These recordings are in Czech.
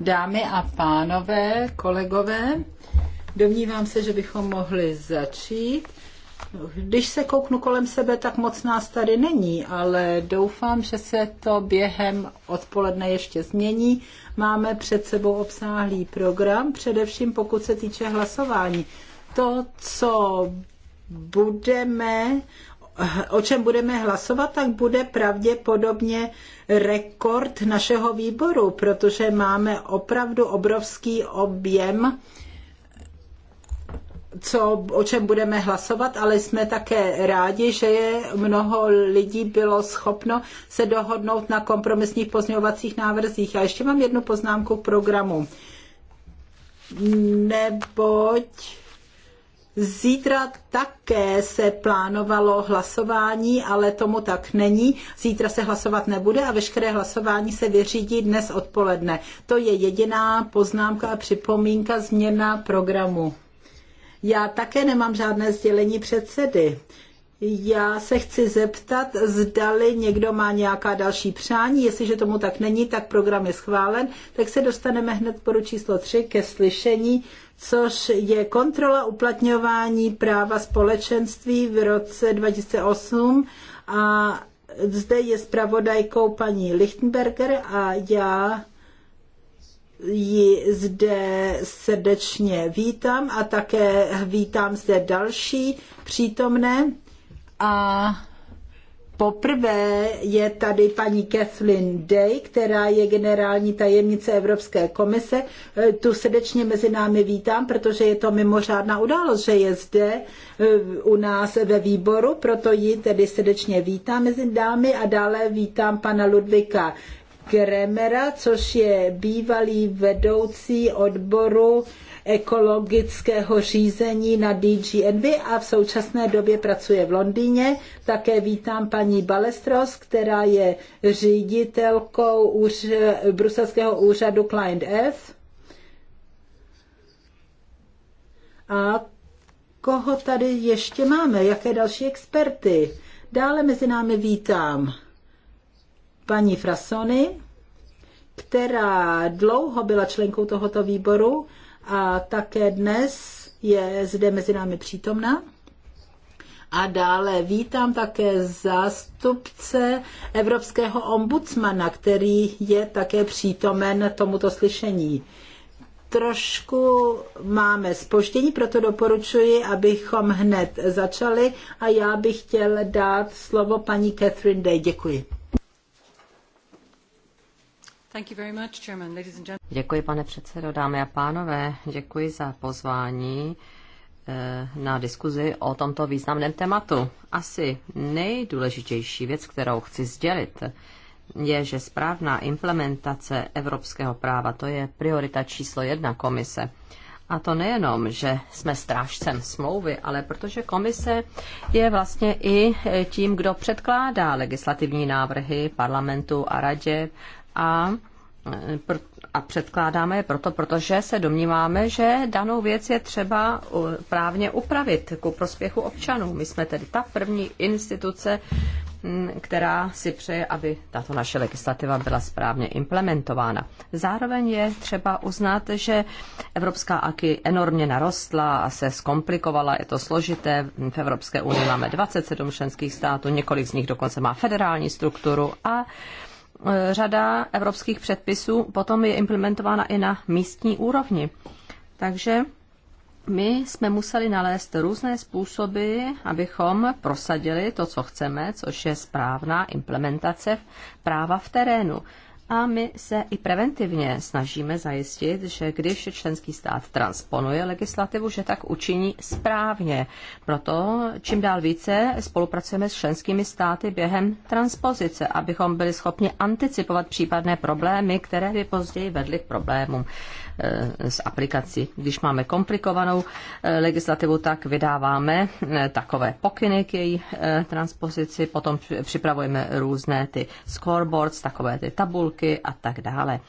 Dámy a pánové, kolegové, domnívám se, že bychom mohli začít. Když se kouknu kolem sebe, tak moc nás tady není, ale doufám, že se to během odpoledne ještě změní. Máme před sebou obsáhlý program, především pokud se týče hlasování. To, co budeme o čem budeme hlasovat, tak bude pravděpodobně rekord našeho výboru, protože máme opravdu obrovský objem co, o čem budeme hlasovat, ale jsme také rádi, že je mnoho lidí bylo schopno se dohodnout na kompromisních pozměňovacích návrzích. A ještě mám jednu poznámku k programu. Neboť Zítra také se plánovalo hlasování, ale tomu tak není. Zítra se hlasovat nebude a veškeré hlasování se vyřídí dnes odpoledne. To je jediná poznámka a připomínka změna programu. Já také nemám žádné sdělení předsedy. Já se chci zeptat, zdali někdo má nějaká další přání. Jestliže tomu tak není, tak program je schválen. Tak se dostaneme hned k bodu číslo 3 ke slyšení, což je kontrola uplatňování práva společenství v roce 2008 a zde je zpravodajkou paní Lichtenberger a já ji zde srdečně vítám a také vítám zde další přítomné. A poprvé je tady paní Kathleen Day, která je generální tajemnice Evropské komise. E, tu srdečně mezi námi vítám, protože je to mimořádná událost, že je zde e, u nás ve výboru, proto ji tedy srdečně vítám mezi dámy a dále vítám pana Ludvika Kremera, což je bývalý vedoucí odboru ekologického řízení na DG Envy a v současné době pracuje v Londýně. Také vítám paní Balestros, která je ředitelkou úř, bruselského úřadu Client F. A koho tady ještě máme? Jaké další experty? Dále mezi námi vítám paní Frasony, která dlouho byla členkou tohoto výboru a také dnes je zde mezi námi přítomna. A dále vítám také zástupce Evropského ombudsmana, který je také přítomen tomuto slyšení. Trošku máme spoždění, proto doporučuji, abychom hned začali a já bych chtěl dát slovo paní Catherine Day. Děkuji. Děkuji, pane předsedo, dámy a pánové. Děkuji za pozvání eh, na diskuzi o tomto významném tématu. Asi nejdůležitější věc, kterou chci sdělit, je, že správná implementace evropského práva, to je priorita číslo jedna komise. A to nejenom, že jsme strážcem smlouvy, ale protože komise je vlastně i tím, kdo předkládá legislativní návrhy parlamentu a radě a, a předkládáme je proto, protože se domníváme, že danou věc je třeba právně upravit ku prospěchu občanů. My jsme tedy ta první instituce, která si přeje, aby tato naše legislativa byla správně implementována. Zároveň je třeba uznat, že Evropská AKI enormně narostla a se zkomplikovala, je to složité. V Evropské unii máme 27 členských států, několik z nich dokonce má federální strukturu a Eh, řada evropských předpisů potom je implementována i na místní úrovni. Takže my jsme museli nalézt různé způsoby, abychom prosadili to, co chceme, což je správná implementace práva v terénu. A my se i preventivně snažíme zajistit, že když členský stát transponuje legislativu, že tak učiní správně. Proto čím dál více spolupracujeme s členskými státy během transpozice, abychom byli schopni anticipovat případné problémy, které by později vedly k problémům. Eh, s aplikací. Když máme komplikovanou eh, legislativu, tak vydáváme eh, takové pokyny k její transpozici, potom připravujeme různé ty scoreboards, takové ty tabulky a tak dále.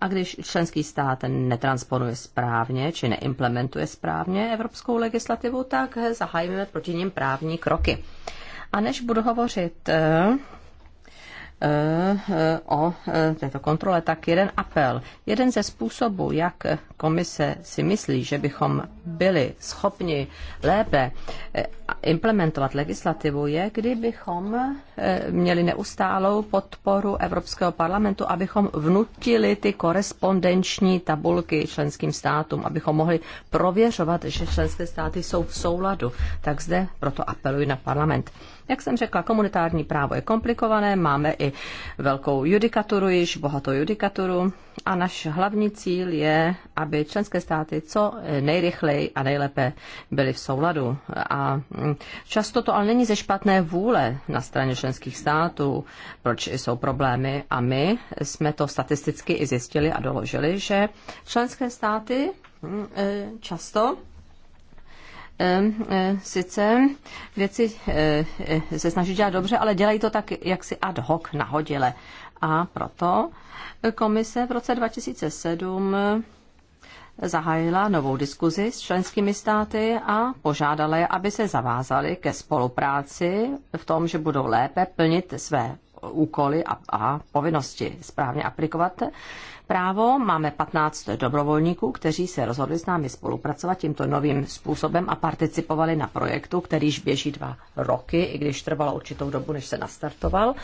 A když členský stát netransponuje správně či neimplementuje správně evropskou legislativu, tak zahájíme proti ním právní kroky. A než budu hovořit Eh, o eh, této kontrole, tak jeden apel. Jeden ze způsobů, jak komise si myslí, že bychom byli schopni lépe eh, implementovat legislativu je, kdybychom eh, měli neustálou podporu Evropského parlamentu, abychom vnutili ty korespondenční tabulky členským státům, abychom mohli prověřovat, že členské státy jsou v souladu. Tak zde proto apeluji na parlament. Jak jsem řekla, komunitární právo je komplikované, máme i velkou judikaturu, již bohatou judikaturu a náš hlavní cíl je, aby členské státy co nejrychleji a nejlépe byly v souladu. A Často to ale není ze špatné vůle na straně členských států, proč jsou problémy. A my jsme to statisticky i zjistili a doložili, že členské státy mm, e, často e, e, sice věci se snaží dělat dobře, ale dělají to tak jaksi ad hoc, nahodile. A proto komise v roce 2007 zahájila novou diskuzi s členskými státy a požádala je, aby se zavázali ke spolupráci v tom, že budou lépe plnit své úkoly a, a povinnosti správně aplikovat právo. Máme 15 dobrovolníků, kteří se rozhodli s námi spolupracovat tímto novým způsobem a participovali na projektu, kterýž běží dva roky, i když trvalo určitou dobu, než se nastartoval.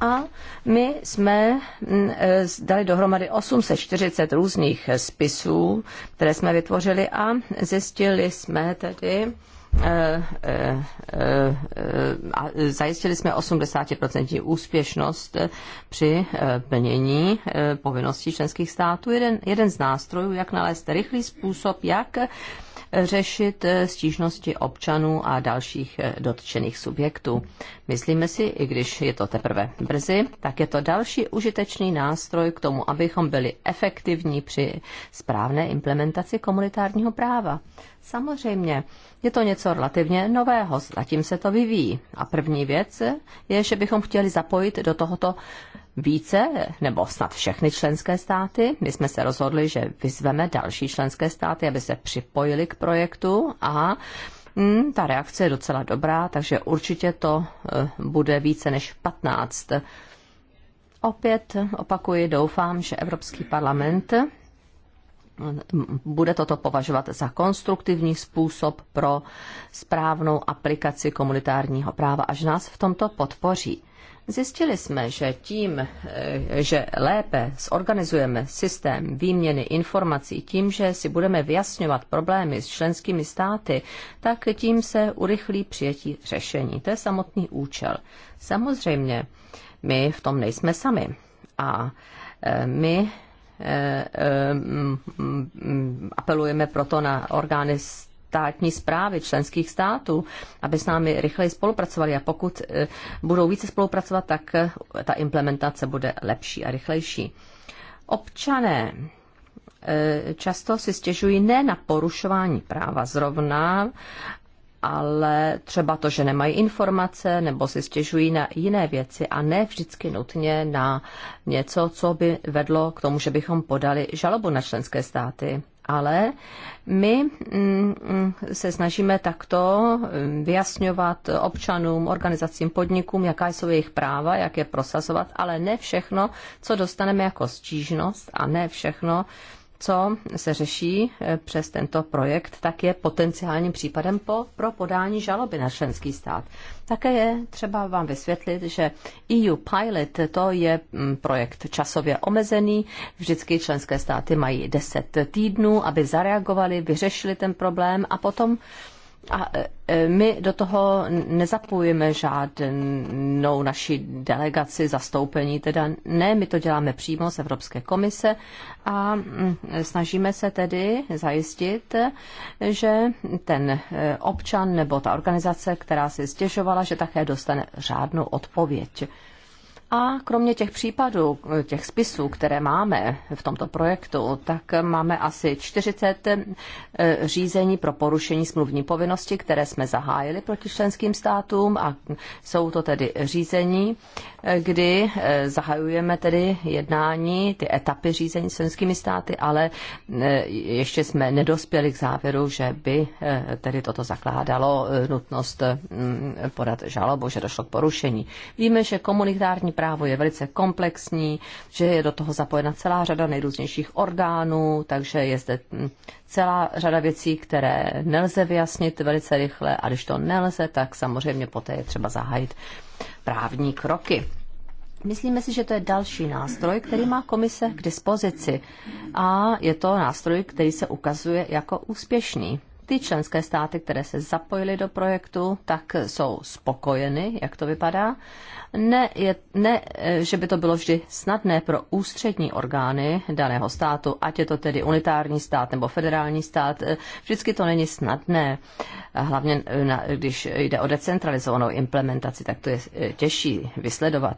A my jsme mm, e, dali dohromady 840 různých spisů, které jsme vytvořili a zjistili jsme tedy, Eh, eh, eh, a zajistili jsme 80% úspěšnost při plnění povinností členských států. Jeden, jeden z nástrojů, jak nalézt rychlý způsob, jak řešit eh, stížnosti občanů a dalších eh, dotčených subjektů. Myslíme si, i když je to teprve brzy, tak je to další užitečný nástroj k tomu, abychom byli efektivní při správné implementaci komunitárního práva. Samozřejmě, je to něco relativně nového, zatím se to vyvíjí. A první věc je, že bychom chtěli zapojit do tohoto více, nebo snad všechny členské státy. My jsme se rozhodli, že vyzveme další členské státy, aby se připojili k projektu a Hmm, ta reakce je docela dobrá, takže určitě to eh, bude více než 15. Opět opakuji, doufám, že Evropský parlament mm, bude toto považovat za konstruktivní způsob pro správnou aplikaci komunitárního práva, až nás v tomto podpoří. Zjistili jsme, že tím, eh, že lépe zorganizujeme systém výměny informací, tím, že si budeme vyjasňovat problémy s členskými státy, tak tím se urychlí přijetí řešení. To je samotný účel. Samozřejmě, my v tom nejsme sami. A eh, my eh, apelujeme proto na orgány státní zprávy členských států, aby s námi rychleji spolupracovali. A pokud eh, budou více spolupracovat, tak eh, ta implementace bude lepší a rychlejší. Občané eh, často si stěžují ne na porušování práva zrovna, ale třeba to, že nemají informace nebo si stěžují na jiné věci a ne vždycky nutně na něco, co by vedlo k tomu, že bychom podali žalobu na členské státy ale my mm, mm, se snažíme takto mm, vyjasňovat občanům, organizacím, podnikům, jaká jsou jejich práva, jak je prosazovat, ale ne všechno, co dostaneme jako stížnost a ne všechno, co se řeší eh, přes tento projekt, tak je potenciálním případem po, pro podání žaloby na členský stát. Také je třeba vám vysvětlit, že EU Pilot to je mm, projekt časově omezený. Vždycky členské státy mají 10 týdnů, aby zareagovali, vyřešili ten problém a potom a e, e, my do toho nezapojujeme žádnou naši delegaci, zastoupení, teda ne, my to děláme přímo z Evropské komise a mm, snažíme se tedy zajistit, že ten e, občan nebo ta organizace, která si stěžovala, že také dostane řádnou odpověď. A kromě těch případů, těch spisů, které máme v tomto projektu, tak máme asi 40 eh, řízení pro porušení smluvní povinnosti, které jsme zahájili proti členským státům a jsou to tedy řízení, eh, kdy eh, zahajujeme tedy jednání, ty etapy řízení s členskými státy, ale ještě jsme nedospěli k závěru, že by tedy toto zakládalo nutnost podat žalobu, že došlo k porušení. Víme, že komunitární právo je velice komplexní, že je do toho zapojena celá řada nejrůznějších orgánů, takže je zde hm, celá řada věcí, které nelze vyjasnit velice rychle a když to nelze, tak samozřejmě poté je třeba zahájit právní kroky. Myslíme si, že to je další nástroj, který má komise k dispozici a je to nástroj, který se ukazuje jako úspěšný. Ty členské státy, které se zapojily do projektu, tak jsou spokojeny, jak to vypadá, ne, je, ne, eh, že by to bylo vždy snadné pro ústřední orgány daného státu, ať je to tedy unitární stát nebo federální stát, eh, vždycky to není snadné. Hlavně eh, na, když jde o decentralizovanou implementaci, tak to je těžší vysledovat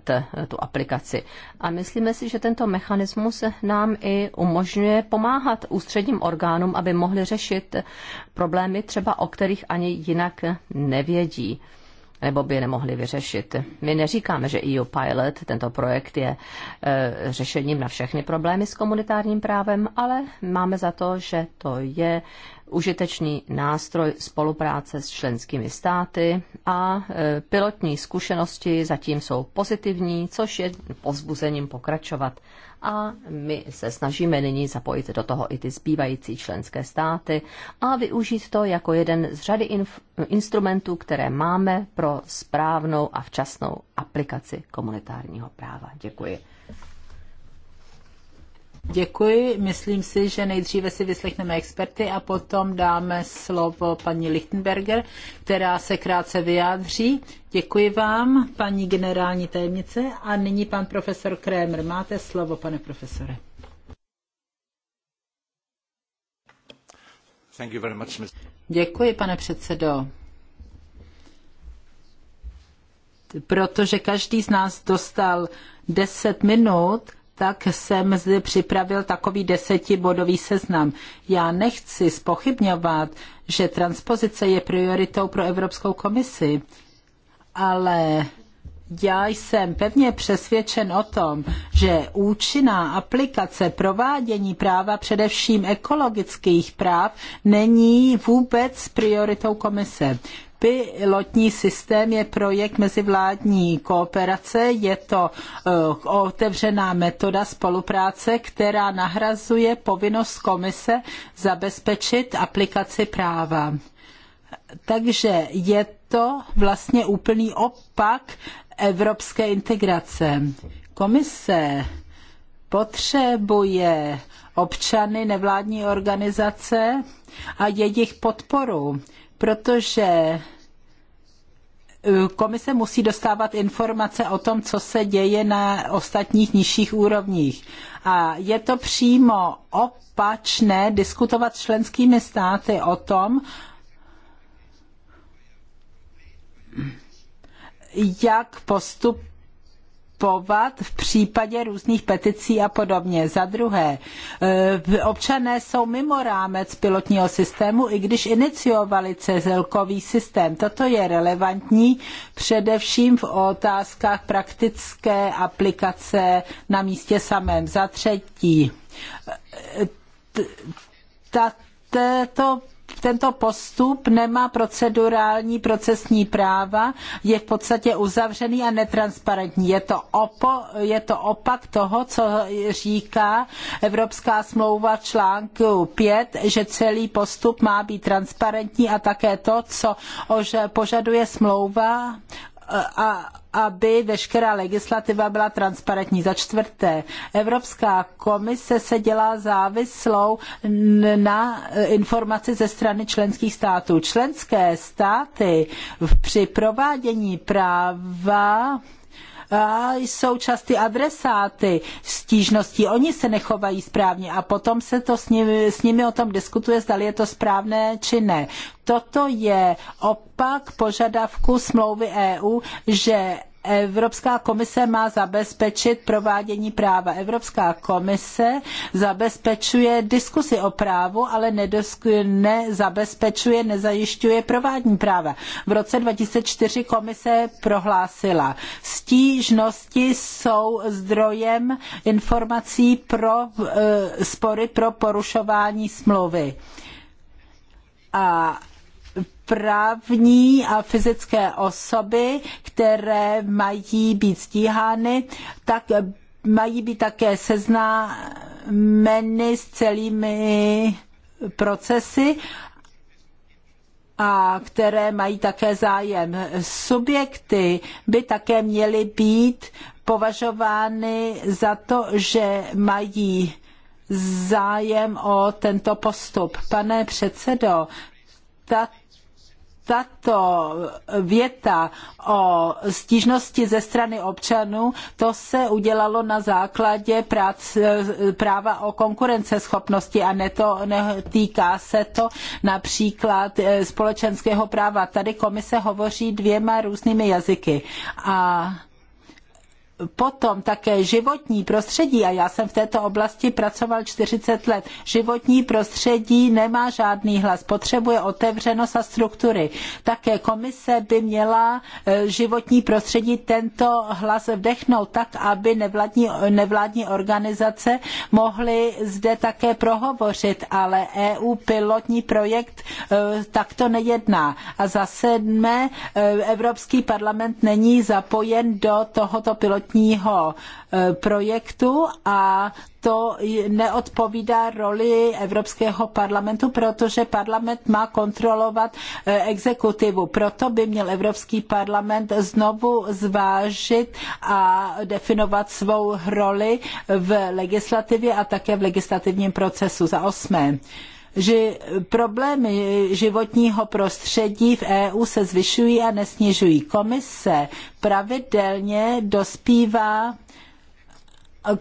tu aplikaci. A myslíme si, že tento mechanismus nám i umožňuje pomáhat ústředním orgánům, aby mohli řešit problémy třeba, o kterých ani jinak nevědí nebo by nemohli vyřešit. My neříkáme, že EU Pilot, tento projekt, je e, řešením na všechny problémy s komunitárním právem, ale máme za to, že to je užitečný nástroj spolupráce s členskými státy a e, pilotní zkušenosti zatím jsou pozitivní, což je pozbuzením pokračovat. A my se snažíme nyní zapojit do toho i ty zbývající členské státy a využít to jako jeden z řady inf- instrumentů, které máme pro správnou a včasnou aplikaci komunitárního práva. Děkuji. Děkuji. Myslím si, že nejdříve si vyslechneme experty a potom dáme slovo paní Lichtenberger, která se krátce vyjádří. Děkuji vám, paní generální tajemnice. A nyní pan profesor Krémer. Máte slovo, pane profesore. Děkuji, pane předsedo. Protože každý z nás dostal 10 minut, tak jsem zde připravil takový desetibodový seznam. Já nechci spochybňovat, že transpozice je prioritou pro Evropskou komisi, ale já jsem pevně přesvědčen o tom, že účinná aplikace provádění práva, především ekologických práv, není vůbec prioritou komise. Pilotní systém je projekt mezivládní kooperace, je to eh, otevřená metoda spolupráce, která nahrazuje povinnost komise zabezpečit aplikaci práva. Takže je to vlastně úplný opak evropské integrace. Komise potřebuje občany, nevládní organizace a jejich podporu protože eh, komise musí dostávat informace o tom, co se děje na ostatních nižších úrovních. A je to přímo opačné diskutovat s členskými státy o tom, jak postup vystupovat v případě různých peticí a podobně. Za druhé, eh, občané jsou mimo rámec pilotního systému, i když iniciovali celkový systém. Toto je relevantní především v otázkách praktické aplikace na místě samém. Za třetí, tato tento postup nemá procedurální procesní práva, je v podstatě uzavřený a netransparentní. Je to, opo, je to opak toho, co říká Evropská smlouva v článku 5, že celý postup má být transparentní a také to, co požaduje smlouva a aby veškerá legislativa byla transparentní. Za čtvrté, Evropská komise se dělá závislou na e, informaci ze strany členských států. Členské státy při provádění práva jsou časty adresáty stížností. Oni se nechovají správně a potom se to s nimi, s nimi o tom diskutuje, zda je to správné či ne. Toto je opak požadavku smlouvy EU, že Evropská komise má zabezpečit provádění práva. Evropská komise zabezpečuje diskusi o právu, ale nezabezpečuje, nezajišťuje provádění práva. V roce 2004 komise prohlásila, stížnosti jsou zdrojem informací pro e, spory pro porušování smlouvy. A právní a fyzické osoby, které mají být stíhány, tak mají být také seznámeny s celými procesy a které mají také zájem. Subjekty by také měly být považovány za to, že mají zájem o tento postup. Pane předsedo, tak tato věta o stížnosti ze strany občanů, to se udělalo na základě prác, práva o konkurenceschopnosti a neto, netýká se to například eh, společenského práva. Tady komise hovoří dvěma různými jazyky. A potom také životní prostředí, a já jsem v této oblasti pracoval 40 let, životní prostředí nemá žádný hlas, potřebuje otevřenost a struktury. Také komise by měla e, životní prostředí tento hlas vdechnout tak, aby nevládní, nevládní organizace mohly zde také prohovořit, ale EU pilotní projekt e, takto nejedná. A za sedmé, e, Evropský parlament není zapojen do tohoto pilotního pilotního e, projektu a to neodpovídá roli Evropského parlamentu, protože parlament má kontrolovat e, exekutivu. Proto by měl Evropský parlament znovu zvážit a definovat svou roli v legislativě a také v legislativním procesu. Za osmé že problémy životního prostředí v EU se zvyšují a nesnižují. Komise pravidelně dospívá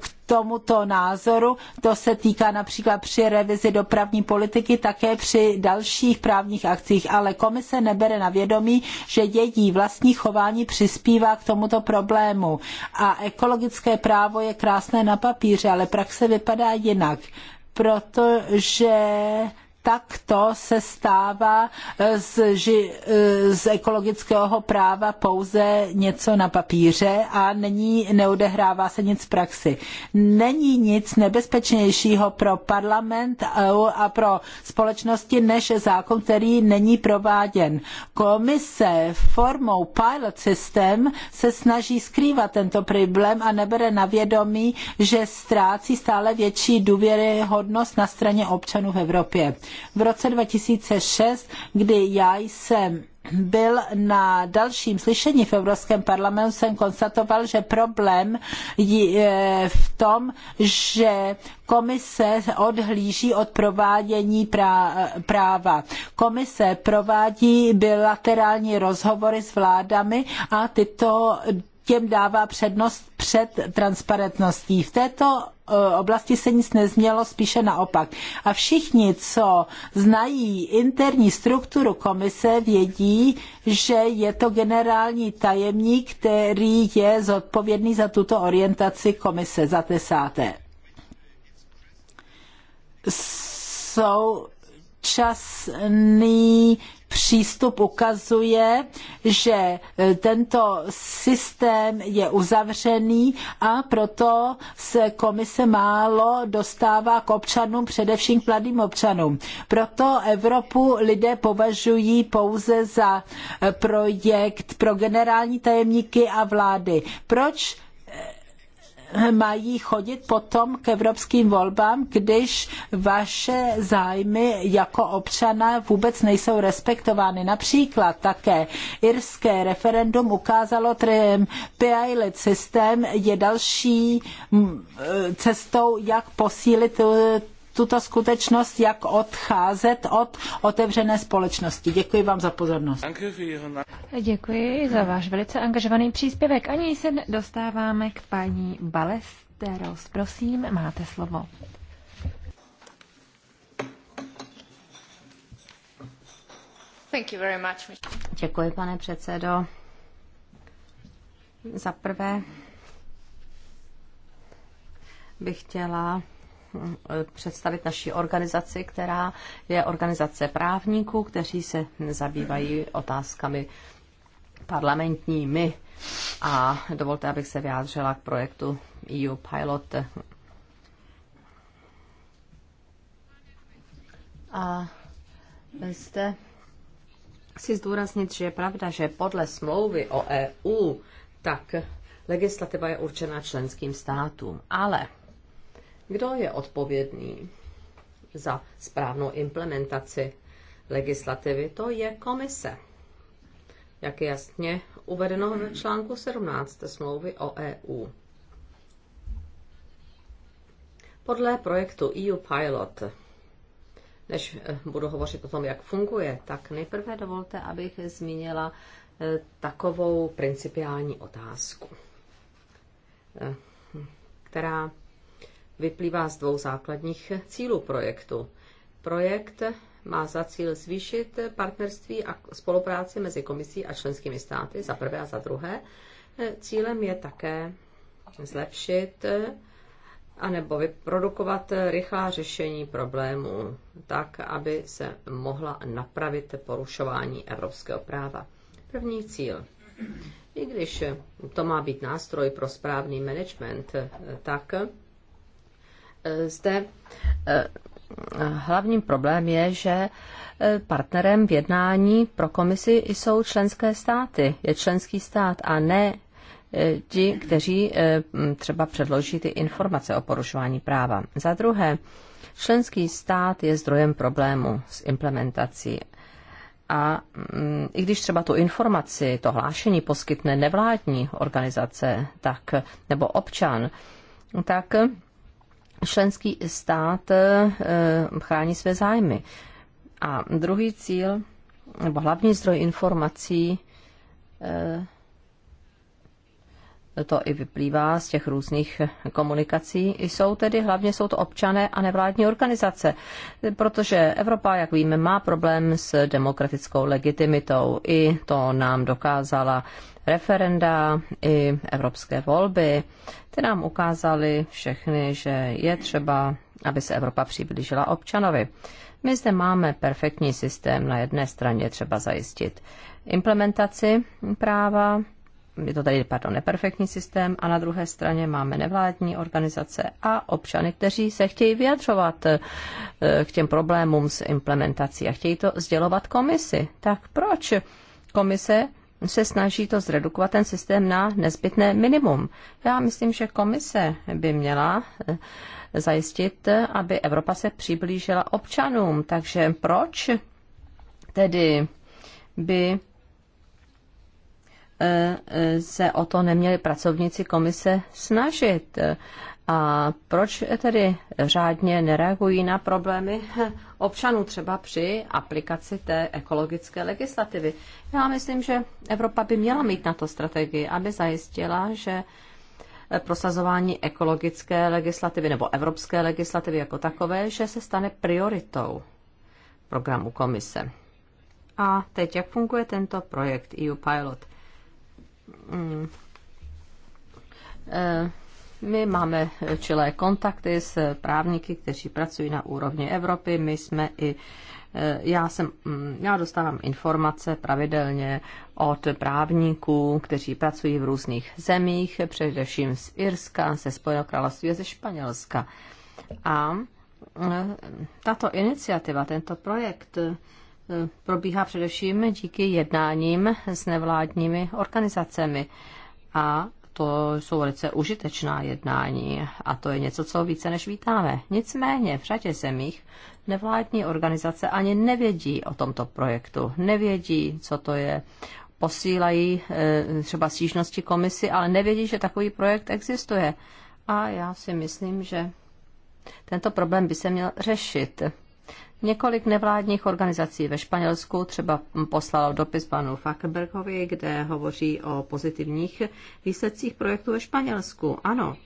k tomuto názoru. To se týká například při revizi dopravní politiky, také při dalších právních akcích, ale komise nebere na vědomí, že její vlastní chování přispívá k tomuto problému. A ekologické právo je krásné na papíře, ale praxe vypadá jinak protože takto se stává eh, z, eh, z ekologického práva pouze něco na papíře a není, neodehrává se nic v praxi. Není nic nebezpečnějšího pro parlament eh, a pro společnosti než zákon, který není prováděn. Komise formou pilot system se snaží skrývat tento problém a nebere na vědomí, že ztrácí stále větší důvěryhodnost na straně občanů v Evropě v roce 2006, kdy já jsem byl na dalším slyšení v Evropském parlamentu, jsem konstatoval, že problém je e, v tom, že komise odhlíží od provádění práva. Komise provádí bilaterální rozhovory s vládami a tyto těm dává přednost před transparentností. V této eh, oblasti se nic nezmělo, spíše naopak. A všichni, co znají interní strukturu komise, vědí, že je to generální tajemník, který je zodpovědný za tuto orientaci komise, za desáté. Současný přístup ukazuje, že e, tento systém je uzavřený a proto se komise málo dostává k občanům, především k mladým občanům. Proto Evropu lidé považují pouze za e, projekt pro generální tajemníky a vlády. Proč mají chodit potom k evropským volbám, když vaše zájmy jako občana vůbec nejsou respektovány. Například také irské referendum ukázalo, že pilot systém je další mm, e, cestou, jak posílit tuto skutečnost, jak odcházet od otevřené společnosti. Děkuji vám za pozornost. Děkuji za váš velice angažovaný příspěvek. A něj se dostáváme k paní Balesteros. Prosím, máte slovo. Děkuji, pane předsedo. Za prvé bych chtěla představit naší organizaci, která je organizace právníků, kteří se zabývají otázkami parlamentními. A dovolte, abych se vyjádřila k projektu EU Pilot. A jste si zdůraznit, že je pravda, že podle smlouvy o EU, tak legislativa je určena členským státům. Ale kdo je odpovědný za správnou implementaci legislativy? To je komise. Jak je jasně uvedeno ve článku 17 smlouvy o EU. Podle projektu EU Pilot, než budu hovořit o tom, jak funguje, tak nejprve dovolte, abych zmínila eh, takovou principiální otázku, eh, která vyplývá z dvou základních cílů projektu. Projekt má za cíl zvýšit partnerství a spolupráci mezi komisí a členskými státy, za prvé a za druhé. Cílem je také zlepšit anebo vyprodukovat rychlá řešení problémů, tak, aby se mohla napravit porušování evropského práva. První cíl. I když to má být nástroj pro správný management, tak zde eh, hlavním problém je, že eh, partnerem v jednání pro komisi jsou členské státy. Je členský stát a ne eh, ti, kteří třeba předloží ty informace o porušování práva. Za druhé, členský stát je zdrojem problému s implementací. A mm, i když třeba tu informaci, to hlášení poskytne nevládní organizace tak, nebo občan, tak členský stát eh, chrání své zájmy. A druhý cíl, nebo hlavní zdroj informací, eh, to i vyplývá z těch různých komunikací, jsou tedy hlavně jsou to občané a nevládní organizace, protože Evropa, jak víme, má problém s demokratickou legitimitou. I to nám dokázala referenda i evropské volby. Ty nám ukázaly všechny, že je třeba, aby se Evropa přiblížila občanovi. My zde máme perfektní systém na jedné straně třeba zajistit implementaci práva, je to tady, pardon, neperfektní systém a na druhé straně máme nevládní organizace a občany, kteří se chtějí vyjadřovat eh, k těm problémům s implementací a chtějí to sdělovat komisi. Tak proč komise se snaží to zredukovat ten systém na nezbytné minimum. Já myslím, že komise by měla eh, zajistit, aby Evropa se přiblížila občanům. Takže proč tedy by se o to neměli pracovníci komise snažit. A proč tedy řádně nereagují na problémy občanů třeba při aplikaci té ekologické legislativy? Já myslím, že Evropa by měla mít na to strategii, aby zajistila, že prosazování ekologické legislativy nebo evropské legislativy jako takové, že se stane prioritou programu komise. A teď, jak funguje tento projekt EU Pilot? Mm. Eh, my máme čilé kontakty s právníky, kteří pracují na úrovni Evropy. My jsme i eh, já, jsem, mm, já dostávám informace pravidelně od právníků, kteří pracují v různých zemích, především z Irska, ze Spojeného království a ze Španělska. A eh, tato iniciativa, tento projekt probíhá především díky jednáním s nevládními organizacemi. A to jsou velice užitečná jednání a to je něco, co více než vítáme. Nicméně v řadě zemích nevládní organizace ani nevědí o tomto projektu, nevědí, co to je. Posílají eh, třeba stížnosti komisi, ale nevědí, že takový projekt existuje. A já si myslím, že tento problém by se měl řešit. Několik nevládních organizací ve Španělsku třeba poslalo dopis panu Fakenbergovi, kde hovoří o pozitivních výsledcích projektu ve Španělsku. Ano,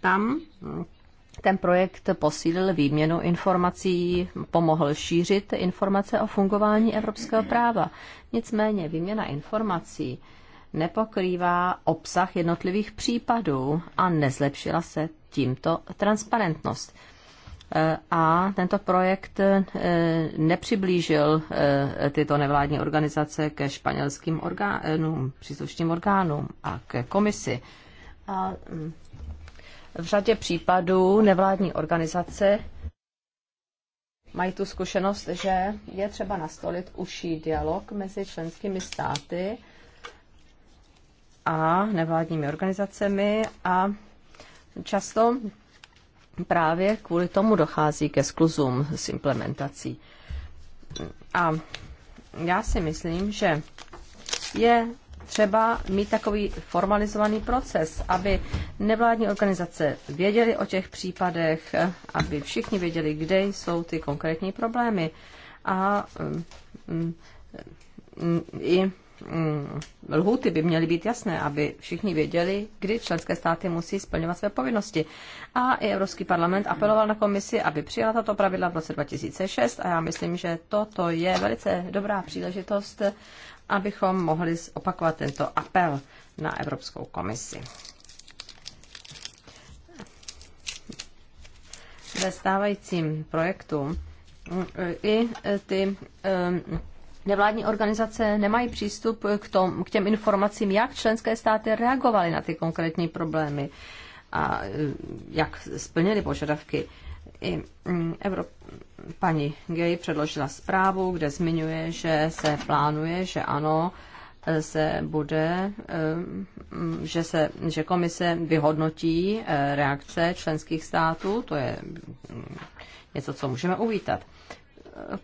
tam ten projekt posílil výměnu informací, pomohl šířit informace o fungování evropského práva. Nicméně výměna informací nepokrývá obsah jednotlivých případů a nezlepšila se tímto transparentnost a tento projekt eh, nepřiblížil eh, tyto nevládní organizace ke španělským orgánům, příslušným orgánům a ke komisi. A mm, v řadě případů nevládní organizace mají tu zkušenost, že je třeba nastolit užší dialog mezi členskými státy a nevládními organizacemi a často právě kvůli tomu dochází ke skluzům s implementací. A já si myslím, že je třeba mít takový formalizovaný proces, aby nevládní organizace věděly o těch případech, aby všichni věděli, kde jsou ty konkrétní problémy. A mm, mm, i Mm, lhuty by měly být jasné, aby všichni věděli, kdy členské státy musí splňovat své povinnosti. A i Evropský parlament apeloval na komisi, aby přijala tato pravidla v roce 2006 a já myslím, že toto je velice dobrá příležitost, abychom mohli opakovat tento apel na Evropskou komisi. Ve stávajícím projektu mm, i ty mm, Nevládní organizace nemají přístup k, tom, k těm informacím, jak členské státy reagovaly na ty konkrétní problémy a eh, jak splnili požadavky. I mm, Evrop... paní Gay předložila zprávu, kde zmiňuje, že se plánuje, že ano, eh, se bude, eh, že, se, že komise vyhodnotí reakce členských států, to je mm, něco, co můžeme uvítat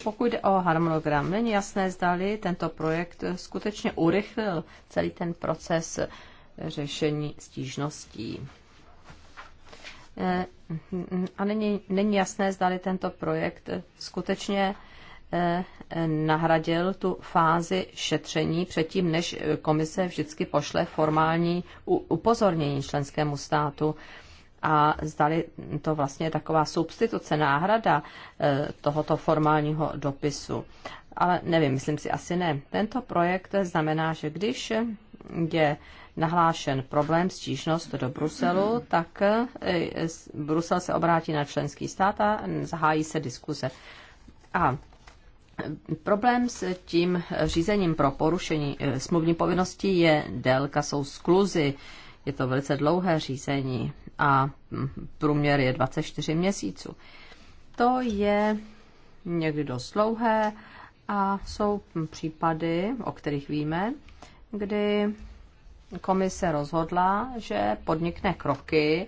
pokud jde o harmonogram, není jasné, zdali tento projekt skutečně urychlil celý ten proces řešení stížností. Eh, a není, není jasné, zdali tento projekt skutečně eh, nahradil tu fázi šetření předtím, než komise vždycky pošle formální upozornění členskému státu a zdali to vlastně je taková substituce, náhrada e, tohoto formálního dopisu. Ale nevím, myslím si asi ne. Tento projekt znamená, že když je nahlášen problém, stížnost do Bruselu, tak e, Brusel se obrátí na členský stát a zahájí se diskuze. A Problém s tím řízením pro porušení e, smluvní povinnosti je délka, jsou skluzy, je to velice dlouhé řízení a průměr je 24 měsíců. To je někdy dost dlouhé a jsou případy, o kterých víme, kdy komise rozhodla, že podnikne kroky,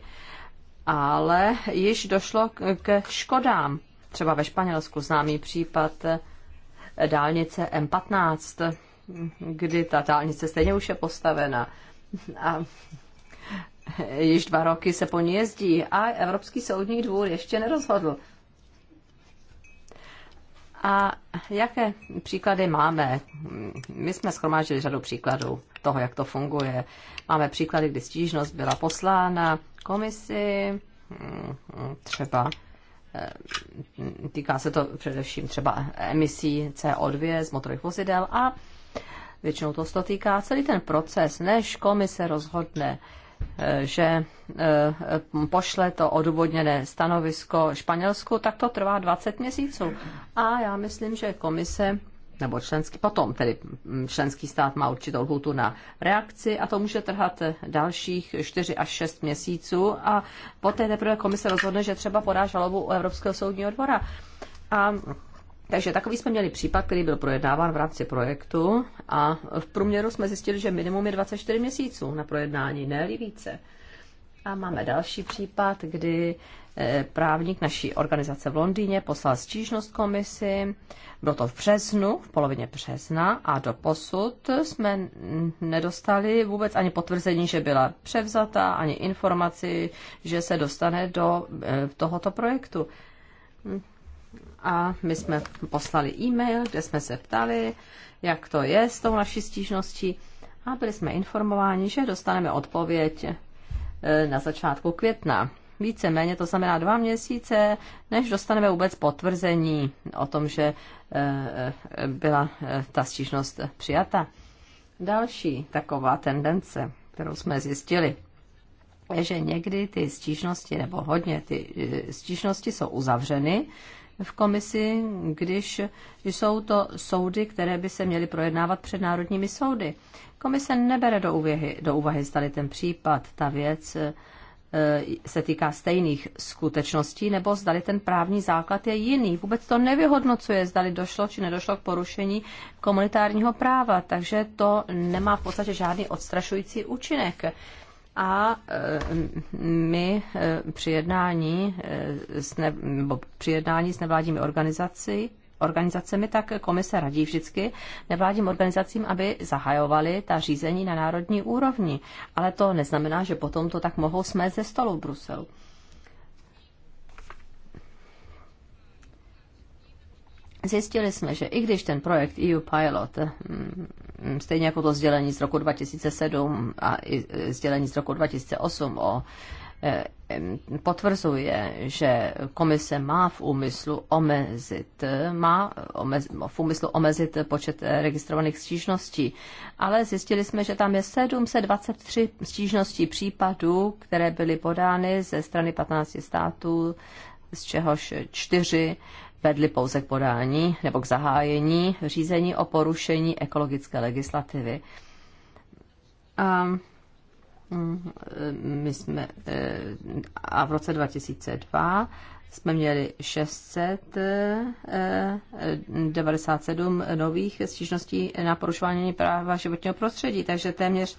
ale již došlo k škodám. Třeba ve Španělsku známý případ dálnice M15, kdy ta dálnice stejně už je postavena. A již dva roky se po ní jezdí a Evropský soudní dvůr ještě nerozhodl. A jaké příklady máme? My jsme schromáždili řadu příkladů toho, jak to funguje. Máme příklady, kdy stížnost byla poslána komisi, hm, třeba eh, týká se to především třeba emisí CO2 z motorových vozidel a většinou to se to týká celý ten proces, než komise rozhodne že e, pošle to odůvodněné stanovisko Španělsku, tak to trvá 20 měsíců. A já myslím, že komise nebo členský, potom tedy mm, členský stát má určitou lhutu na reakci a to může trhat dalších 4 až 6 měsíců a poté teprve komise rozhodne, že třeba podá žalobu u Evropského soudního dvora. A takže takový jsme měli případ, který byl projednáván v rámci projektu a v průměru jsme zjistili, že minimum je 24 měsíců na projednání, ne více. A máme další případ, kdy eh, právník naší organizace v Londýně poslal stížnost komisi. Bylo to v březnu, v polovině března a do posud jsme nedostali vůbec ani potvrzení, že byla převzata, ani informaci, že se dostane do eh, tohoto projektu a my jsme poslali e-mail, kde jsme se ptali, jak to je s tou naší stížností a byli jsme informováni, že dostaneme odpověď e, na začátku května. Víceméně to znamená dva měsíce, než dostaneme vůbec potvrzení o tom, že e, e, byla ta stížnost přijata. Další taková tendence, kterou jsme zjistili, je, že někdy ty stížnosti, nebo hodně ty stížnosti jsou uzavřeny, v komisi, když jsou to soudy, které by se měly projednávat před národními soudy. Komise nebere do, úvěhy, do úvahy, zdali ten případ, ta věc eh, se týká stejných skutečností, nebo zdali ten právní základ je jiný. Vůbec to nevyhodnocuje, zdali došlo či nedošlo k porušení komunitárního práva, takže to nemá v podstatě žádný odstrašující účinek a e, my e, při jednání e, s, ne, nebo při jednání s nevládními organizací, organizacemi, tak komise radí vždycky nevládním organizacím, aby zahajovali ta řízení na národní úrovni. Ale to neznamená, že potom to tak mohou smést ze stolu v Bruselu. Zjistili jsme, že i když ten projekt EU Pilot mm, Mm, stejně jako to sdělení z roku 2007 a i e, sdělení z roku 2008 o e, potvrzuje, že komise má v úmyslu omezit, má v úmyslu omezit počet e, registrovaných stížností, ale zjistili jsme, že tam je 723 stížností případů, které byly podány ze strany 15 států, z čehož čtyři vedly pouze k podání nebo k zahájení řízení o porušení ekologické legislativy. A mm, my jsme, e, a v roce 2002 jsme měli 697 e, e, nových stížností na porušování práva životního prostředí, takže téměř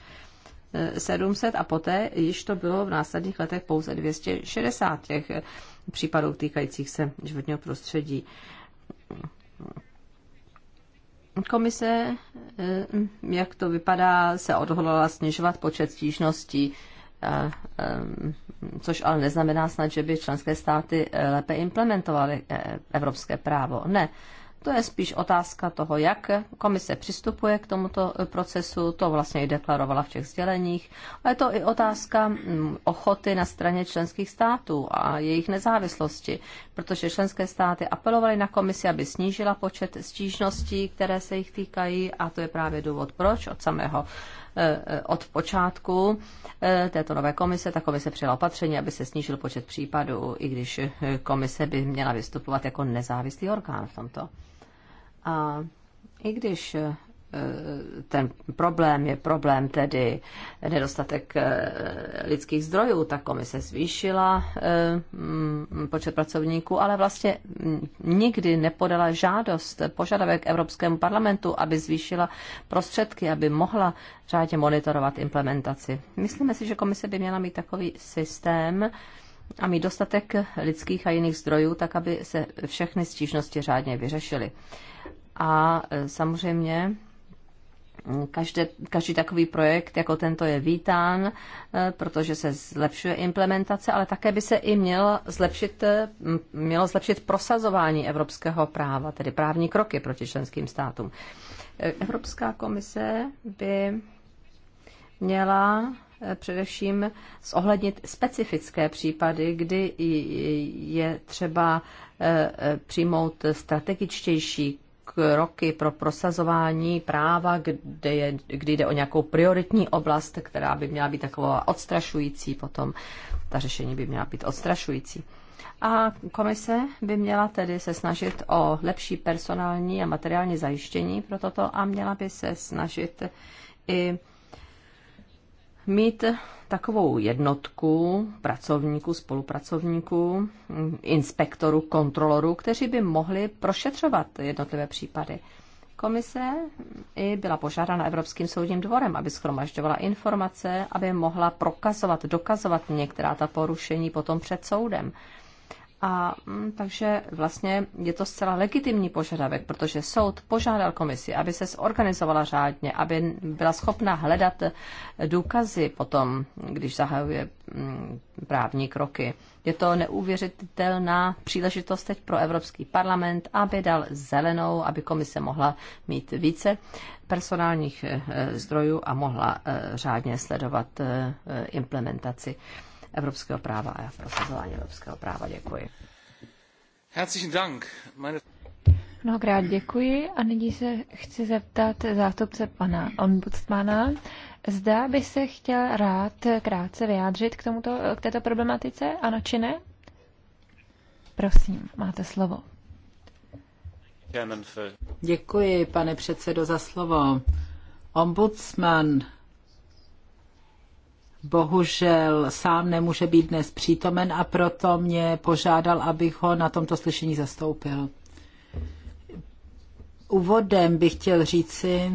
700 a poté již to bylo v následných letech pouze 260 těch případů týkajících se životního prostředí. Komise, eh, jak to vypadá, se odhodlala snižovat počet stížností, eh, eh, což ale neznamená snad, že by členské státy lépe implementovaly evropské právo. Ne, to je spíš otázka toho, jak komise přistupuje k tomuto procesu, to vlastně i deklarovala v těch sděleních, ale je to i otázka mm, ochoty na straně členských států a jejich nezávislosti, protože členské státy apelovaly na komisi, aby snížila počet stížností, které se jich týkají a to je právě důvod, proč od samého e, e, od počátku e, této nové komise. Ta komise přijala opatření, aby se snížil počet případů, i když komise by měla vystupovat jako nezávislý orgán v tomto. A i když eh, ten problém je problém tedy nedostatek eh, lidských zdrojů, tak komise zvýšila eh, mm, počet pracovníků, ale vlastně nikdy nepodala žádost, požadavek Evropskému parlamentu, aby zvýšila prostředky, aby mohla řádně monitorovat implementaci. Myslíme si, že komise by měla mít takový systém, a mít dostatek lidských a jiných zdrojů, tak aby se všechny stížnosti řádně vyřešily. A e, samozřejmě Každé, každý takový projekt jako tento je vítán, e, protože se zlepšuje implementace, ale také by se i mělo zlepšit, e, mělo zlepšit prosazování evropského práva, tedy právní kroky proti členským státům. Evropská komise by měla Eh, především zohlednit specifické případy, kdy je třeba eh, eh, přijmout strategičtější kroky pro prosazování práva, kde, je, kde jde o nějakou prioritní oblast, která by měla být taková odstrašující, potom ta řešení by měla být odstrašující. A komise by měla tedy se snažit o lepší personální a materiální zajištění pro toto a měla by se snažit i mít takovou jednotku pracovníků, spolupracovníků, inspektorů, kontrolorů, kteří by mohli prošetřovat jednotlivé případy. Komise i byla požádána Evropským soudním dvorem, aby schromažďovala informace, aby mohla prokazovat, dokazovat některá ta porušení potom před soudem. A mm, takže vlastně je to zcela legitimní požadavek, protože soud požádal komisi, aby se zorganizovala řádně, aby byla schopna hledat důkazy potom, když zahajuje mm, právní kroky. Je to neuvěřitelná příležitost teď pro Evropský parlament, aby dal zelenou, aby komise mohla mít více personálních eh, zdrojů a mohla eh, řádně sledovat eh, implementaci evropského práva a prosazování evropského práva. Děkuji. Herzlichen Dank. Meine... Mnohokrát děkuji a nyní se chci zeptat zástupce pana ombudsmana. Zda by se chtěl rád krátce vyjádřit k, tomuto, k této problematice, ano či ne? Prosím, máte slovo. Děkuji, pane předsedo, za slovo. Ombudsman bohužel sám nemůže být dnes přítomen a proto mě požádal, abych ho na tomto slyšení zastoupil. Úvodem bych chtěl říci,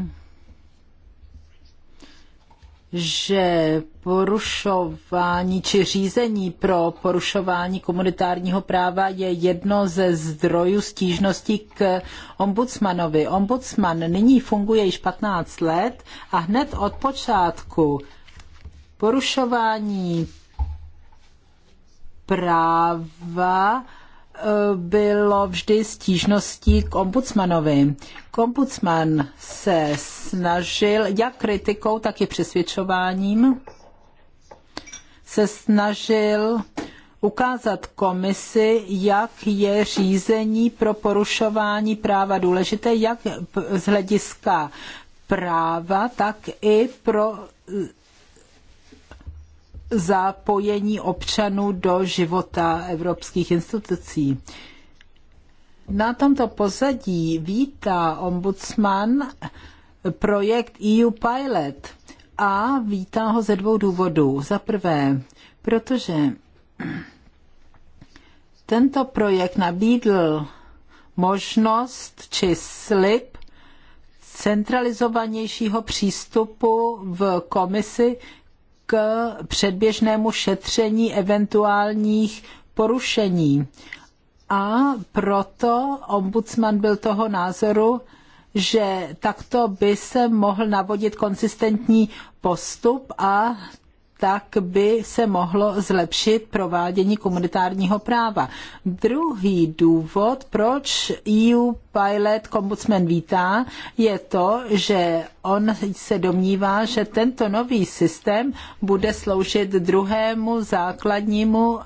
že porušování či řízení pro porušování komunitárního práva je jedno ze zdrojů stížností k ombudsmanovi. Ombudsman nyní funguje již 15 let a hned od počátku Porušování práva eh, bylo vždy stížností k ombudsmanovi. Ombudsman se snažil jak kritikou, tak i přesvědčováním se snažil ukázat komisi, jak je řízení pro porušování práva důležité, jak z hlediska práva, tak i pro zapojení občanů do života evropských institucí. Na tomto pozadí vítá ombudsman projekt EU Pilot a vítá ho ze dvou důvodů. Za prvé, protože tento projekt nabídl možnost či slib centralizovanějšího přístupu v komisi k předběžnému šetření eventuálních porušení. A proto ombudsman byl toho názoru, že takto by se mohl navodit konsistentní postup a tak by se mohlo zlepšit provádění komunitárního práva. Druhý důvod, proč EU Pilot Ombudsman vítá, je to, že on se domnívá, že tento nový systém bude sloužit druhému základnímu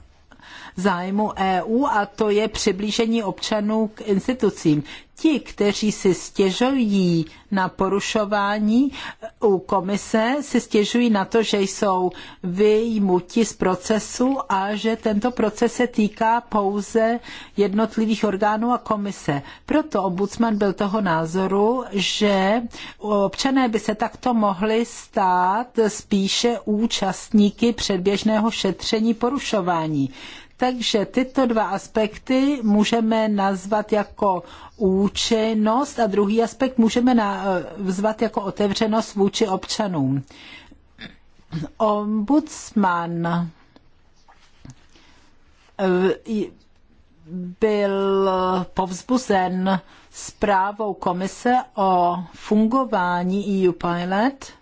zájmu EU a to je přiblížení občanů k institucím ti, kteří si stěžují na porušování eh, u komise, si stěžují na to, že jsou vyjmuti z procesu a že tento proces se týká pouze jednotlivých orgánů a komise. Proto ombudsman byl toho názoru, že občané by se takto mohli stát spíše účastníky předběžného šetření porušování. Takže tyto dva aspekty můžeme nazvat jako účinnost a druhý aspekt můžeme nazvat eh, jako otevřenost vůči občanům. Ombudsman eh, byl povzbuzen zprávou komise o fungování EU Pilot –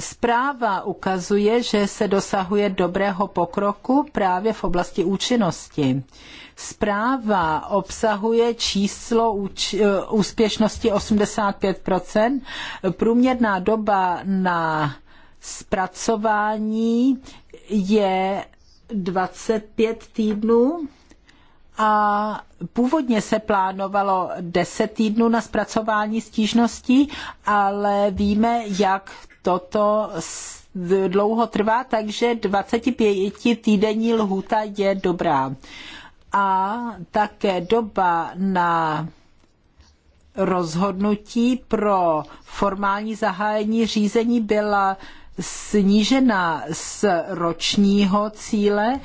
Zpráva ukazuje, že se dosahuje dobrého pokroku právě v oblasti účinnosti. Zpráva obsahuje číslo úspěšnosti 85%, průměrná doba na zpracování je 25 týdnů a původně se plánovalo 10 týdnů na zpracování stížností, ale víme, jak toto dlouho trvá, takže 25 týdenní lhuta je dobrá. A také doba na rozhodnutí pro formální zahájení řízení byla snížena z ročního cíle,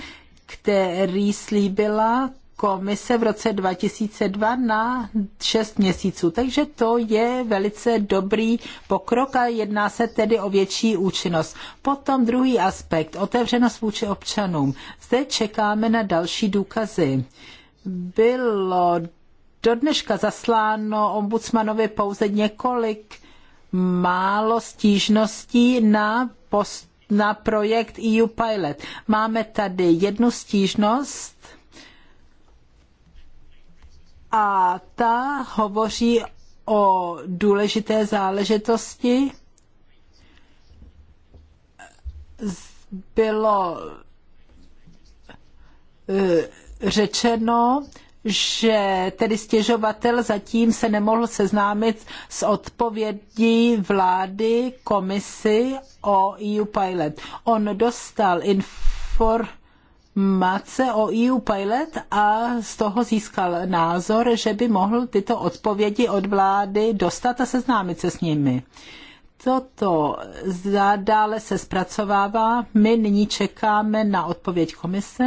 který slíbila komise v roce 2002 na 6 měsíců. Takže to je velice dobrý pokrok a jedná se tedy o větší účinnost. Potom druhý aspekt, otevřenost vůči občanům. Zde čekáme na další důkazy. Bylo do dneška zasláno ombudsmanovi pouze několik málo stížností na, post, na projekt EU Pilot. Máme tady jednu stížnost a ta hovoří o důležité záležitosti. Bylo e, řečeno, že tedy stěžovatel zatím se nemohl seznámit s odpovědí vlády komisi o EU Pilot. On dostal informace matce o EU Pilot a z toho získal názor, že by mohl tyto odpovědi od vlády dostat a seznámit se s nimi. Toto dále se zpracovává. My nyní čekáme na odpověď komise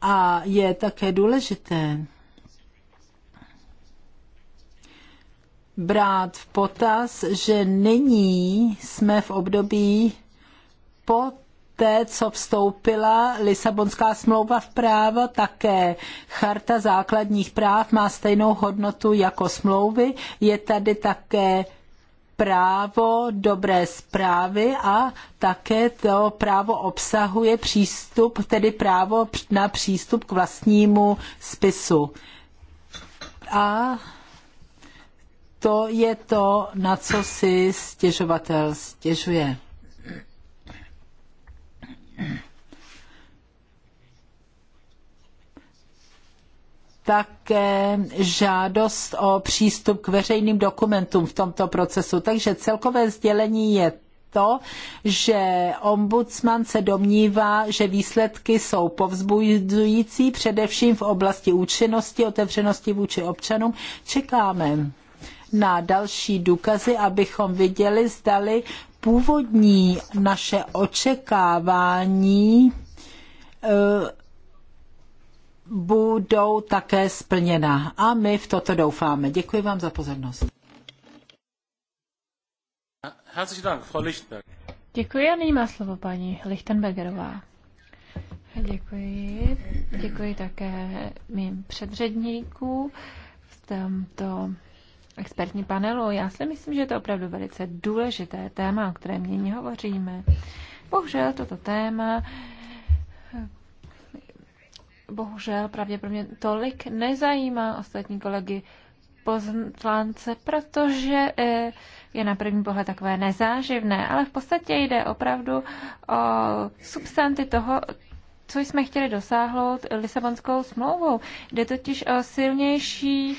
a je také důležité brát v potaz, že nyní jsme v období po poté, co vstoupila Lisabonská smlouva v právo, také Charta základních práv má stejnou hodnotu jako smlouvy. Je tady také právo dobré zprávy a také to právo obsahuje přístup, tedy právo na přístup k vlastnímu spisu. A to je to, na co si stěžovatel stěžuje také žádost o přístup k veřejným dokumentům v tomto procesu. Takže celkové sdělení je to, že ombudsman se domnívá, že výsledky jsou povzbuzující, především v oblasti účinnosti, otevřenosti vůči občanům. Čekáme na další důkazy, abychom viděli, zdali původní naše očekávání eh, budou také splněna. A my v toto doufáme. Děkuji vám za pozornost. Děkuji a nyní má slovo paní Lichtenbergerová. Děkuji. Děkuji také mým předředníkům v tomto expertní panelu. Já si myslím, že je to opravdu velice důležité téma, o kterém nyní hovoříme. Bohužel toto téma bohužel pravděpodobně tolik nezajímá ostatní kolegy poslance, protože eh, je na první pohled takové nezáživné, ale v podstatě jde opravdu o substanty toho, co jsme chtěli dosáhnout Lisabonskou smlouvou. Jde totiž o silnější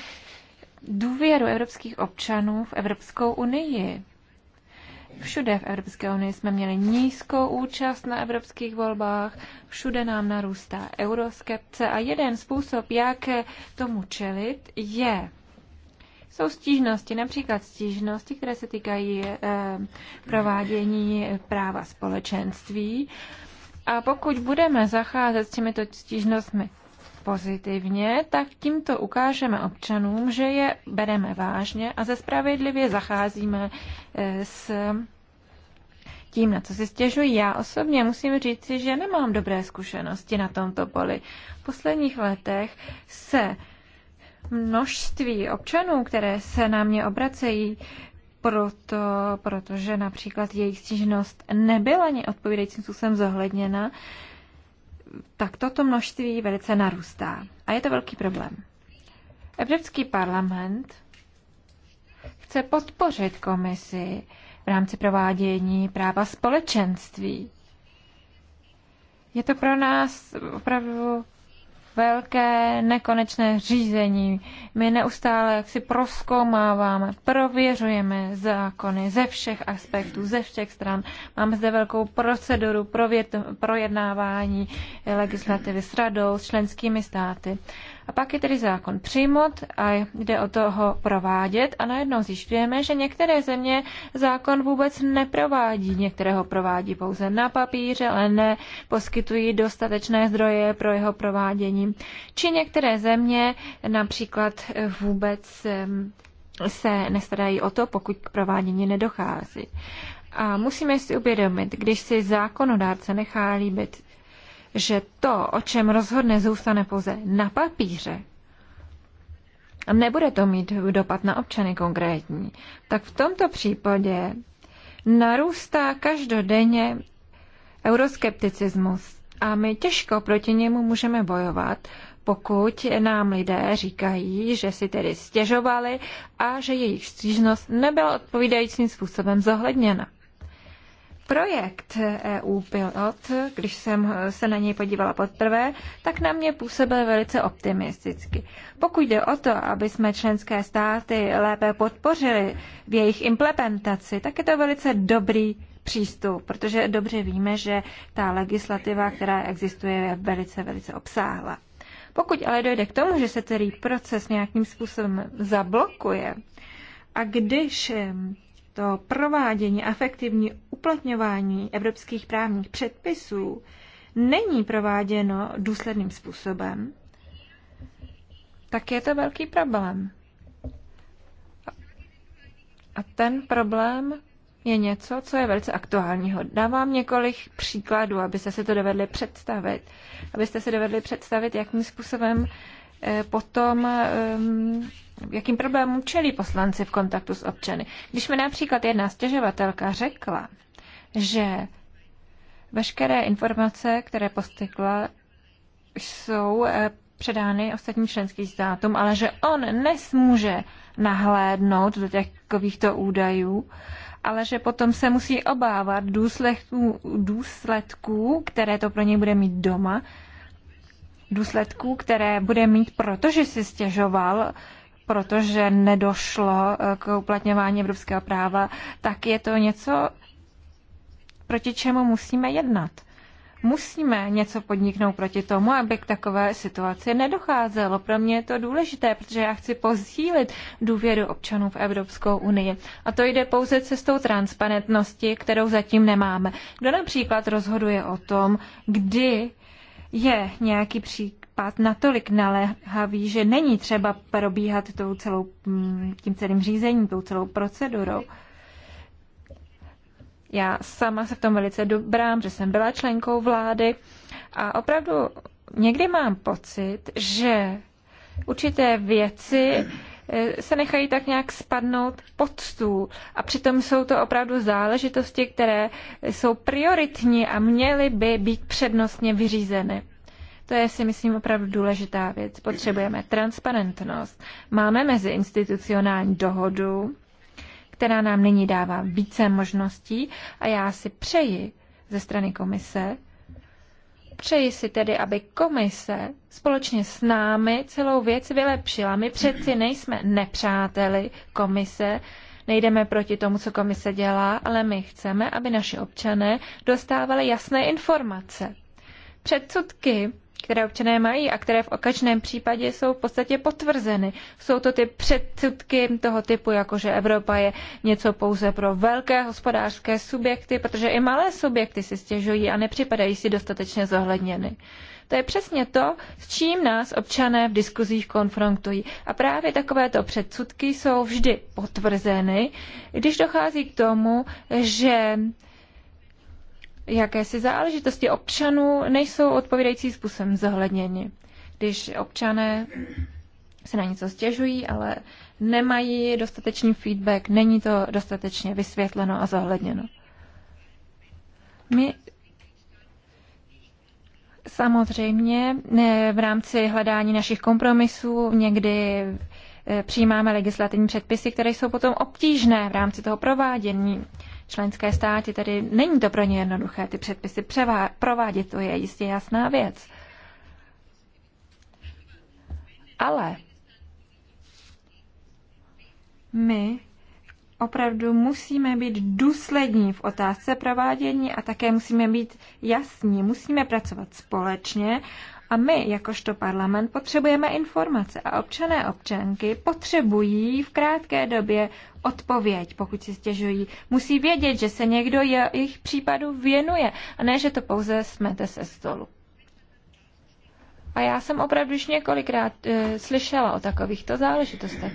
důvěru evropských občanů v Evropskou unii. Všude v Evropské unii jsme měli nízkou účast na evropských volbách, všude nám narůstá euroskepce a jeden způsob, jak tomu čelit, je jsou stížnosti, například stížnosti, které se týkají eh, provádění práva společenství. A pokud budeme zacházet s těmito stížnostmi pozitivně, tak tímto ukážeme občanům, že je bereme vážně a ze spravedlivě zacházíme eh, s tím, na co si stěžují. Já osobně musím říci, že nemám dobré zkušenosti na tomto poli. V posledních letech se množství občanů, které se na mě obracejí, proto, protože například jejich stížnost nebyla ani odpovídajícím způsobem zohledněna, tak toto množství velice narůstá. A je to velký problém. Evropský parlament chce podpořit komisi v rámci provádění práva společenství. Je to pro nás opravdu velké nekonečné řízení. My neustále si proskoumáváme, prověřujeme zákony ze všech aspektů, ze všech stran. Máme zde velkou proceduru provět, projednávání legislativy s radou, s členskými státy. A pak je tedy zákon přijmout a jde o toho provádět a najednou zjišťujeme, že některé země zákon vůbec neprovádí. Některé ho provádí pouze na papíře, ale ne poskytují dostatečné zdroje pro jeho provádění. Či některé země například vůbec se nestarají o to, pokud k provádění nedochází. A musíme si uvědomit, když si zákonodárce nechá líbit že to, o čem rozhodne, zůstane pouze na papíře, a nebude to mít dopad na občany konkrétní, tak v tomto případě narůstá každodenně euroskepticismus a my těžko proti němu můžeme bojovat, pokud nám lidé říkají, že si tedy stěžovali a že jejich stížnost nebyla odpovídajícím způsobem zohledněna. Projekt EU Pilot, když jsem se na něj podívala poprvé, tak na mě působil velice optimisticky. Pokud jde o to, aby jsme členské státy lépe podpořili v jejich implementaci, tak je to velice dobrý přístup, protože dobře víme, že ta legislativa, která existuje, je velice, velice obsáhla. Pokud ale dojde k tomu, že se celý proces nějakým způsobem zablokuje, a když to provádění, efektivní uplatňování evropských právních předpisů není prováděno důsledným způsobem, tak je to velký problém. A ten problém je něco, co je velice aktuálního. Dávám několik příkladů, abyste se to dovedli představit. Abyste se dovedli představit, jakým způsobem eh, potom ehm, jakým problémům čelí poslanci v kontaktu s občany. Když mi například jedna stěžovatelka řekla, že veškeré informace, které postykla, jsou eh, předány ostatním členským státům, ale že on nesmůže nahlédnout do takovýchto údajů, ale že potom se musí obávat důsledků, důsledků které to pro něj bude mít doma, důsledků, které bude mít, protože si stěžoval, protože nedošlo eh, k uplatňování evropského práva, tak je to něco, proti čemu musíme jednat. Musíme něco podniknout proti tomu, aby k takové situaci nedocházelo. Pro mě je to důležité, protože já chci posílit důvěru občanů v Evropskou unii. A to jde pouze cestou transparentnosti, kterou zatím nemáme. Kdo například rozhoduje o tom, kdy je nějaký přík Pád natolik naléhavý, že není třeba probíhat tou celou, mm, tím celým řízením, tou celou procedurou. Já sama se v tom velice dobrám, že jsem byla členkou vlády a opravdu někdy mám pocit, že určité věci eh, se nechají tak nějak spadnout pod stůl. A přitom jsou to opravdu záležitosti, které jsou prioritní a měly by být přednostně vyřízeny. To je si myslím opravdu důležitá věc. Potřebujeme transparentnost. Máme mezi institucionální dohodu, která nám nyní dává více možností a já si přeji ze strany komise, Přeji si tedy, aby komise společně s námi celou věc vylepšila. My přeci nejsme nepřáteli komise, nejdeme proti tomu, co komise dělá, ale my chceme, aby naši občané dostávali jasné informace. Předsudky které občané mají a které v okačném případě jsou v podstatě potvrzeny. Jsou to ty předsudky toho typu, jako že Evropa je něco pouze pro velké hospodářské subjekty, protože i malé subjekty si stěžují a nepřipadají si dostatečně zohledněny. To je přesně to, s čím nás občané v diskuzích konfrontují. A právě takovéto předsudky jsou vždy potvrzeny, když dochází k tomu, že jakési záležitosti občanů nejsou odpovídající způsobem zohledněni. Když občané se na něco stěžují, ale nemají dostatečný feedback, není to dostatečně vysvětleno a zohledněno. My samozřejmě eh, v rámci hledání našich kompromisů někdy eh, přijímáme legislativní předpisy, které jsou potom obtížné v rámci toho provádění členské státy, tedy není to pro ně jednoduché ty předpisy převá- provádět, to je jistě jasná věc. Ale my opravdu musíme být důslední v otázce provádění a také musíme být jasní. Musíme pracovat společně a my, jakožto parlament, potřebujeme informace a občané občanky potřebují v krátké době odpověď, pokud si stěžují. Musí vědět, že se někdo jejich případu věnuje a ne, že to pouze smete se stolu. A já jsem opravdu už několikrát e, slyšela o takovýchto záležitostech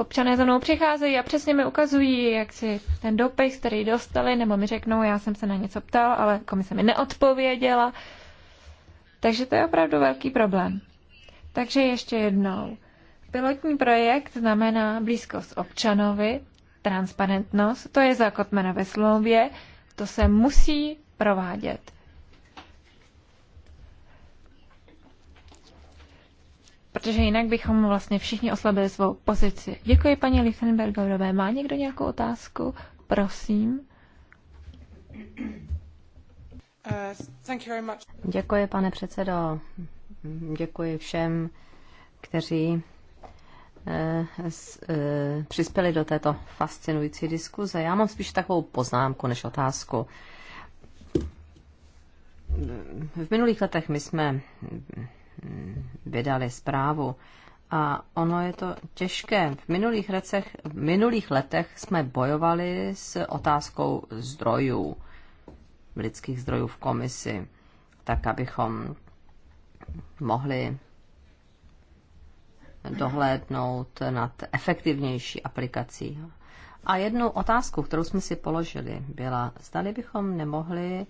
občané za mnou přicházejí a přesně mi ukazují, jak si ten dopis, který dostali, nebo mi řeknou, já jsem se na něco ptal, ale komise mi neodpověděla. Takže to je opravdu velký problém. Takže ještě jednou. Pilotní projekt znamená blízkost občanovi, transparentnost, to je zakotveno ve slově, to se musí provádět. protože jinak bychom vlastně všichni oslabili svou pozici. Děkuji paní Lichtenbergerové. Má někdo nějakou otázku? Prosím. Děkuji, pane předsedo. Děkuji všem, kteří eh, eh, přispěli do této fascinující diskuze. Já mám spíš takovou poznámku než otázku. V minulých letech my jsme Eh, vydali zprávu. A ono je to těžké. V minulých, letech, v minulých letech jsme bojovali s otázkou zdrojů, lidských zdrojů v komisi, tak abychom mohli dohlédnout nad efektivnější aplikací. A jednu otázku, kterou jsme si položili, byla, zdali bychom nemohli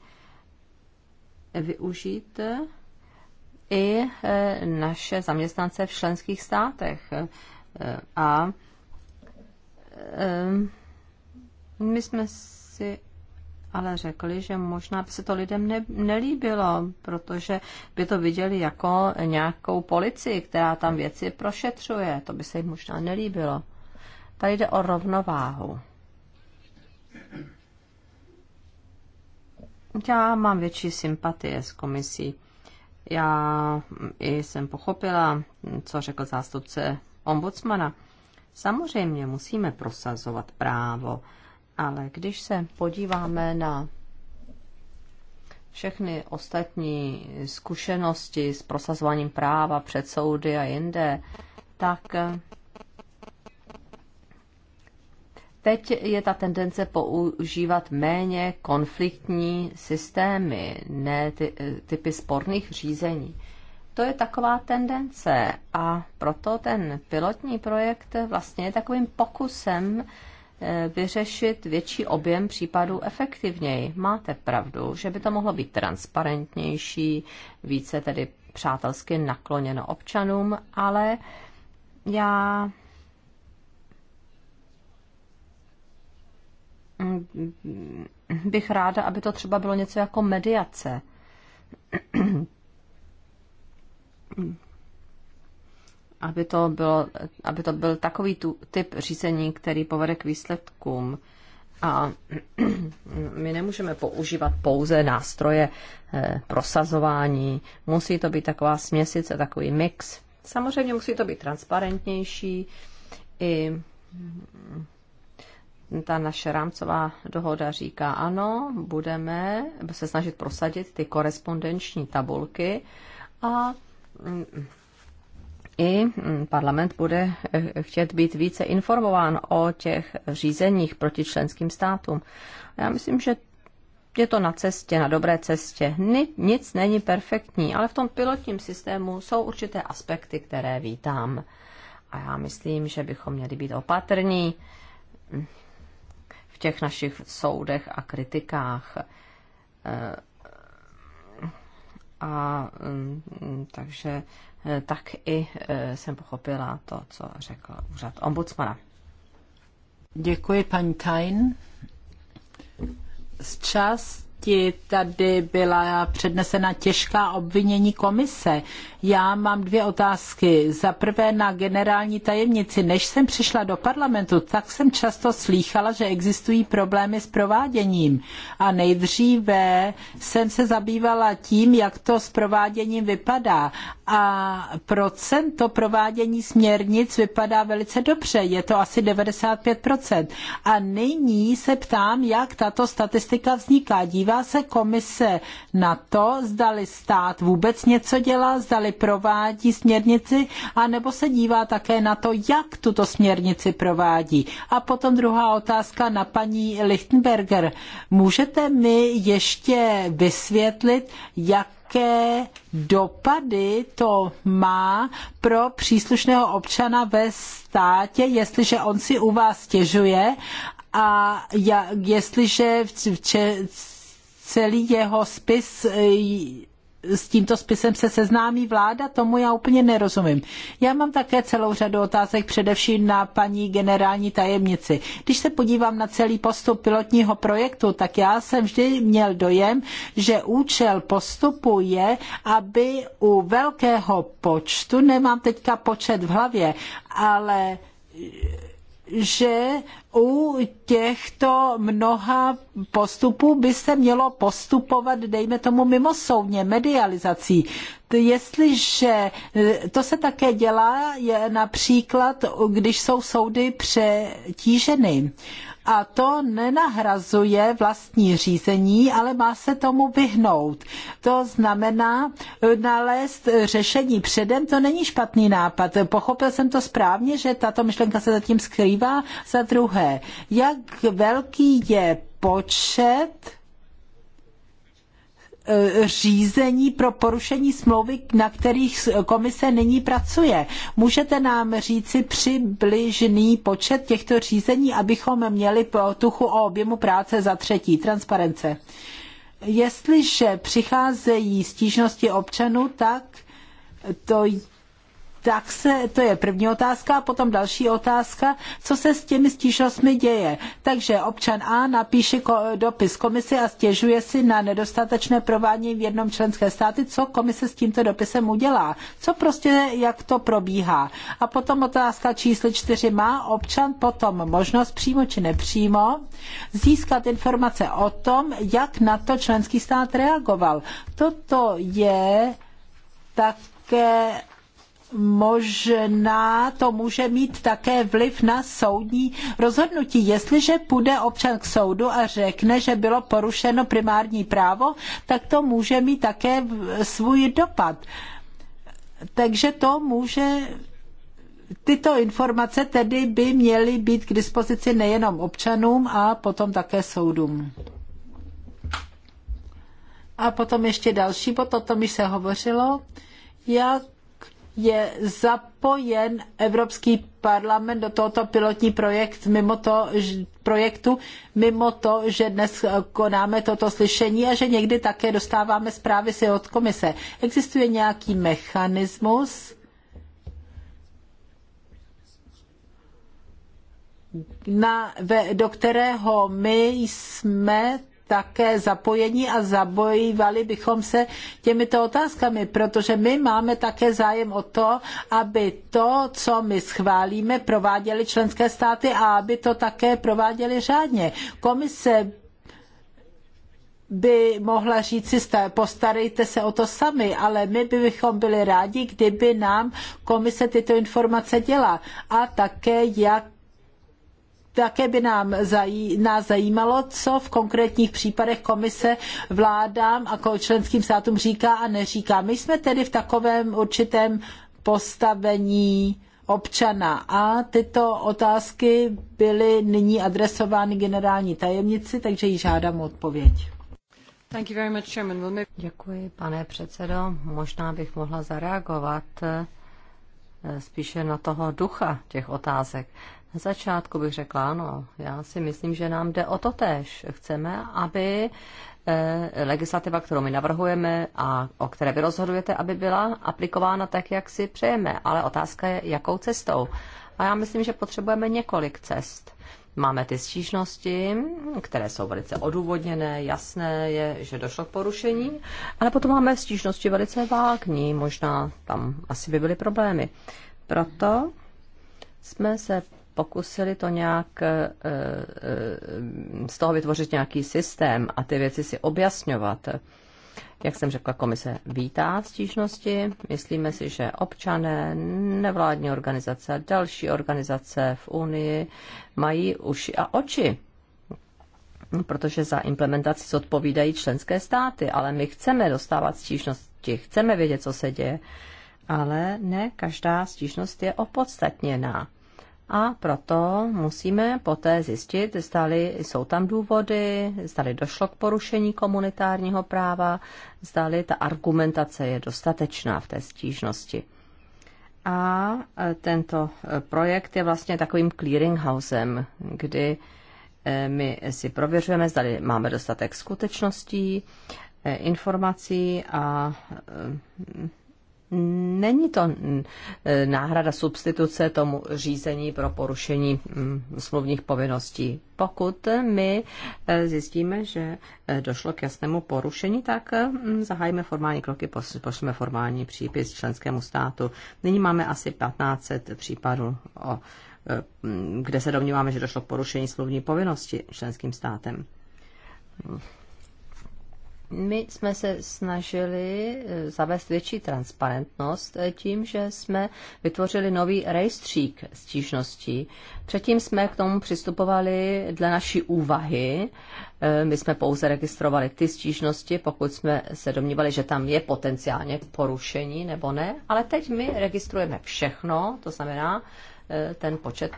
využít i e, naše zaměstnance v členských státech. E, a e, my jsme si ale řekli, že možná by se to lidem ne, nelíbilo, protože by to viděli jako nějakou policii, která tam věci prošetřuje. To by se jim možná nelíbilo. Tady jde o rovnováhu. Já mám větší sympatie s komisí já jsem pochopila, co řekl zástupce ombudsmana. Samozřejmě musíme prosazovat právo, ale když se podíváme na všechny ostatní zkušenosti s prosazováním práva před soudy a jinde, tak Teď je ta tendence používat méně konfliktní systémy, ne ty, eh, typy sporných řízení. To je taková tendence a proto ten pilotní projekt vlastně je takovým pokusem eh, vyřešit větší objem případů efektivněji. Máte pravdu, že by to mohlo být transparentnější, více tedy přátelsky nakloněno občanům, ale já bych ráda, aby to třeba bylo něco jako mediace. aby to, bylo, aby to byl takový tu, typ řízení, který povede k výsledkům. A my nemůžeme používat pouze nástroje eh, prosazování. Musí to být taková směsice, takový mix. Samozřejmě musí to být transparentnější i ta naše rámcová dohoda říká, ano, budeme se snažit prosadit ty korespondenční tabulky a mm, i mm, parlament bude eh, chtět být více informován o těch řízeních proti členským státům. Já myslím, že je to na cestě, na dobré cestě. Nic není perfektní, ale v tom pilotním systému jsou určité aspekty, které vítám. A já myslím, že bychom měli být opatrní těch našich soudech a kritikách. Eh, a mm, takže eh, tak i eh, jsem pochopila to, co řekl úřad ombudsmana. Děkuji, paní Z Čas ti tady byla přednesena těžká obvinění komise. Já mám dvě otázky. Za prvé na generální tajemnici. Než jsem přišla do parlamentu, tak jsem často slýchala, že existují problémy s prováděním. A nejdříve jsem se zabývala tím, jak to s prováděním vypadá. A procento provádění směrnic vypadá velice dobře. Je to asi 95%. A nyní se ptám, jak tato statistika vzniká. Dívám Dívá se komise na to, zdali stát vůbec něco dělá, zdali provádí směrnici, anebo se dívá také na to, jak tuto směrnici provádí. A potom druhá otázka na paní Lichtenberger. Můžete mi ještě vysvětlit, jak jaké dopady to má pro příslušného občana ve státě, jestliže on si u vás stěžuje a jestliže v, v, celý jeho spis eh, s tímto spisem se seznámí vláda, tomu já úplně nerozumím. Já mám také celou řadu otázek, především na paní generální tajemnici. Když se podívám na celý postup pilotního projektu, tak já jsem vždy měl dojem, že účel postupu je, aby u velkého počtu, nemám teďka počet v hlavě, ale že u těchto mnoha postupů by se mělo postupovat, dejme tomu, mimosoudně, medializací. Jestliže to se také dělá, je například, když jsou soudy přetíženy a to nenahrazuje vlastní řízení, ale má se tomu vyhnout. To znamená eh, nalézt řešení předem, to není špatný nápad. Pochopil jsem to správně, že tato myšlenka se zatím skrývá. Za druhé, jak velký je počet Eh, řízení pro porušení smlouvy, na kterých komise nyní pracuje. Můžete nám říci přibližný počet těchto řízení, abychom měli potuchu o objemu práce za třetí, transparence. Jestliže přicházejí stížnosti občanů, tak to tak se, to je první otázka, a potom další otázka, co se s těmi stížnostmi děje. Takže občan A napíše dopis komisi a stěžuje si na nedostatečné provádění v jednom členské státy, co komise s tímto dopisem udělá, co prostě, jak to probíhá. A potom otázka číslo čtyři má občan potom možnost přímo či nepřímo získat informace o tom, jak na to členský stát reagoval. Toto je také možná to může mít také vliv na soudní rozhodnutí. Jestliže půjde občan k soudu a řekne, že bylo porušeno primární právo, tak to může mít také svůj dopad. Takže to může tyto informace tedy by měly být k dispozici nejenom občanům a potom také soudům. A potom ještě další bod, o tom již se hovořilo, jak je zapojen Evropský parlament do tohoto pilotní projekt, mimo to, projektu, mimo to, že dnes eh, konáme toto slyšení a že někdy také dostáváme zprávy si od komise. Existuje nějaký mechanismus, na, ve, do kterého my jsme také zapojení a zabojívali bychom se těmito otázkami, protože my máme také zájem o to, aby to, co my schválíme, prováděly členské státy a aby to také prováděly řádně. Komise by mohla říci, postarejte se o to sami, ale my bychom byli rádi, kdyby nám komise tyto informace dělá. A také, jak také by nám zají, nás zajímalo, co v konkrétních případech komise vládám a členským státům říká a neříká. My jsme tedy v takovém určitém postavení občana a tyto otázky byly nyní adresovány generální tajemnici, takže ji žádám o odpověď. Děkuji, pane předsedo. Možná bych mohla zareagovat eh, spíše na toho ducha těch otázek začátku bych řekla, ano, já si myslím, že nám jde o to tež. Chceme, aby eh, legislativa, kterou my navrhujeme a o které vy rozhodujete, aby byla aplikována tak, jak si přejeme. Ale otázka je, jakou cestou. A já myslím, že potřebujeme několik cest. Máme ty stížnosti, které jsou velice odůvodněné, jasné je, že došlo k porušení, ale potom máme stížnosti velice vágní, možná tam asi by byly problémy. Proto jsme se pokusili to nějak eh, eh, z toho vytvořit nějaký systém a ty věci si objasňovat. Jak jsem řekla, komise vítá stížnosti. Myslíme si, že občané, nevládní organizace a další organizace v Unii mají uši a oči, protože za implementaci odpovídají členské státy, ale my chceme dostávat stížnosti, chceme vědět, co se děje, ale ne každá stížnost je opodstatněná a proto musíme poté zjistit, zdali jsou tam důvody, zdali došlo k porušení komunitárního práva, zdali ta argumentace je dostatečná v té stížnosti. A e, tento e, projekt je vlastně takovým clearinghousem, kdy e, my si prověřujeme, zdali máme dostatek skutečností, informací a Není to e, náhrada substituce tomu řízení pro porušení smluvních povinností. Pokud my e, zjistíme, že e, došlo k jasnému porušení, tak zahájíme formální kroky, pošleme formální přípis členskému státu. Nyní máme asi 1500 případů, o, kde se domníváme, že došlo k porušení smluvní povinnosti členským státem. My jsme se snažili eh, zavést větší transparentnost eh, tím, že jsme vytvořili nový rejstřík stížností. Předtím jsme k tomu přistupovali dle naší úvahy. Eh, my jsme pouze registrovali ty stížnosti, pokud jsme se domnívali, že tam je potenciálně porušení nebo ne. Ale teď my registrujeme všechno, to znamená, ten počet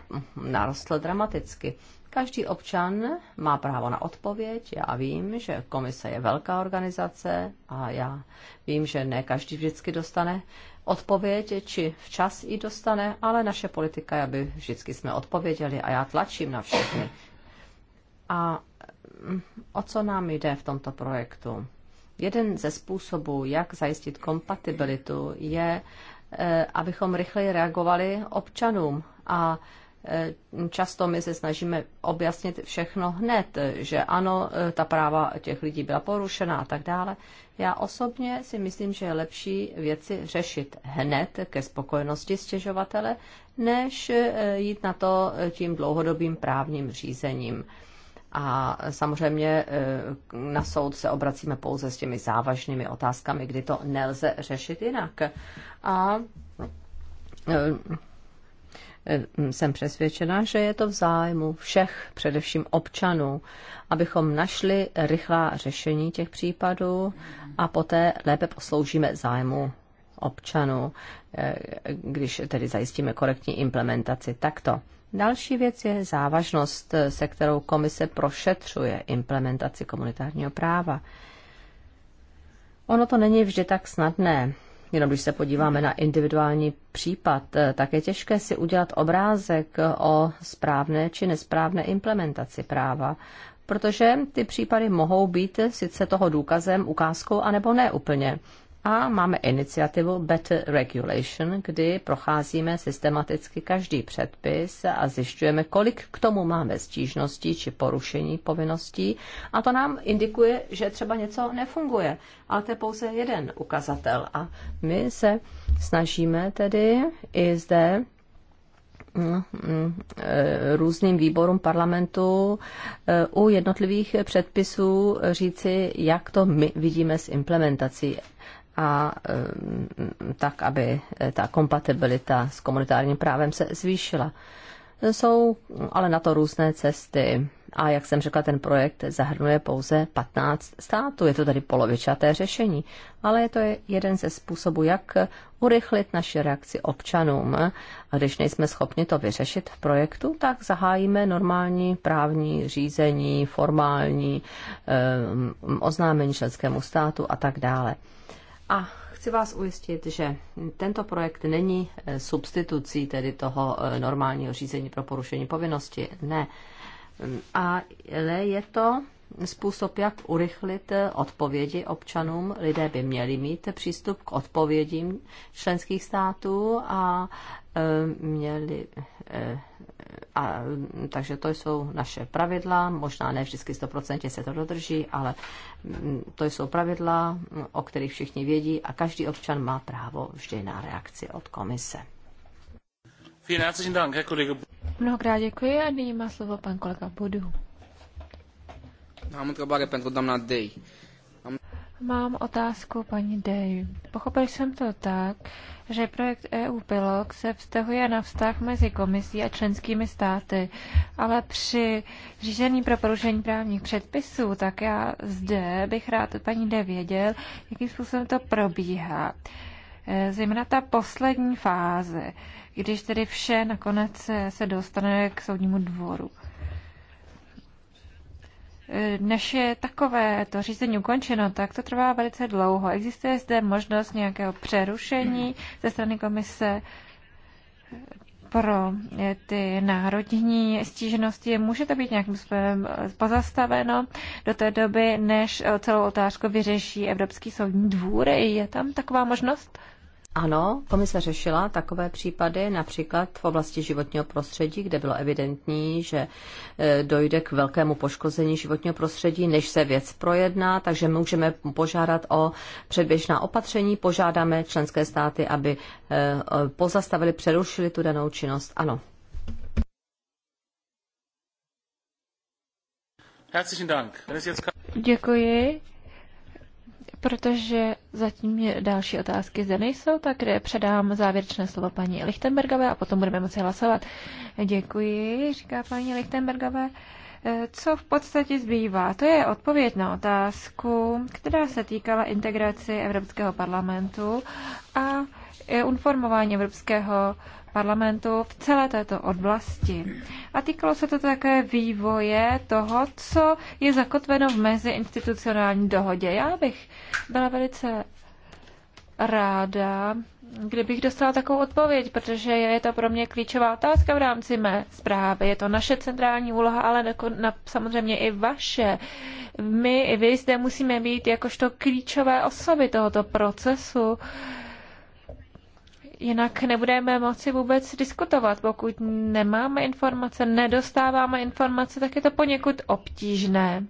narostl dramaticky. Každý občan má právo na odpověď. Já vím, že komise je velká organizace a já vím, že ne každý vždycky dostane odpověď, či včas ji dostane, ale naše politika je, aby vždycky jsme odpověděli a já tlačím na všechny. A mm, o co nám jde v tomto projektu? Jeden ze způsobů, jak zajistit kompatibilitu, je, eh, abychom rychleji reagovali občanům a Eh, často my se snažíme objasnit všechno hned, že ano, eh, ta práva těch lidí byla porušena a tak dále. Já osobně si myslím, že je lepší věci řešit hned ke spokojenosti stěžovatele, než eh, jít na to tím dlouhodobým právním řízením. A samozřejmě na soud se obracíme pouze s těmi závažnými otázkami, kdy to nelze řešit jinak. A Eh, mm, jsem přesvědčena, že je to v zájmu všech, především občanů, abychom našli rychlá řešení těch případů a poté lépe posloužíme zájmu občanů, eh, když tedy zajistíme korektní implementaci takto. Další věc je závažnost, eh, se kterou komise prošetřuje implementaci komunitárního práva. Ono to není vždy tak snadné Jenom když se podíváme na individuální případ, eh, tak je těžké si udělat obrázek o správné či nesprávné implementaci práva, protože ty případy mohou být sice toho důkazem, ukázkou, anebo ne úplně a máme iniciativu Better Regulation, kdy procházíme systematicky každý předpis a zjišťujeme, kolik k tomu máme stížností či porušení povinností a to nám indikuje, že třeba něco nefunguje. Ale to je pouze jeden ukazatel a my se snažíme tedy i zde mm, mm, eh, různým výborům parlamentu eh, u jednotlivých předpisů říci, jak to my vidíme s implementací a eh, tak, aby eh, ta kompatibilita s komunitárním právem se zvýšila. Jsou ale na to různé cesty. A jak jsem řekla, ten projekt zahrnuje pouze 15 států. Je to tady polovičaté řešení, ale je to jeden ze způsobů, jak urychlit naši reakci občanům. A když nejsme schopni to vyřešit v projektu, tak zahájíme normální právní řízení, formální eh, oznámení členskému státu a tak dále. A chci vás ujistit, že tento projekt není eh, substitucí tedy toho eh, normálního řízení pro porušení povinnosti. Ne. Mm, Ale je to způsob, jak urychlit eh, odpovědi občanům. Lidé by měli mít přístup k odpovědím členských států a Eh, měli. Eh, a, takže to jsou naše pravidla, možná ne vždycky 100% se to dodrží, ale mm, to jsou pravidla, o kterých všichni vědí a každý občan má právo vždy na reakci od komise. Mnohokrát děkuji a nyní má slovo pan kolega Budu. Am o Mám otázku, paní Dej. Pochopil jsem to tak, že projekt EU Pilok se vztahuje na vztah mezi komisí a členskými státy, ale při řízení pro porušení právních předpisů, tak já zde bych rád od paní Dej věděl, jakým způsobem to probíhá. E, zejména ta poslední fáze, když tedy vše nakonec se dostane k soudnímu dvoru než je takové to řízení ukončeno, tak to trvá velice dlouho. Existuje zde možnost nějakého přerušení ze strany komise pro eh, ty národní stížnosti? Může to být nějakým způsobem eh, pozastaveno do té doby, než eh, celou otázku vyřeší Evropský soudní dvůr? Je tam taková možnost? Ano, komise řešila takové případy, například v oblasti životního prostředí, kde bylo evidentní, že e, dojde k velkému poškození životního prostředí, než se věc projedná, takže můžeme požádat o předběžná opatření, požádáme členské státy, aby e, pozastavili, přerušili tu danou činnost. Ano. Děkuji protože zatím další otázky zde nejsou, tak předám závěrečné slovo paní Lichtenbergové a potom budeme moci hlasovat. Děkuji, říká paní Lichtenbergové. Co v podstatě zbývá? To je odpověď na otázku, která se týkala integraci Evropského parlamentu a informování Evropského parlamentu v celé této oblasti. A týkalo se to také vývoje toho, co je zakotveno v meziinstitucionální dohodě. Já bych byla velice ráda, kdybych dostala takovou odpověď, protože je to pro mě klíčová otázka v rámci mé zprávy. Je to naše centrální úloha, ale na, na, samozřejmě i vaše. My i vy zde musíme být jakožto klíčové osoby tohoto procesu. Uh, Jinak nebudeme moci vůbec diskutovat. Pokud nemáme informace, nedostáváme informace, tak je to poněkud obtížné.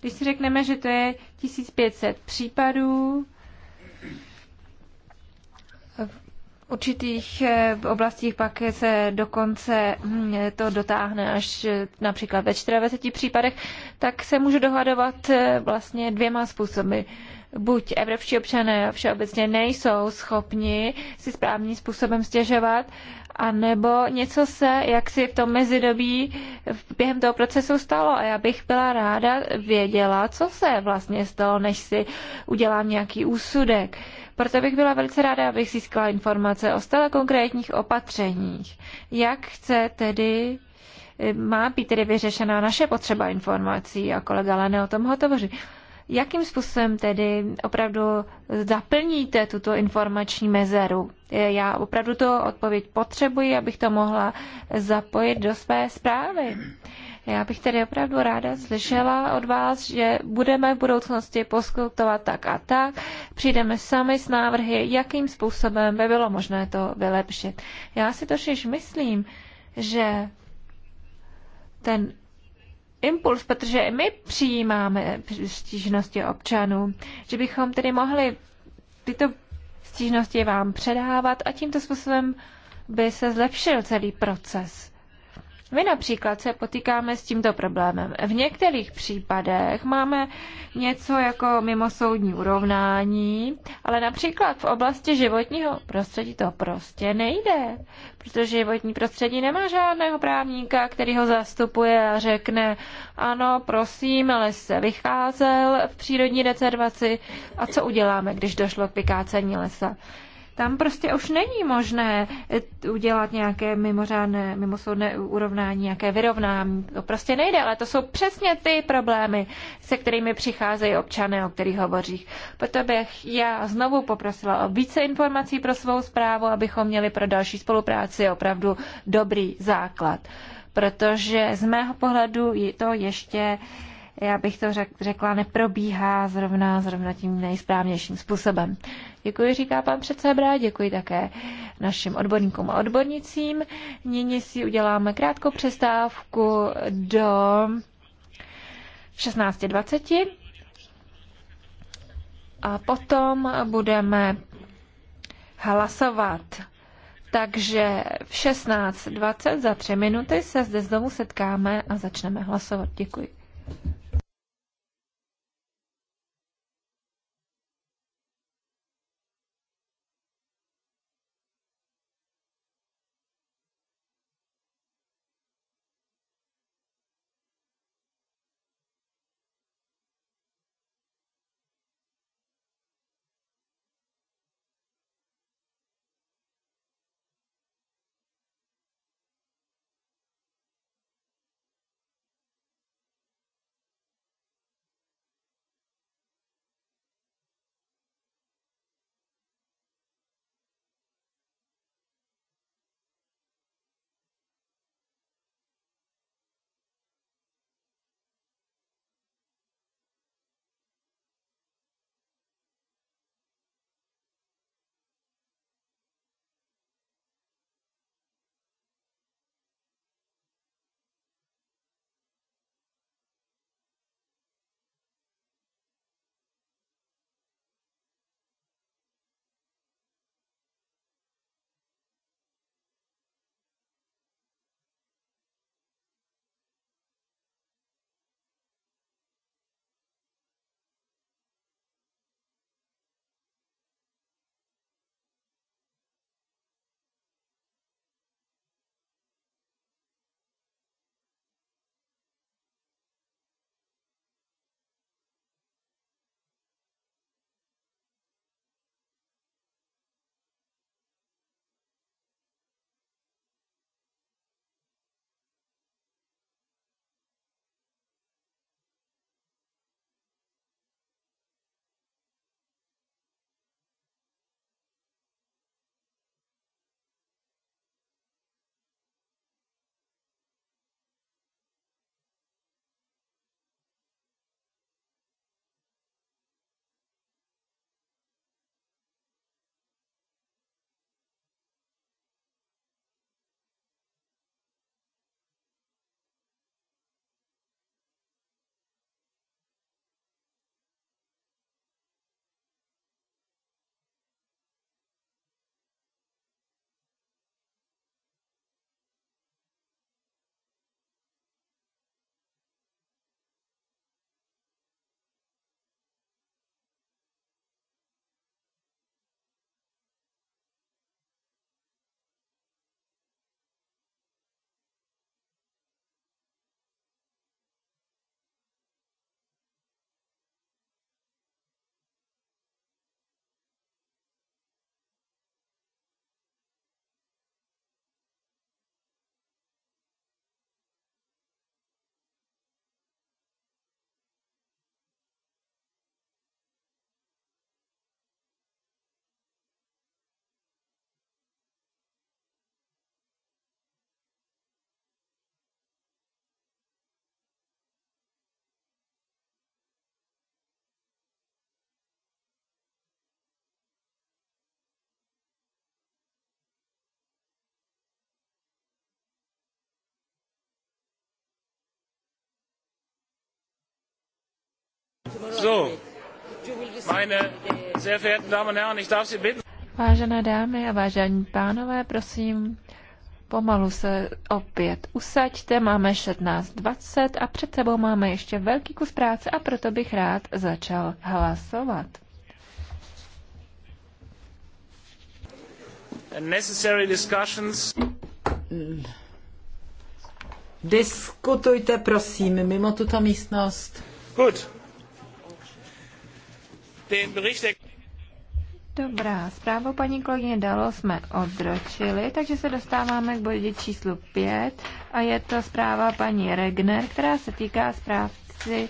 Když si řekneme, že to je 1500 případů, v určitých oblastích pak se dokonce hm, to dotáhne až například ve 24 případech, tak se můžu dohadovat eh, vlastně dvěma způsoby buď evropští občané všeobecně nejsou schopni si správným způsobem stěžovat, a nebo něco se jak si v tom mezidobí během toho procesu stalo. A já bych byla ráda věděla, co se vlastně stalo, než si udělám nějaký úsudek. Proto bych byla velice ráda, abych získala informace o stále konkrétních opatřeních. Jak chce tedy eh, má být tedy vyřešena naše potřeba informací a kolega Lene o tom hovoří. Jakým způsobem tedy opravdu zaplníte tuto informační mezeru? Já opravdu to odpověď potřebuji, abych to mohla zapojit do své zprávy. Já bych tedy opravdu ráda slyšela od vás, že budeme v budoucnosti poskytovat tak a tak, přijdeme sami s návrhy, jakým způsobem by bylo možné to vylepšit. Já si totiž myslím, že ten impuls, protože i my přijímáme stížnosti občanů, že bychom tedy mohli tyto stížnosti vám předávat a tímto způsobem by se zlepšil celý proces. My například se potýkáme s tímto problémem. V některých případech máme něco jako mimosoudní urovnání, ale například v oblasti životního prostředí to prostě nejde, protože životní prostředí nemá žádného právníka, který ho zastupuje a řekne, ano, prosím, ale se vycházel v přírodní rezervaci a co uděláme, když došlo k vykácení lesa. Tam prostě už není možné eh, udělat nějaké mimořádné, mimosoudné urovnání, nějaké vyrovnání. To prostě nejde, ale to jsou přesně ty problémy, se kterými přicházejí občané, o kterých hovoří. Proto bych já znovu poprosila o více informací pro svou zprávu, abychom měli pro další spolupráci opravdu dobrý základ. Protože z mého pohledu to ještě já bych to řekla, neprobíhá zrovna, zrovna tím nejsprávnějším způsobem. Děkuji, říká pan předsebra, děkuji také našim odborníkům a odbornicím. Nyní si uděláme krátkou přestávku do 16.20 a potom budeme hlasovat. Takže v 16.20 za tři minuty se zde znovu setkáme a začneme hlasovat. Děkuji. Meine sehr verehrten Damen und Herren, ich darf Sie bitten. Vážené dámy a vážení pánové, prosím, pomalu se opět usaďte, máme 16.20 a před sebou máme ještě velký kus práce a proto bych rád začal hlasovat. Necessary discussions. Diskutujte prosím mimo tuto místnost. Good. Dobrá, zprávu paní kolegyně Dalo jsme odročili, takže se dostáváme k bodě číslo 5 a je to zpráva paní Regner, která se týká zprávci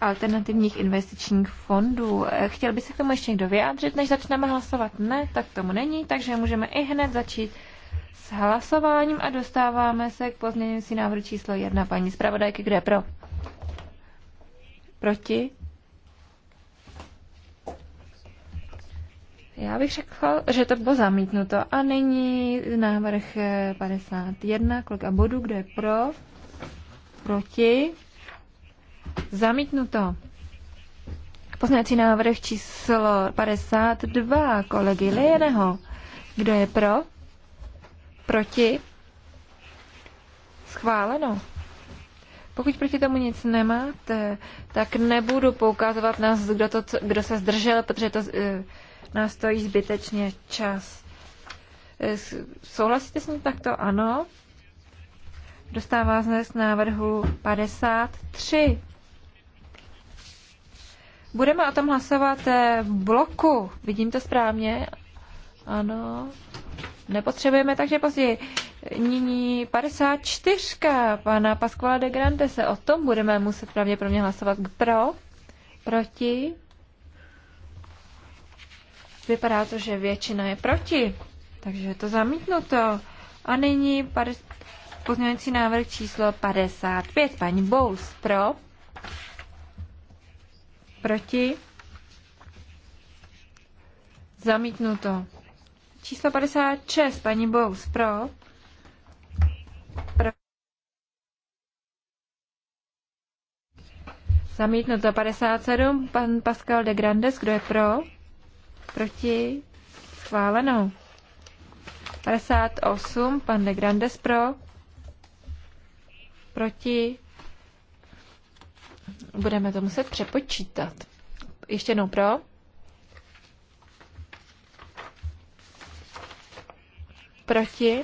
alternativních investičních fondů. Chtěl by se k tomu ještě někdo vyjádřit, než začneme hlasovat? Ne, tak tomu není, takže můžeme i hned začít s hlasováním a dostáváme se k pozměňující návrhu číslo 1 paní zpravodajky, kde je pro? Proti? Já bych řekl, že to bylo zamítnuto. A nyní návrh 51, eh, kolega bodů, kde je pro, proti, zamítnuto. Poznací návrh číslo 52 kolegy Lejeného. Kdo je pro? Proti? Schváleno. Pokud proti tomu nic nemáte, tak nebudu poukazovat na kdo, to, kdo se zdržel, protože to eh, nás stojí zbytečně čas. E, souhlasíte s ním takto? Ano. Dostává z dnes návrhu 53. Budeme o tom hlasovat e, v bloku. Vidím to správně? Ano. Nepotřebujeme, takže později. Nyní 54. pana Pasquale de Grande se o tom budeme muset pravděpodobně hlasovat pro, proti, Vypadá to, že většina je proti, takže je to zamítnuto. A nyní pozměňující návrh číslo 55. Paní Bous, pro. Proti. Zamítnuto. Číslo 56. Paní Bous, pro. pro. Zamítnuto 57. Pan Pascal de Grandes, kdo je pro? proti, schváleno. 58, pan de Grandes pro, proti, budeme to muset přepočítat. Ještě jednou pro. Proti.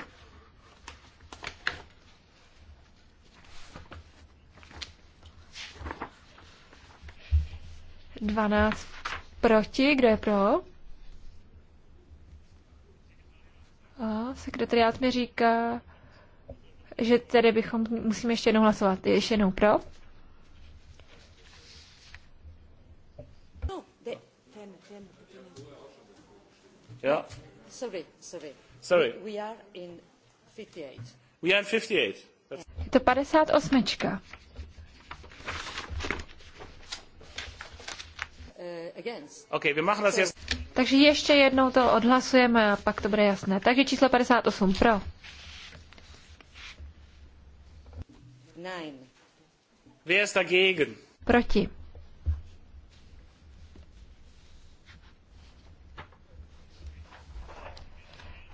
Dvanáct proti. Kdo je pro? A sekretariát mi říká, že tedy bychom musíme ještě jednou hlasovat. Ještě jednou pro. Yeah. No, sorry, sorry. Sorry. We are in 58. We are in 58. That's... Je to 58. Uh, against. Okay, wir machen das jetzt. Takže ještě jednou to odhlasujeme a pak to bude jasné. Takže číslo 58 pro. Nein. dagegen? Proti.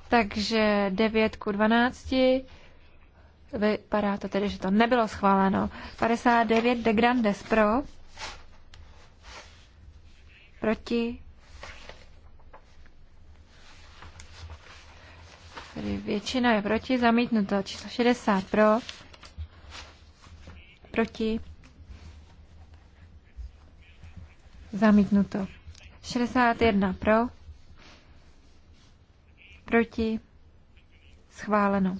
Takže 9 ku 12. Vypadá to tedy, že to nebylo schváleno. 59 de Grandes pro. Proti. Tady většina je proti, zamítnuto. Číslo 60 pro, proti, zamítnuto. 61 pro, proti, schváleno.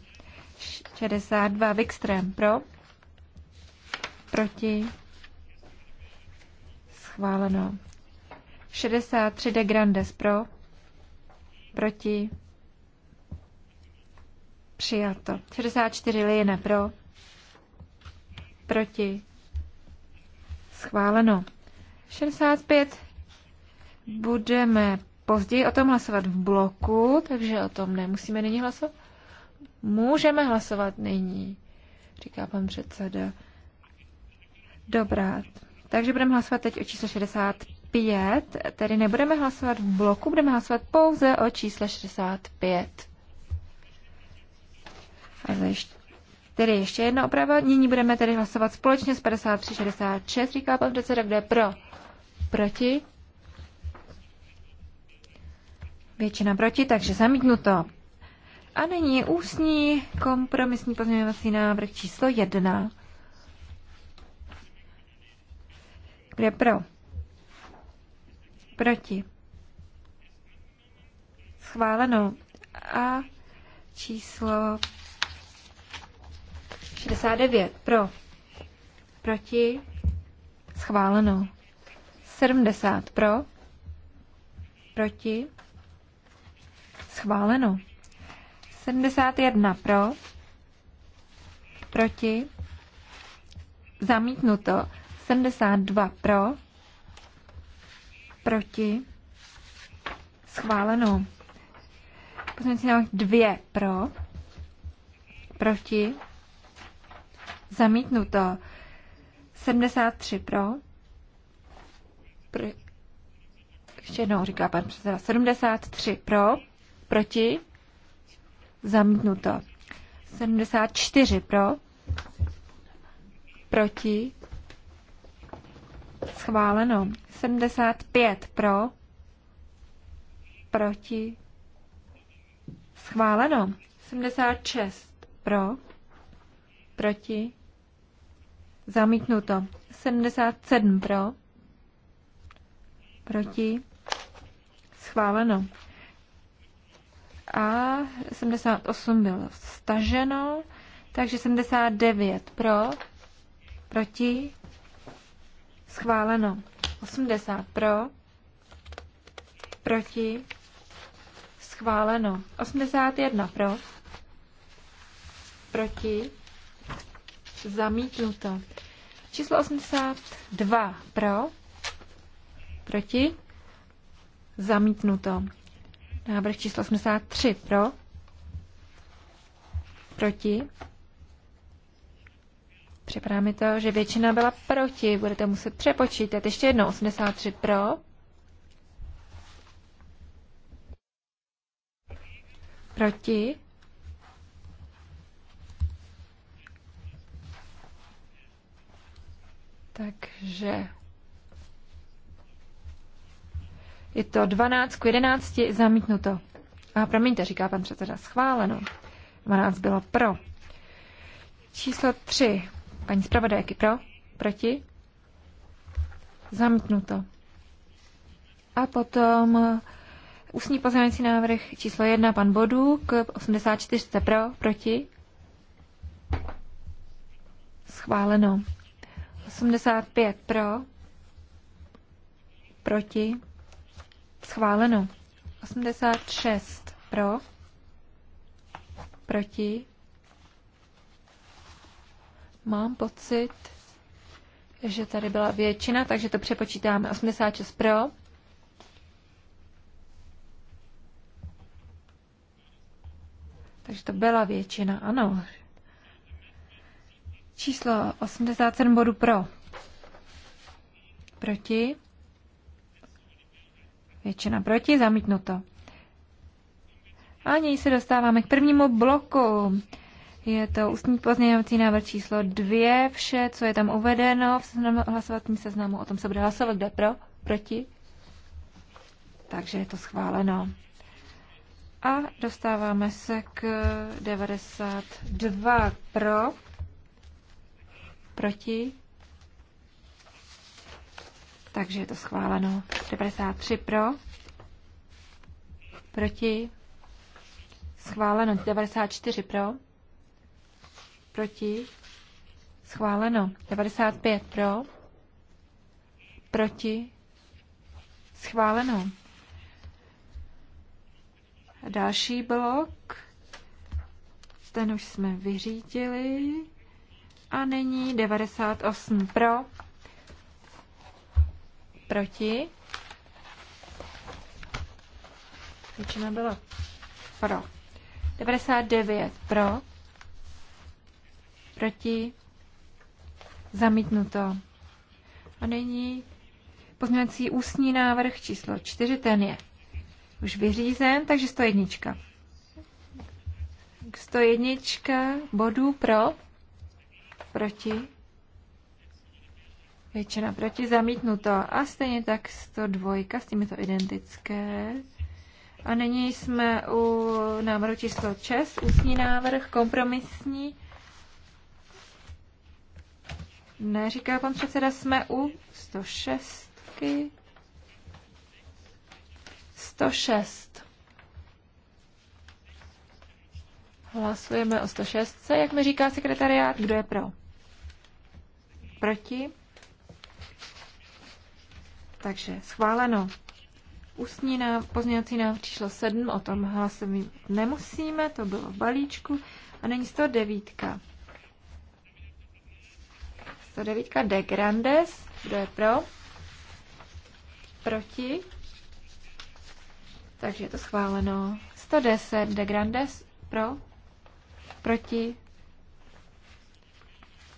62 Wikström pro, proti, schváleno. 63 De Grandes pro, proti, Přijato. 64 Lijene pro. Proti. Schváleno. 65 budeme později o tom hlasovat v bloku, takže o tom nemusíme nyní hlasovat. Můžeme hlasovat nyní, říká pan předseda. Dobrá, takže budeme hlasovat teď o číslo 65, tedy nebudeme hlasovat v bloku, budeme hlasovat pouze o čísle 65. Tedy ještě jedna oprava. Nyní budeme tedy hlasovat společně s 53-66, říká pan předseda, kde je pro, proti. Většina proti, takže zamítnuto. A nyní je ústní kompromisní pozměňovací návrh číslo 1. Kde pro? Proti. Schváleno. A číslo 69 pro, proti, schváleno. 70 pro, proti, schváleno. 71 pro, proti, zamítnuto. 72 pro, proti, schváleno. Pozměňovací návrh 2 pro, proti, Zamítnuto. 73 pro. Pro. Ještě jednou říká pan předseda. 73 pro. Proti. Zamítnuto. 74 pro. Proti. Schváleno. 75 pro. Proti. Schváleno. 76 pro proti, zamítnuto. 77 pro, proti, schváleno. A 78 bylo staženo, takže 79 pro, proti, schváleno. 80 pro, proti, schváleno. 81 pro, proti, Zamítnuto. Číslo 82 pro. Proti. Zamítnuto. Návrh číslo 83 pro. Proti. Připadá mi to, že většina byla proti. Budete muset přepočítat. Ještě jednou 83 pro. Proti. Takže je to 12 k 11 zamítnuto. A promiňte, říká pan předseda, schváleno. 12 bylo pro. Číslo 3. Paní zpravodajky pro? Proti? Zamítnuto. A potom ústní pozměňovací návrh číslo 1, pan Bodů, k 84 pro, proti? Schváleno. 85 pro, proti, schváleno. 86 pro, proti, mám pocit, že tady byla většina, takže to přepočítáme. 86 pro, Takže to byla většina, ano. Číslo 87 bodů pro. Proti. Většina proti, zamítnuto. A něj se dostáváme k prvnímu bloku. Je to ústní pozměňovací návrh číslo 2. Vše, co je tam uvedeno v seznamu, hlasovacím seznamu, o tom se bude hlasovat. Kde pro? Proti? Takže je to schváleno. A dostáváme se k 92 pro Proti? Takže je to schváleno. 93 pro. Proti? Schváleno. 94 pro. Proti? Schváleno. 95 pro. Proti? Schváleno. Další blok. Ten už jsme vyřídili. A nyní 98 pro, proti. Většina byla pro. 99 pro, proti, zamítnuto. A nyní pozměňovací ústní návrh číslo 4, ten je už vyřízen, takže 101. 101 bodů pro, proti, většina proti, zamítnuto. A stejně tak 102, s tím je to identické. A nyní jsme u návrhu číslo 6, ústní návrh, kompromisní. Ne, říká pan předseda, jsme u 106. 106. Hlasujeme o 106. Jak mi říká sekretariát, kdo je pro? Proti? Takže schváleno. Ústní náv, pozměňovací návrh číslo 7, o tom hlasovat nemusíme, to bylo v balíčku. A není 109. 109 de Grandes, kdo je pro? Proti? Takže je to schváleno. 110 de Grandes, pro? Proti?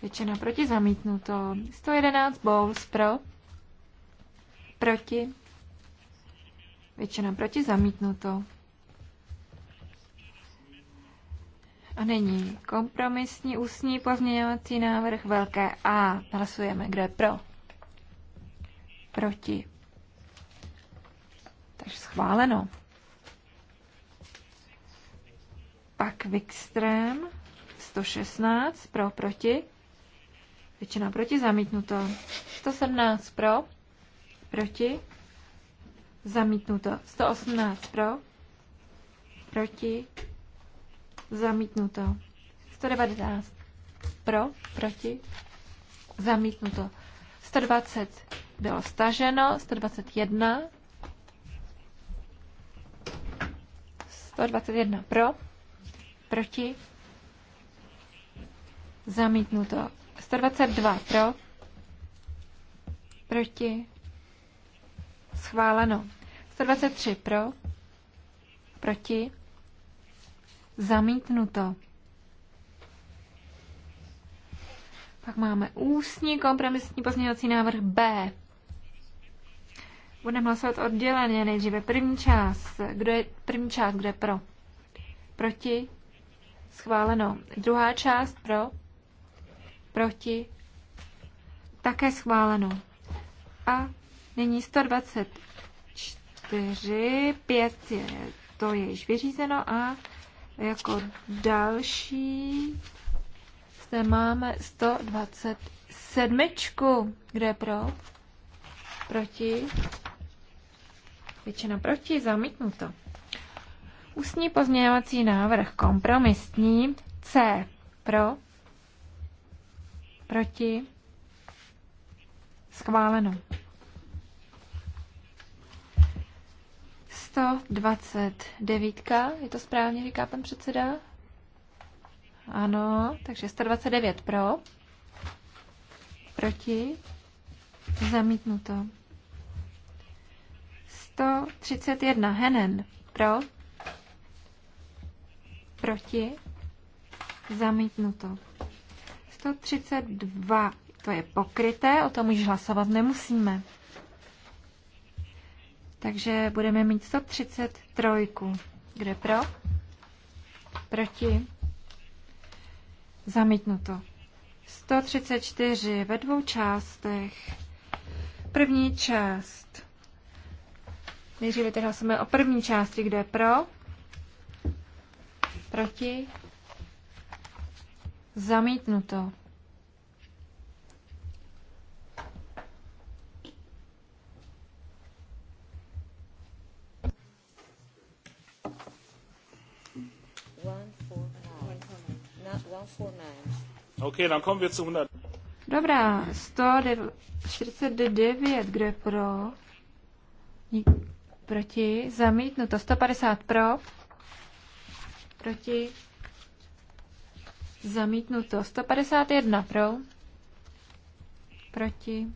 Většina proti zamítnuto. 111 Bowles pro. Proti. Většina proti zamítnuto. A nyní kompromisní ústní pozměňovací návrh velké A. Hlasujeme, kdo je pro. Proti. Takže schváleno. Pak Wikström 116 pro proti. Většina proti zamítnuto. 117 pro. Proti. Zamítnuto. 118 pro. Proti. Zamítnuto. 119 pro. Proti. Zamítnuto. 120 bylo staženo. 121. 121 pro. Proti. Zamítnuto. 122 pro, proti, schváleno. 123 pro, proti, zamítnuto. Pak máme ústní kompromisní pozměňovací návrh B. Budeme hlasovat odděleně nejdříve první část. Kdo je první část, kde pro? Proti? Schváleno. Druhá část pro? proti, také schváleno. A nyní 124, 5 je, to je již vyřízeno a jako další zde máme 127, kde pro, proti, většina proti, zamítnuto. Ústní pozměňovací návrh kompromisní C pro, Proti? Schváleno. 129. Je to správně, říká pan předseda? Ano, takže 129 pro. Proti? Zamítnuto. 131 Henen pro. Proti? Zamítnuto. 132 to je pokryté, o tom už hlasovat nemusíme. Takže budeme mít 133. Kde pro? Proti? Zamítnuto. 134 ve dvou částech. První část. Nejdříve teď hlasujeme o první části, kde pro, proti, Zamítnuto. Okay, dann kommen wir zu 100. Dobrá, 149, kdo je pro? Proti, zamítnuto, 150 pro, proti, Zamítnuto. 151 pro. Proti.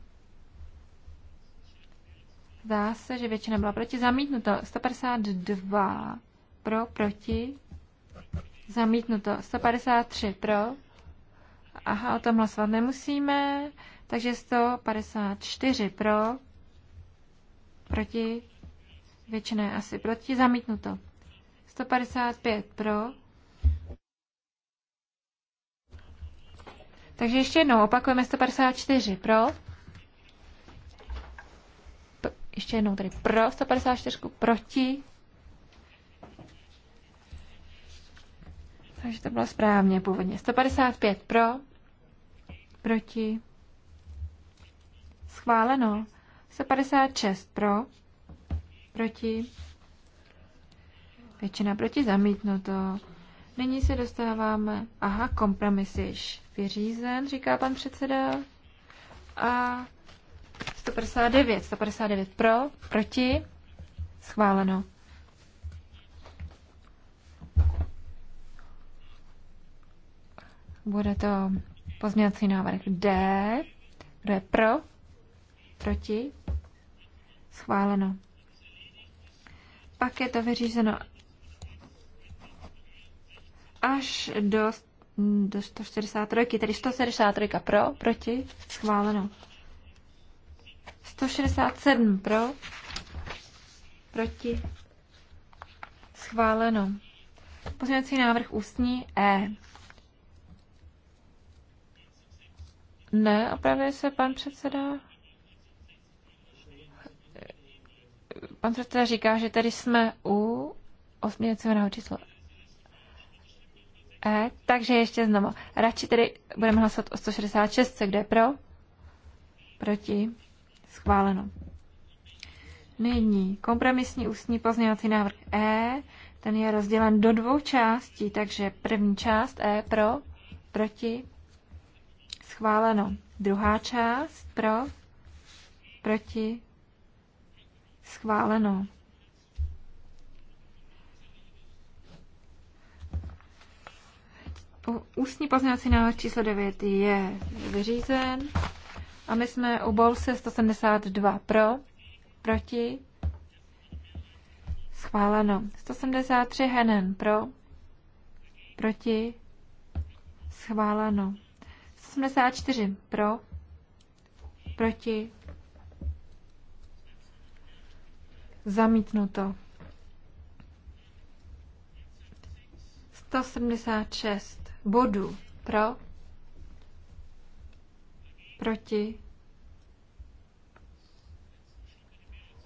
Zdá se, že většina byla proti. Zamítnuto. 152 pro, proti. Zamítnuto. 153 pro. Aha, o tom hlasovat nemusíme. Takže 154 pro. Proti. Většina je asi proti. Zamítnuto. 155 pro Takže ještě jednou opakujeme 154 pro. P- ještě jednou tady pro 154, proti. Takže to bylo správně původně. 155 pro, proti. Schváleno. 156 pro, proti. Většina proti zamítnuto. Nyní se dostáváme, aha, kompromis vyřízen, říká pan předseda. A 159, 159 pro, proti, schváleno. Bude to pozměňovací návrh D. Kdo je pro? Proti? Schváleno. Pak je to vyřízeno až do Mm, do 163, tedy 163 pro, proti, schváleno. 167 pro, proti, schváleno. Pozměňovací návrh ústní E. Ne, opravuje se pan předseda. Pan předseda říká, že tady jsme u osměcího číslo E, takže ještě znovu. Radši tedy budeme hlasovat o 166, kde je pro, proti, schváleno. Nyní kompromisní ústní pozměňovací návrh E, ten je rozdělen do dvou částí, takže první část E pro, proti, schváleno. Druhá část pro, proti, schváleno. ústní pozměňovací návrh číslo 9 je vyřízen a my jsme u bolse 172 pro, proti, schváleno. 173 Henen pro, proti, schváleno. 174 pro, proti, zamítnuto. 176 bodů. Pro? Proti?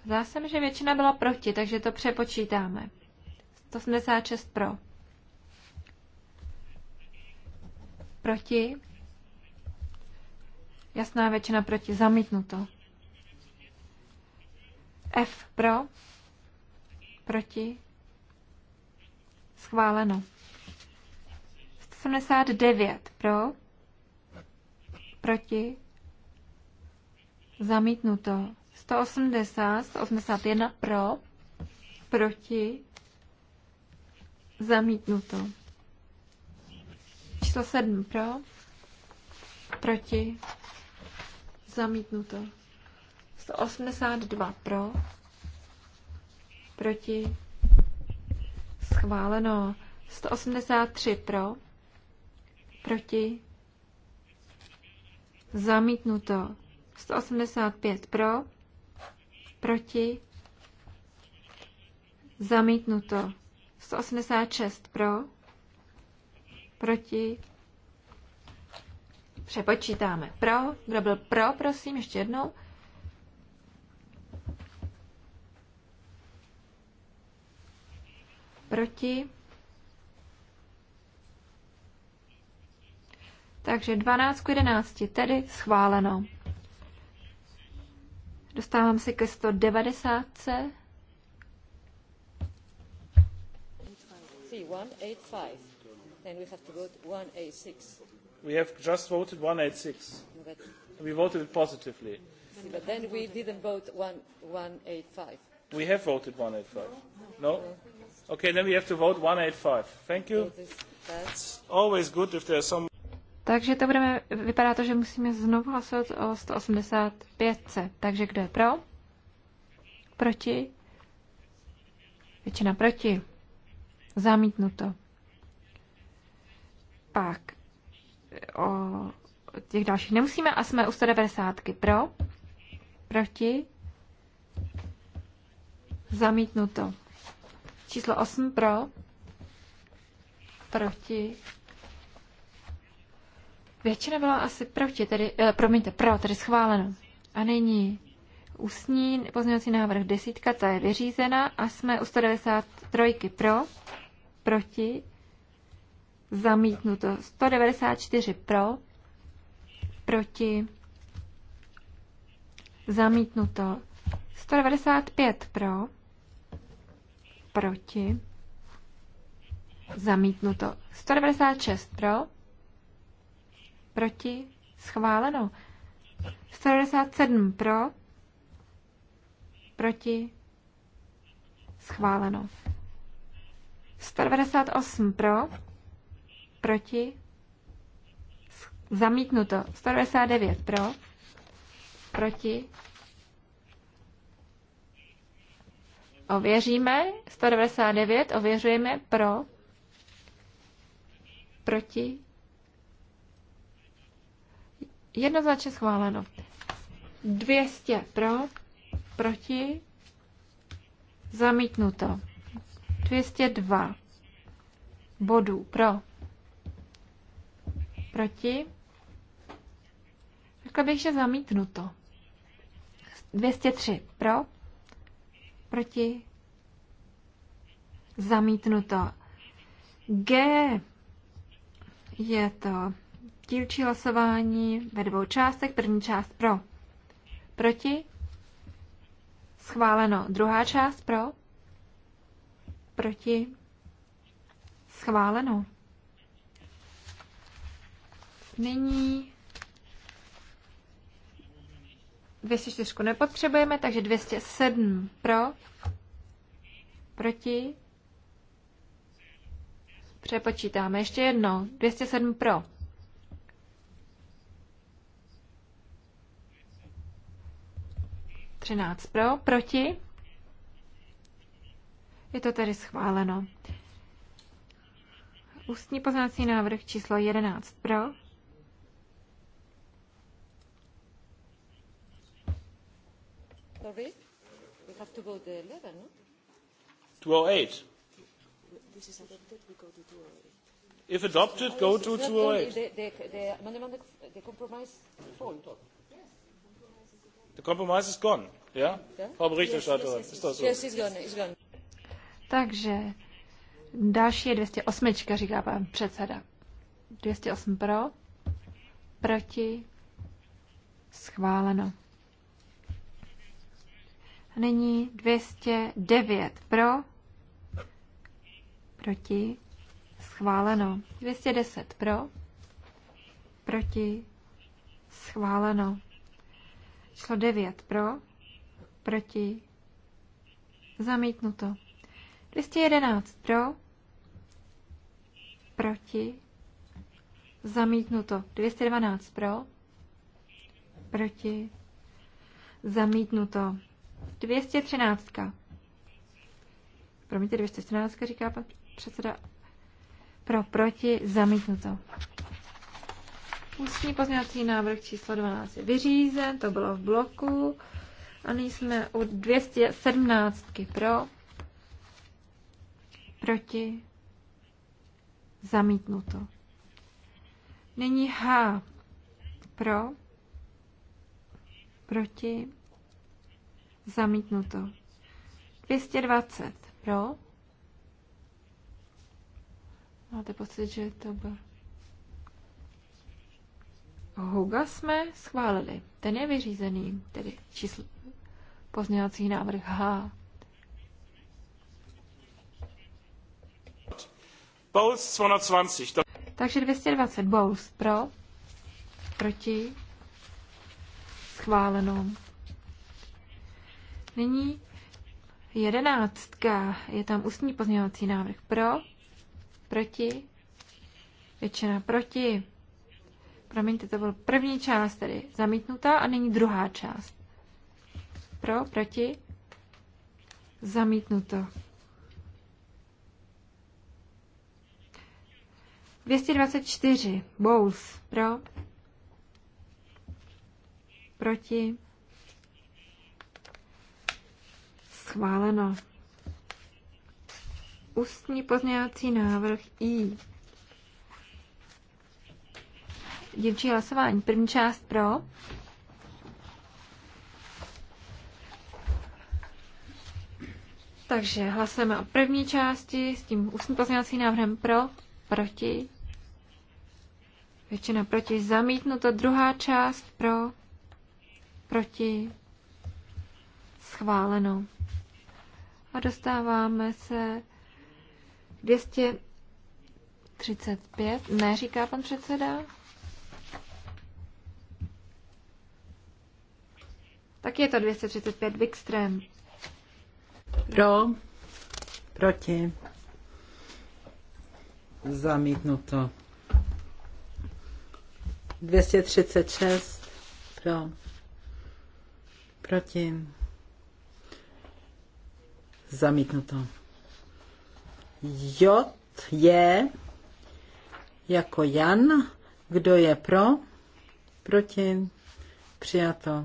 Zdá se mi, že většina byla proti, takže to přepočítáme. 186 pro. Proti? Jasná většina proti. Zamítnuto. F pro? Proti? Schváleno. 89 pro, proti, zamítnuto. 180, 181 pro, proti, zamítnuto. Číslo 7 pro, proti, zamítnuto. 182 pro, proti, schváleno. 183 pro, proti, zamítnuto. 185 pro, proti, zamítnuto. 186 pro, proti, přepočítáme. Pro, kdo byl pro, prosím, ještě jednou. Proti, Takže 12 k 11, tedy schváleno. Dostávám se ke 190. We have just voted 186. No, we voted it positively. But then we didn't vote 185. We have voted 185. No? Okay, then we have to vote 185. Thank you. It's always good if there's some takže to budeme, vypadá to, že musíme znovu hlasovat o 185. Takže kdo je pro? Proti? Většina proti. Zamítnuto. Pak o těch dalších nemusíme a jsme u 190. Pro? Proti? Zamítnuto. Číslo 8 pro? Proti? Většina byla asi proti, tedy, eh, promiňte, pro, tedy schváleno. A nyní ústní pozměňovací návrh desítka, ta je vyřízena a jsme u 193 pro, proti, zamítnuto 194 pro, proti, zamítnuto 195 pro, proti, zamítnuto 196 pro, proti, schváleno. 197 pro, proti, schváleno. 198 pro, proti, zamítnuto. 199 pro, proti, ověříme. 199 ověřujeme pro, proti, Jednoznačně schváleno. 200 pro, proti, zamítnuto. 202 bodů pro, proti, řekla bych, že zamítnuto. 203 pro, proti, zamítnuto. G je to dílčí hlasování ve dvou částech. První část pro. Proti? Schváleno. Druhá část pro? Proti? Schváleno. Nyní 204 nepotřebujeme, takže 207 pro, proti, přepočítáme ještě jedno, 207 pro. 13 pro, proti. Je to tedy schváleno. Ústní poznací návrh číslo 11 pro. Sorry, we have to vote 11, no? 208. to oh If adopted, go to 208. The, the, the, the, the compromise fault. The compromise is gone. Yeah? Frau Berichterstatterin, yes, yes, yes, yes. ist das so? Yes, it's gone, it's gone. Takže další je 208, říká pan předseda. 208 pro, proti, schváleno. Nyní 209 pro, proti, schváleno. 210 pro, proti, schváleno šlo 9 pro, proti, zamítnuto. 211 pro, proti, zamítnuto. 212 pro, proti, zamítnuto. 213. Promiňte, 214 říká pan předseda. Pro, proti, zamítnuto. Ústní pozměňovací návrh číslo 12 je vyřízen, to bylo v bloku. A nyní jsme u 217 pro, proti, zamítnuto. Nyní H pro, proti, zamítnuto. 220 pro. Máte pocit, že to bylo Huga jsme schválili. Ten je vyřízený, tedy číslo pozměňovací návrh H. Bowles 220. Takže 220 Bowles pro, proti, schváleno. Nyní jedenáctka. Je tam ústní pozměňovací návrh pro, proti, většina proti. Promiňte, to byl první část tedy zamítnutá a nyní druhá část. Pro, proti, zamítnuto. 224. bowls, Pro. Proti. Schváleno. Ústní pozměňovací návrh I dílčí hlasování. První část pro. Takže hlasujeme o první části s tím ústním pozměňovacím návrhem pro, proti. Většina proti zamítnuto. Druhá část pro, proti. Schváleno. A dostáváme se 235, ne, říká pan předseda. Tak je to 235 Wikström. Pro, proti, zamítnuto. 236 pro, proti, zamítnuto. J je jako Jan, kdo je pro, proti, přijato.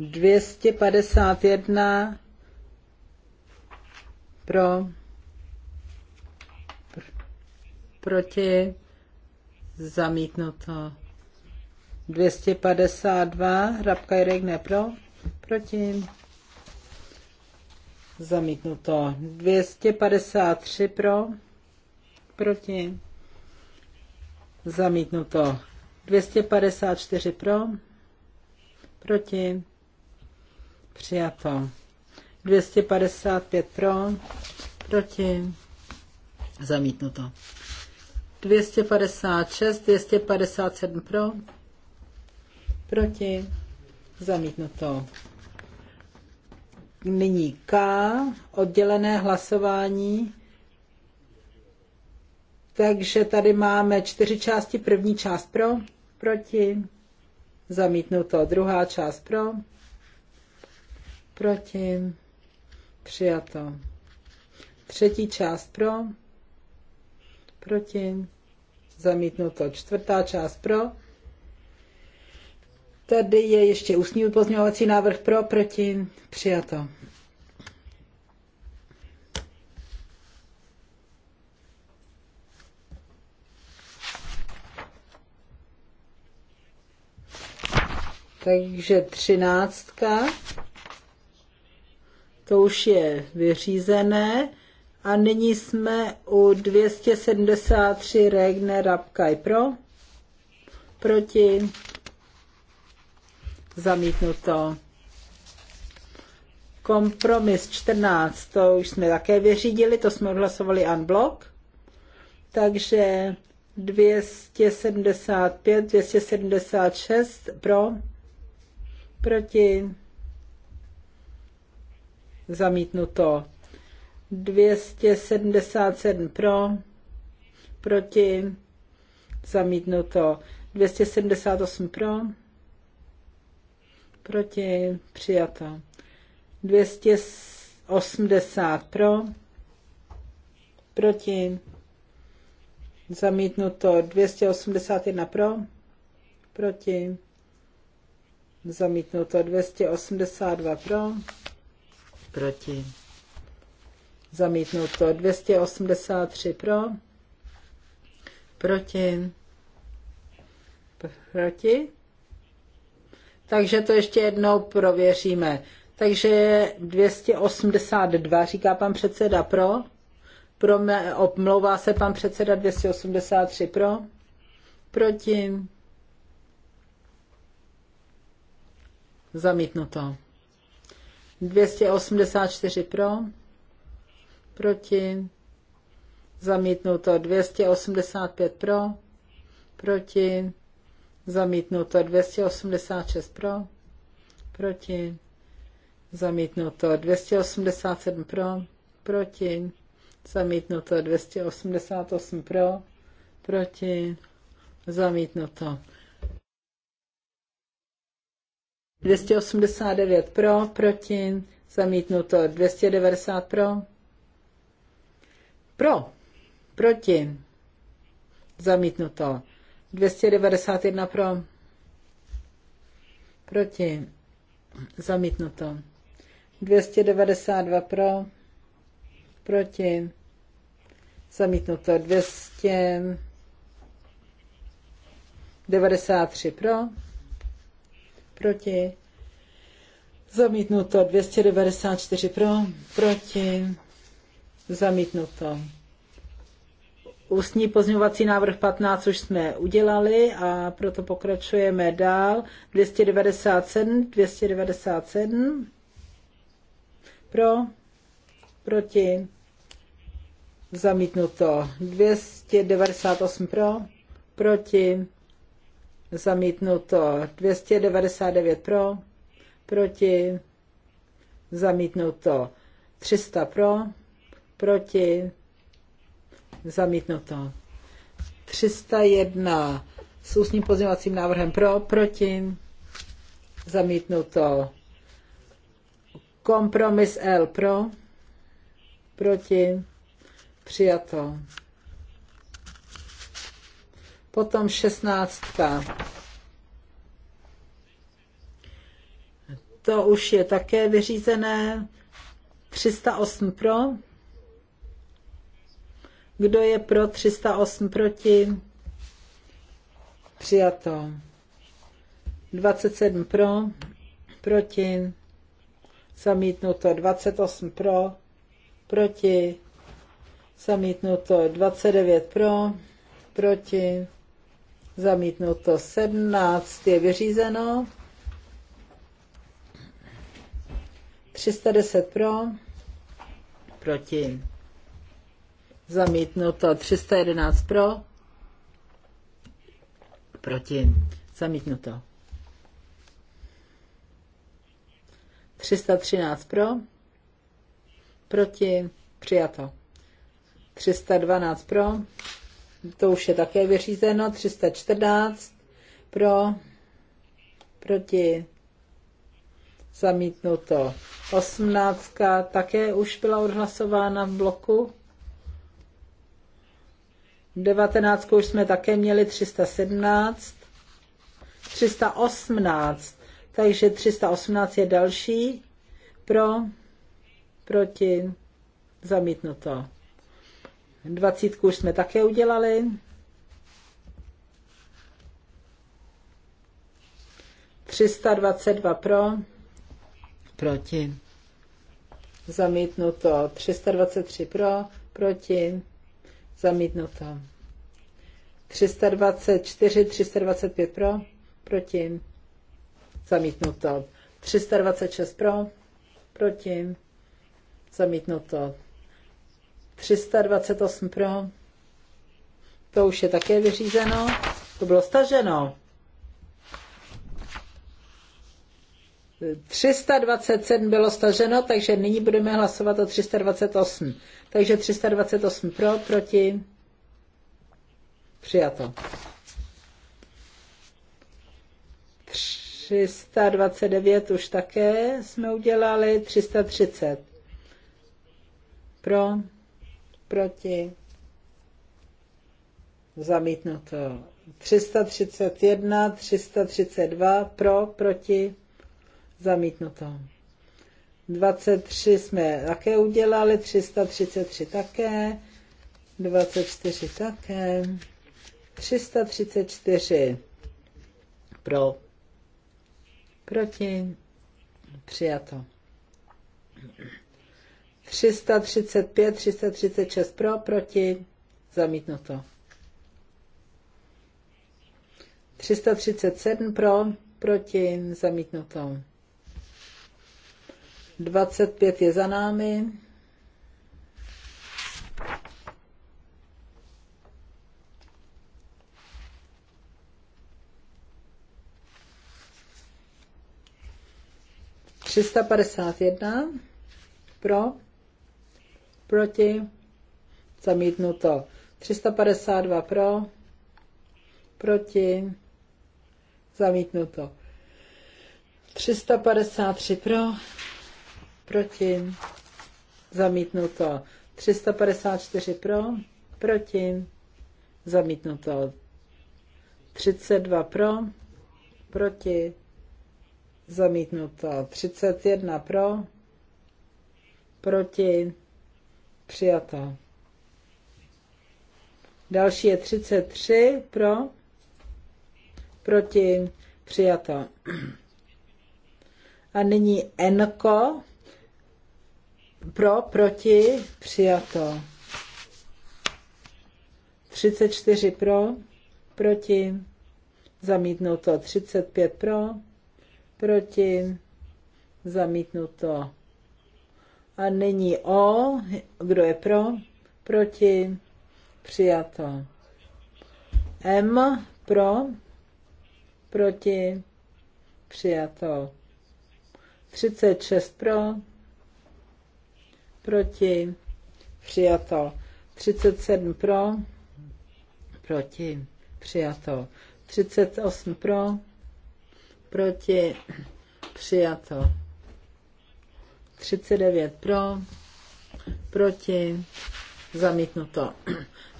251 pro, pr, proti, zamítnuto. 252, Hrabka Jirek ne pro, proti, zamítnuto. 253 pro, proti, zamítnuto. 254 pro, proti, Přijato. 255 pro, proti, zamítnuto. 256, 257 pro, proti, zamítnuto. Nyní K, oddělené hlasování. Takže tady máme čtyři části. První část pro, proti, zamítnuto. Druhá část pro, proti, přijato. Třetí část pro, proti, zamítnuto. Čtvrtá část pro. Tady je ještě ústní upozňovací návrh pro, proti, přijato. Takže třináctka to už je vyřízené. A nyní jsme u 273 Regne Rabkaj pro, proti, zamítnuto. Kompromis 14, to už jsme také vyřídili, to jsme odhlasovali unblock. Takže 275, 276 pro, proti, zamítnuto. 277 pro, proti, zamítnuto. 278 pro, proti, přijato. 280 pro, proti, zamítnuto. 281 pro, proti, zamítnuto. 282 pro, proti. Zamítnuto 283 pro, proti, proti. Takže to ještě jednou prověříme. Takže 282, říká pan předseda pro, pro mě, omlouvá se pan předseda 283 pro, proti. Zamítnuto. 284 pro, proti, zamítnuto 285 pro, proti, zamítnuto 286 pro, proti, zamítnuto 287 pro, proti, zamítnuto 288 pro, proti, zamítnuto 289 pro, proti, zamítnuto 290 pro. Pro, proti, zamítnuto 291 pro, proti, zamítnuto 292 pro, proti, zamítnuto 293 pro proti, zamítnuto 294 pro, proti, zamítnuto. Ústní pozměňovací návrh 15 už jsme udělali a proto pokračujeme dál. 297, 297 pro, proti, zamítnuto. 298 pro, proti, zamítnuto 299 pro, proti, zamítnuto 300 pro, proti, zamítnuto 301 s ústním pozměvacím návrhem pro, proti, zamítnuto kompromis L pro, proti, přijato. Potom šestnáctka. To už je také vyřízené. 308 pro. Kdo je pro 308 proti? Přijato. 27 pro, proti, zamítnuto 28 pro, proti, zamítnuto 29 pro, proti, Zamítnuto 17 je vyřízeno. 310 pro, proti. Zamítnuto 311 pro, proti. Zamítnuto. 313 pro, proti. Přijato. 312 pro, to už je také vyřízeno, 314 pro, proti zamítnuto. 18 také už byla odhlasována v bloku. 19 už jsme také měli 317. 318, takže 318 je další pro, proti, zamítnuto. Dvacítku už jsme také udělali. Třista dvacet dva pro. Proti. Zamítnuto. 323 pro. Proti. Zamítnuto. 324, 325 pro. Proti. Zamítnuto. 326 pro. Proti. Zamítnuto. 328 pro. To už je také vyřízeno. To bylo staženo. 327 bylo staženo, takže nyní budeme hlasovat o 328. Takže 328 pro, proti. Přijato. 329 už také jsme udělali, 330 pro, proti, zamítnuto. 331, 332 pro, proti, zamítnuto. 23 jsme také udělali, 333 také, 24 také, 334 pro, proti, přijato. 335, 336 pro, proti, zamítnuto. 337 pro, proti, zamítnuto. 25 je za námi. Třista padesát jedna pro proti, zamítnuto. 352 pro, proti, zamítnuto. 353 pro, proti, zamítnuto. 354 pro, proti, zamítnuto. 32 pro, proti, zamítnuto. 31 pro, proti, Přijato. Další je 33 pro, proti, přijato. A nyní Enko, pro, proti, přijato. 34 pro, proti, zamítnuto. 35 pro, proti, zamítnuto. A nyní O, kdo je pro, proti, přijato. M, pro, proti, přijato. 36 pro, proti, přijato. 37 pro, proti, přijato. 38 pro, proti, přijato. 39 pro, proti, zamítnuto.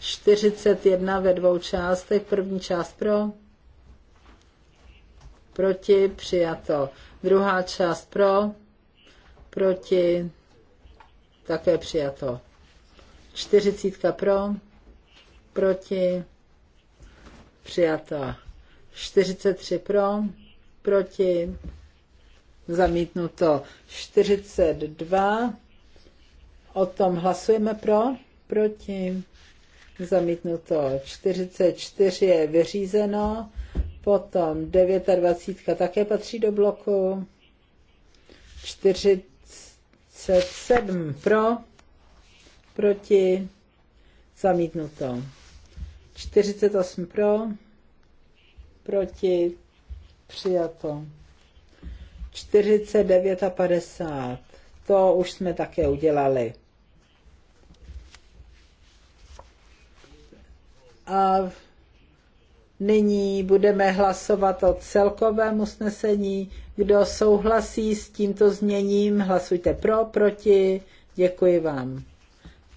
41 ve dvou částech, první část pro, proti, přijato. Druhá část pro, proti, také přijato. 40 pro, proti, přijato. 43 pro, proti, zamítnuto 42. O tom hlasujeme pro, proti, zamítnuto 44 je vyřízeno, potom 29 také patří do bloku, 47 pro, proti, zamítnuto. 48 pro, proti, přijato. 49 a 50. To už jsme také udělali. A nyní budeme hlasovat o celkovém usnesení. Kdo souhlasí s tímto změním, hlasujte pro, proti. Děkuji vám.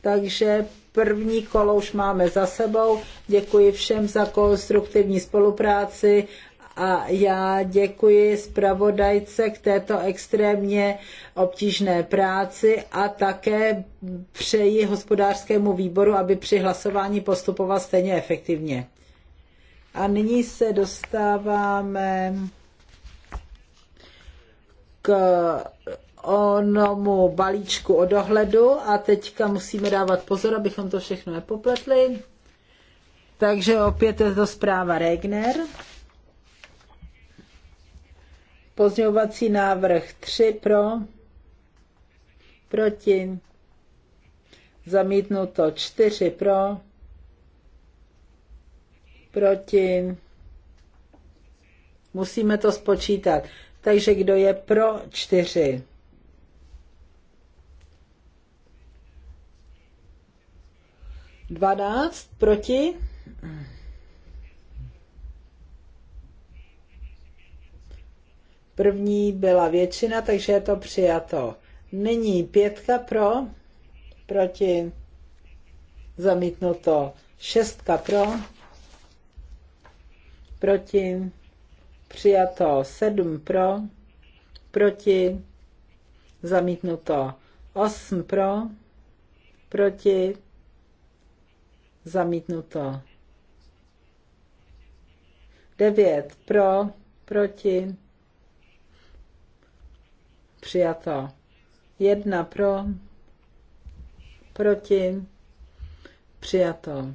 Takže první kolo už máme za sebou. Děkuji všem za konstruktivní spolupráci a já děkuji zpravodajce k této extrémně obtížné práci a také přeji hospodářskému výboru, aby při hlasování postupoval stejně efektivně. A nyní se dostáváme k onomu balíčku o dohledu a teďka musíme dávat pozor, abychom to všechno nepopletli. Takže opět je to zpráva Regner. Pozňovací návrh 3 pro, proti, zamítnuto 4 pro, proti, musíme to spočítat. Takže kdo je pro 4? Dvanáct proti. První byla většina, takže je to přijato. Nyní pětka pro, proti, zamítnuto. Šestka pro, proti, přijato. Sedm pro, proti, zamítnuto. Osm pro, proti, zamítnuto. Devět pro, proti, Přijato. Jedna pro, proti, přijato.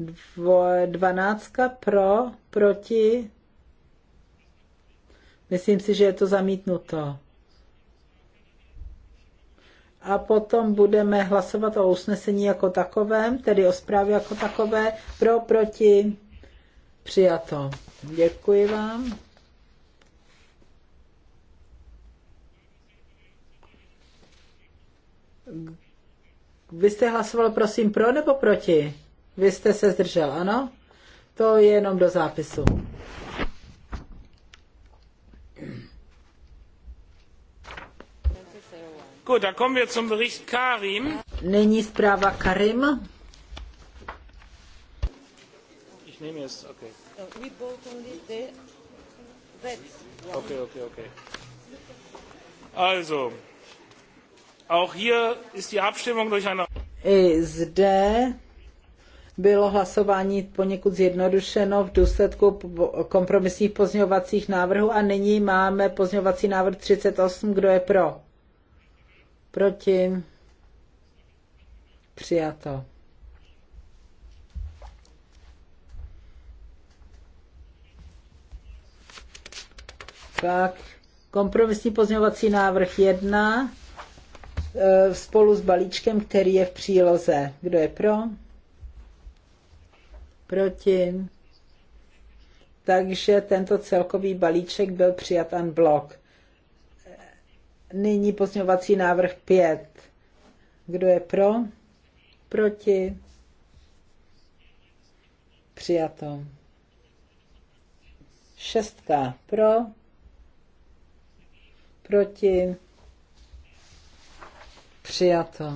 Dvo, dvanáctka pro, proti, myslím si, že je to zamítnuto. A potom budeme hlasovat o usnesení jako takovém, tedy o zprávě jako takové, pro, proti, přijato. Děkuji vám. Vy jste hlasoval, prosím, pro nebo proti? Vy jste se zdržel, ano? To je jenom do zápisu. Gut, dann kommen wir zum Bericht Karim. Nyní zpráva Karim. Ich nehme jetzt, okay. Uh, we both only the vets. Okay, okay, okay. Also, Auch hier ist die Abstimmung durch eine... I zde bylo hlasování poněkud zjednodušeno v důsledku kompromisních pozměňovacích návrhů a nyní máme pozměňovací návrh 38. Kdo je pro? Proti? Přijato. Tak, kompromisní pozměňovací návrh 1. Eh, spolu s balíčkem, který je v příloze. Kdo je pro? Proti? Takže tento celkový balíček byl přijat an blok. Nyní pozměňovací návrh 5. Kdo je pro? Proti? Přijato. Šestka pro, proti, Přijato.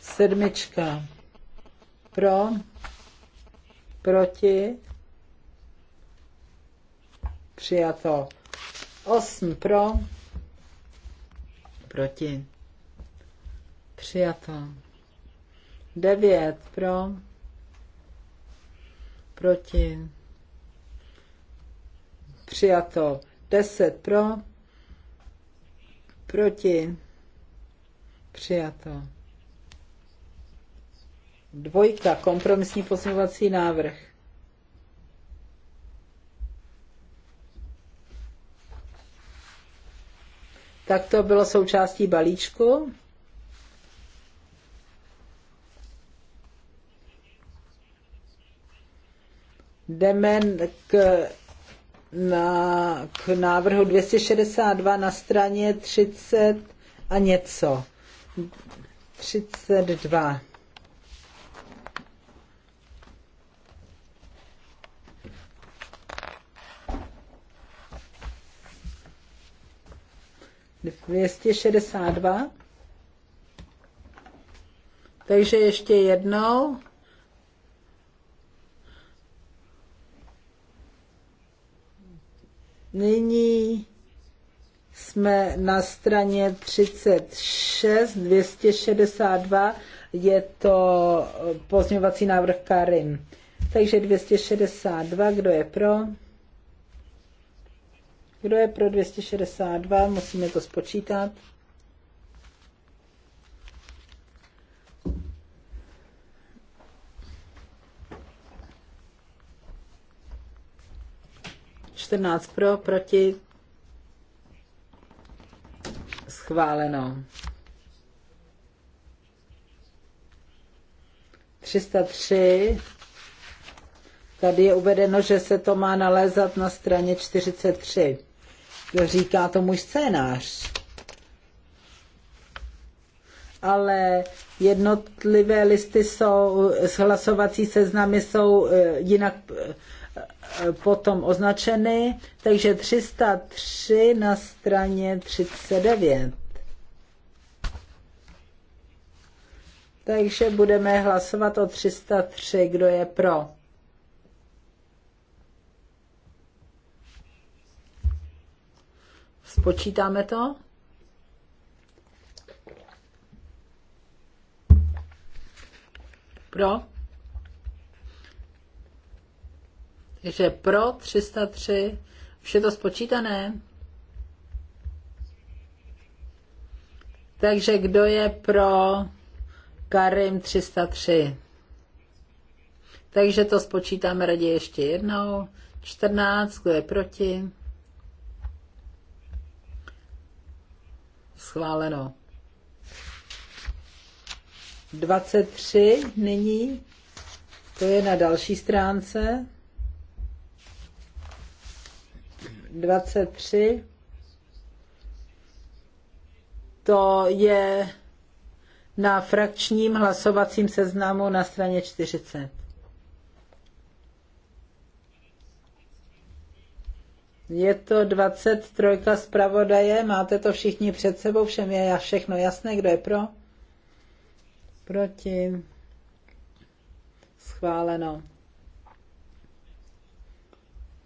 Sedmička. Pro. Proti. Přijato. Osm pro. Proti. Přijato. Devět pro. Proti přijato. 10 pro, proti, přijato. Dvojka, kompromisní pozměňovací návrh. Tak to bylo součástí balíčku. Jdeme k na, k návrhu 262 na straně 30 a něco. 32. Dvěstě šedesát dva. Takže ještě jednou. Nyní jsme na straně 36, 262, je to pozměňovací návrh Karim. Takže 262, kdo je pro? Kdo je pro 262? Musíme to spočítat. 14 pro, proti, schváleno. 303. Tady je uvedeno, že se to má nalézat na straně 43. To říká to můj scénář. Ale jednotlivé listy jsou, hlasovací seznamy jsou eh, jinak eh, potom označeny, takže 303 na straně 39. Takže budeme hlasovat o 303, kdo je pro. Spočítáme to? Pro? že pro 303, už je to spočítané. Takže kdo je pro Karim 303? Takže to spočítáme raději ještě jednou. 14, kdo je proti? Schváleno. 23 nyní, to je na další stránce. 23. To je na frakčním hlasovacím seznamu na straně 40. Je to 23 zpravodaje, máte to všichni před sebou, všem je všechno jasné, kdo je pro? Proti? Schváleno.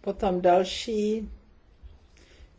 Potom další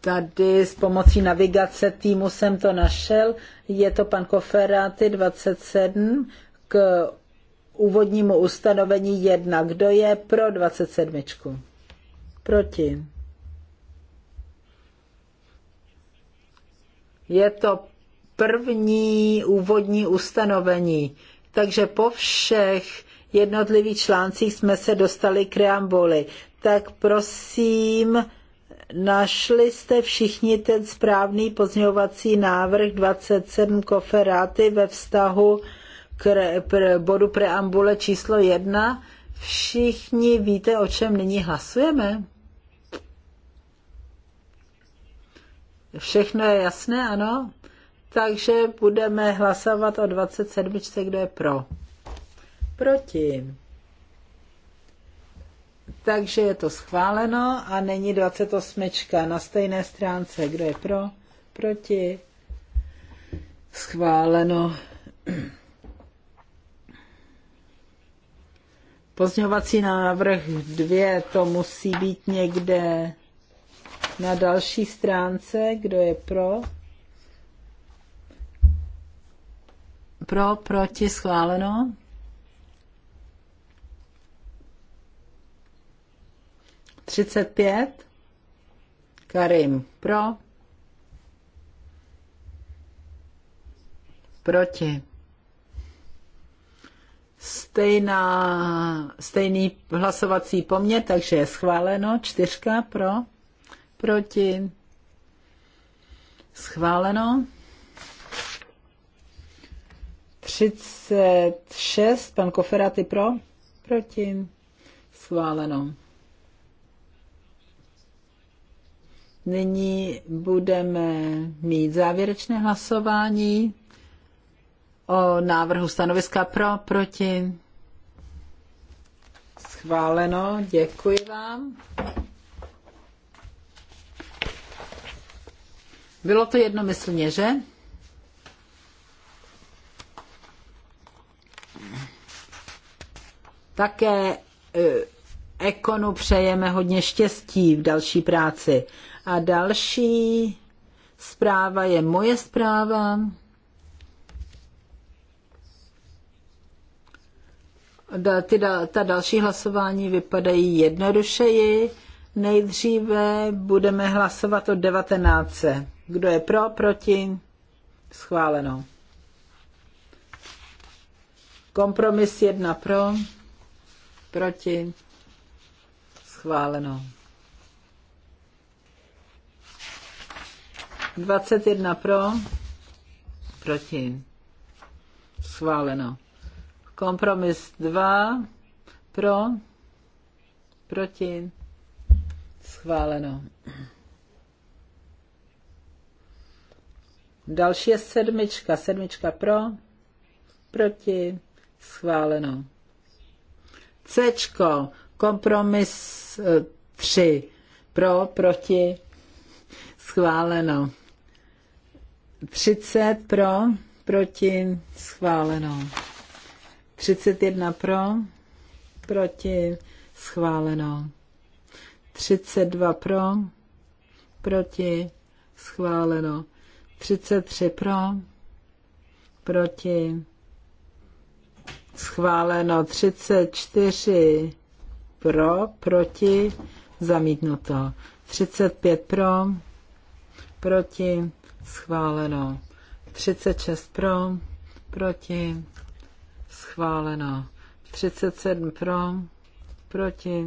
tady s pomocí navigace týmu jsem to našel. Je to pan Koferáty 27 k úvodnímu ustanovení 1. Kdo je pro 27? Proti. Je to první úvodní ustanovení. Takže po všech jednotlivých článcích jsme se dostali k reamboli. Tak prosím, Našli jste všichni ten správný pozměňovací návrh 27 koferáty ve vztahu k re, pre, bodu preambule číslo 1. Všichni víte, o čem nyní hlasujeme? Všechno je jasné, ano? Takže budeme hlasovat o 27, kdo je pro. Proti. Takže je to schváleno a není 28 na stejné stránce. Kdo je pro? Proti? Schváleno. Pozňovací návrh 2, to musí být někde na další stránce. Kdo je pro? Pro, proti, schváleno. 35. Karim pro. Proti. Stejná, stejný hlasovací poměr, takže je schváleno. Čtyřka pro. Proti. Schváleno. 36. Pan Koferaty pro. Proti. Schváleno. Nyní budeme mít závěrečné hlasování o návrhu stanoviska pro, proti. Schváleno, děkuji vám. Bylo to jednomyslně, že? Také eh, Ekonu přejeme hodně štěstí v další práci. A další zpráva je moje zpráva. Ty, ta další hlasování vypadají jednodušeji. Nejdříve budeme hlasovat o 19. Kdo je pro, proti? Schváleno. Kompromis jedna pro, proti? Schváleno. 21 pro, proti, schváleno. Kompromis 2 pro, proti, schváleno. Další je sedmička, sedmička pro, proti, schváleno. Cčko, kompromis 3 eh, pro, proti, schváleno. 30 pro, proti, schváleno. 31 pro, proti, schváleno. 32 pro, proti, schváleno. 33 pro, proti, schváleno. 34 pro, proti, zamítnuto. 35 pro, proti, schváleno. 36 pro, proti, schváleno. 37 pro, proti,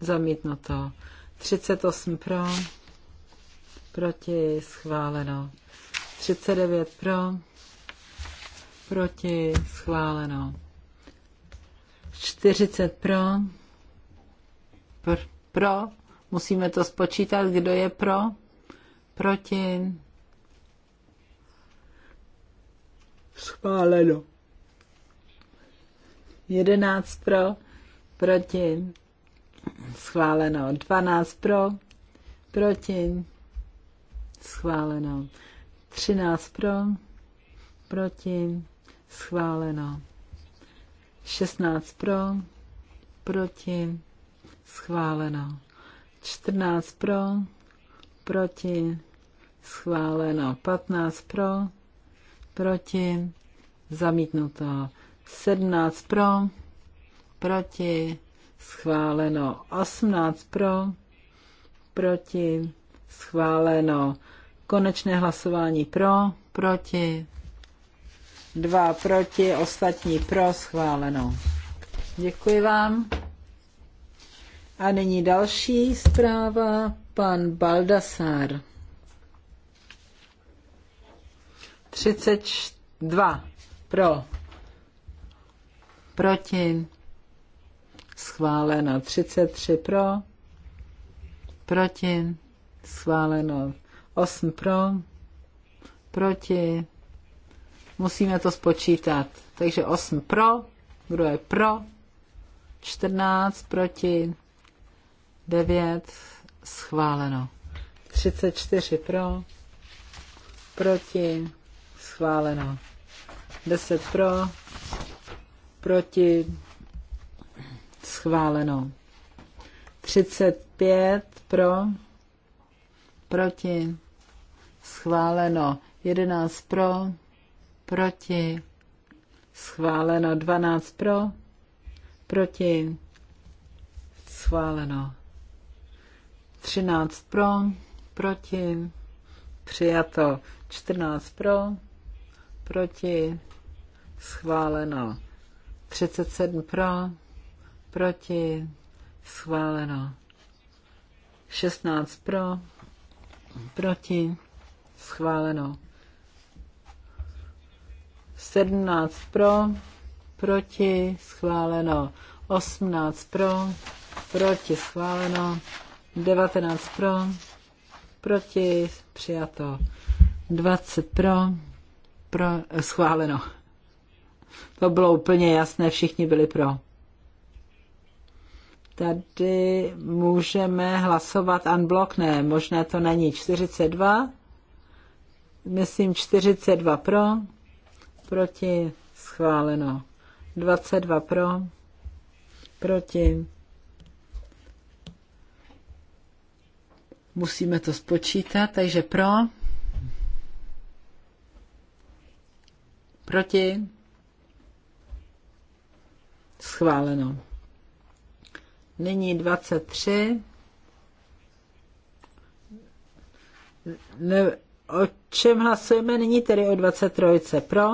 zamítnuto. 38 pro, proti, schváleno. 39 pro, proti, schváleno. 40 pro, pr, pro, musíme to spočítat, kdo je pro, proti, Schváleno. 11 pro, proti, schváleno. 12 pro, proti, schváleno. 13 pro, proti, schváleno. 16 pro, proti, schváleno. 14 pro, proti, schváleno. 15 pro, proti, zamítnuto 17 pro, proti, schváleno 18 pro, proti, schváleno konečné hlasování pro, proti, dva proti, ostatní pro, schváleno. Děkuji vám. A nyní další zpráva, pan Baldasar. 32 pro, proti, schváleno 33 pro, proti, schváleno 8 pro, proti, musíme to spočítat. Takže 8 pro, kdo je pro, 14 proti, 9 schváleno. 34 pro, proti, schváleno. 10 pro, proti, schváleno. 35 pro, proti, schváleno. 11 pro, proti, schváleno. 12 pro, proti, schváleno. 13 pro, proti, přijato. 14 pro, proti, schváleno. 37 pro, proti, schváleno. 16 pro, proti, schváleno. 17 pro, proti, schváleno. 18 pro, proti, schváleno. 19 pro, proti, přijato. 20 pro, pro, schváleno. To bylo úplně jasné, všichni byli pro. Tady můžeme hlasovat unblock, ne, možná to není 42, myslím 42 pro, proti, schváleno. 22 pro, proti. Musíme to spočítat, takže pro. Proti? Schváleno. Nyní 23. Ne, o čem hlasujeme nyní tedy o 23. Pro?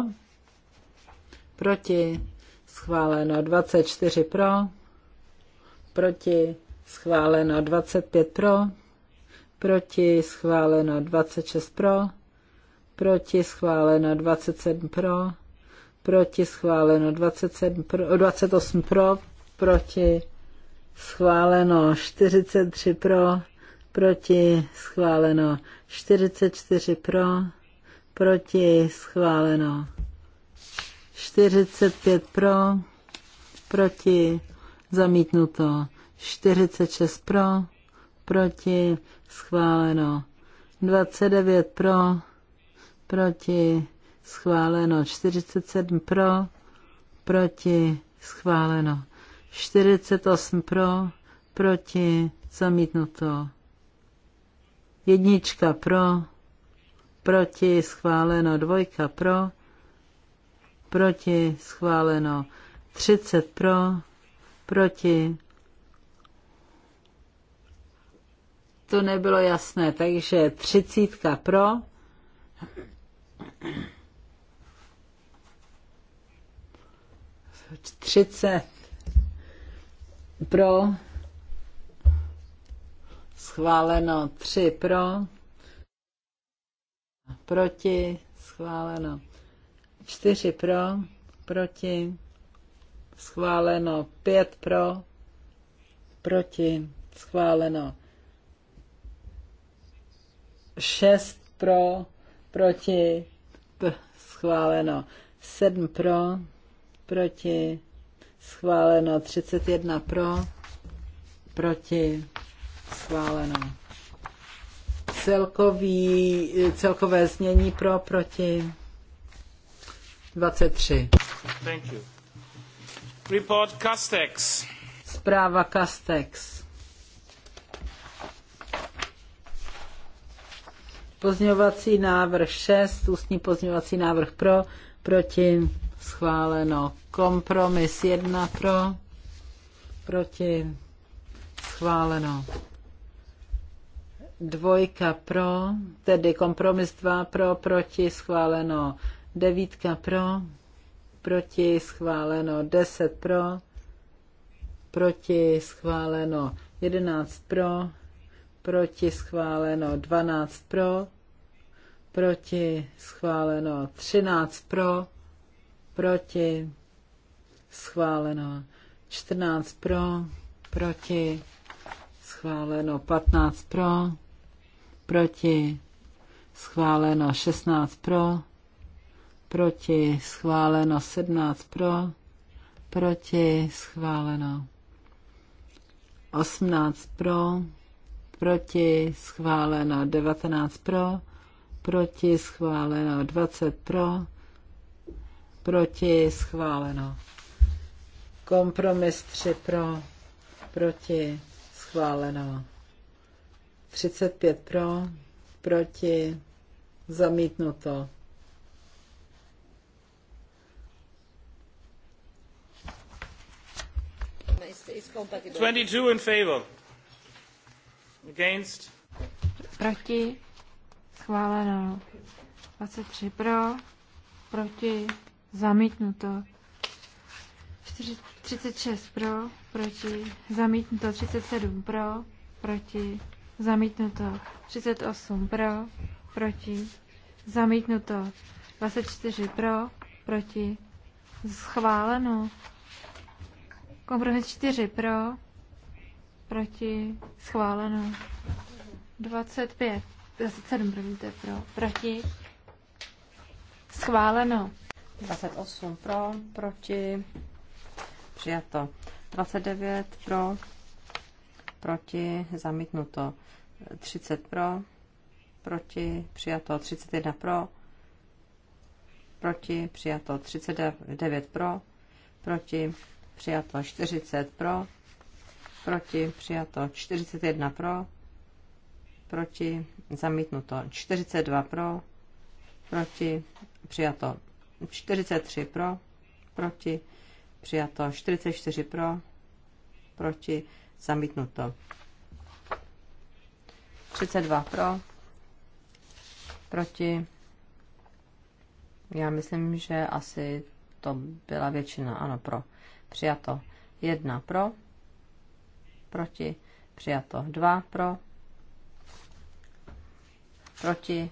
Proti? Schváleno. 24 pro? Proti? Schváleno. 25 pro? Proti? Schváleno. 26 pro? proti schváleno 27 pro, proti schváleno 27 pro, 28 pro, proti schváleno 43 pro, proti schváleno 44 pro, proti schváleno 45 pro, proti zamítnuto 46 pro, proti schváleno 29 pro, proti, schváleno 47 pro, proti, schváleno 48 pro, proti, zamítnuto. Jednička pro, proti, schváleno dvojka pro, proti, schváleno 30 pro, proti. To nebylo jasné, takže třicítka pro, 30 pro, schváleno 3 pro, proti, schváleno 4 pro, proti, schváleno 5 pro, proti, schváleno 6 pro, proti, schváleno 7 pro, proti, schváleno 31 pro, proti, schváleno. Celkový, celkové znění pro, proti, 23. Thank you. Report Castex. Zpráva Castex. pozňovací návrh 6, ústní pozňovací návrh pro, proti, schváleno. Kompromis 1 pro, proti, schváleno. Dvojka pro, tedy kompromis 2 pro, proti, schváleno. Devítka pro, proti, schváleno. 10 pro, proti, schváleno. 11 pro, proti schváleno 12 pro, proti schváleno 13 pro, proti schváleno 14 pro, proti schváleno 15 pro, proti schváleno 16 pro, proti schváleno 17 pro, proti schváleno 18 pro, proti, schváleno 19 pro, proti, schváleno 20 pro, proti, schváleno. Kompromis 3 pro, proti, schváleno. 35 pro, proti, zamítnuto. Twenty two in favor Against. Proti. Schváleno. 23 pro. Proti. Zamítnuto. 36 pro. Proti. Zamítnuto. 37 pro. Proti. Zamítnuto. 38 pro. Proti. Zamítnuto. 24 pro. Proti. Schváleno. Kompromis 4 pro proti, schváleno. 25, 27, promiňte, pro, proti, schváleno. 28 pro, proti, přijato. 29 pro, proti, zamítnuto. 30 pro, proti, přijato. 31 pro, proti, přijato. 39 pro, proti, přijato. 40 pro, proti, přijato 41 pro, proti, zamítnuto 42 pro, proti, přijato 43 pro, proti, přijato 44 pro, proti, zamítnuto 32 pro, proti, já myslím, že asi to byla většina, ano, pro, přijato 1 pro, proti, přijato 2 pro, proti,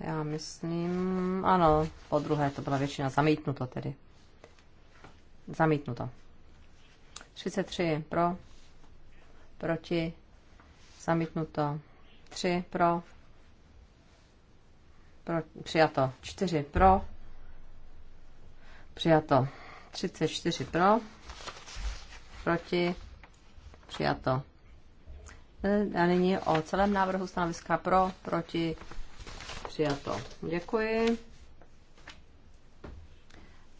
já myslím, ano, po druhé to byla většina zamítnuto tedy. Zamítnuto. 33 pro, proti, zamítnuto 3 pro, pro přijato 4 pro, přijato 34 pro, proti, Přijato. E, a nyní o celém návrhu stanoviska pro, proti, přijato. Děkuji.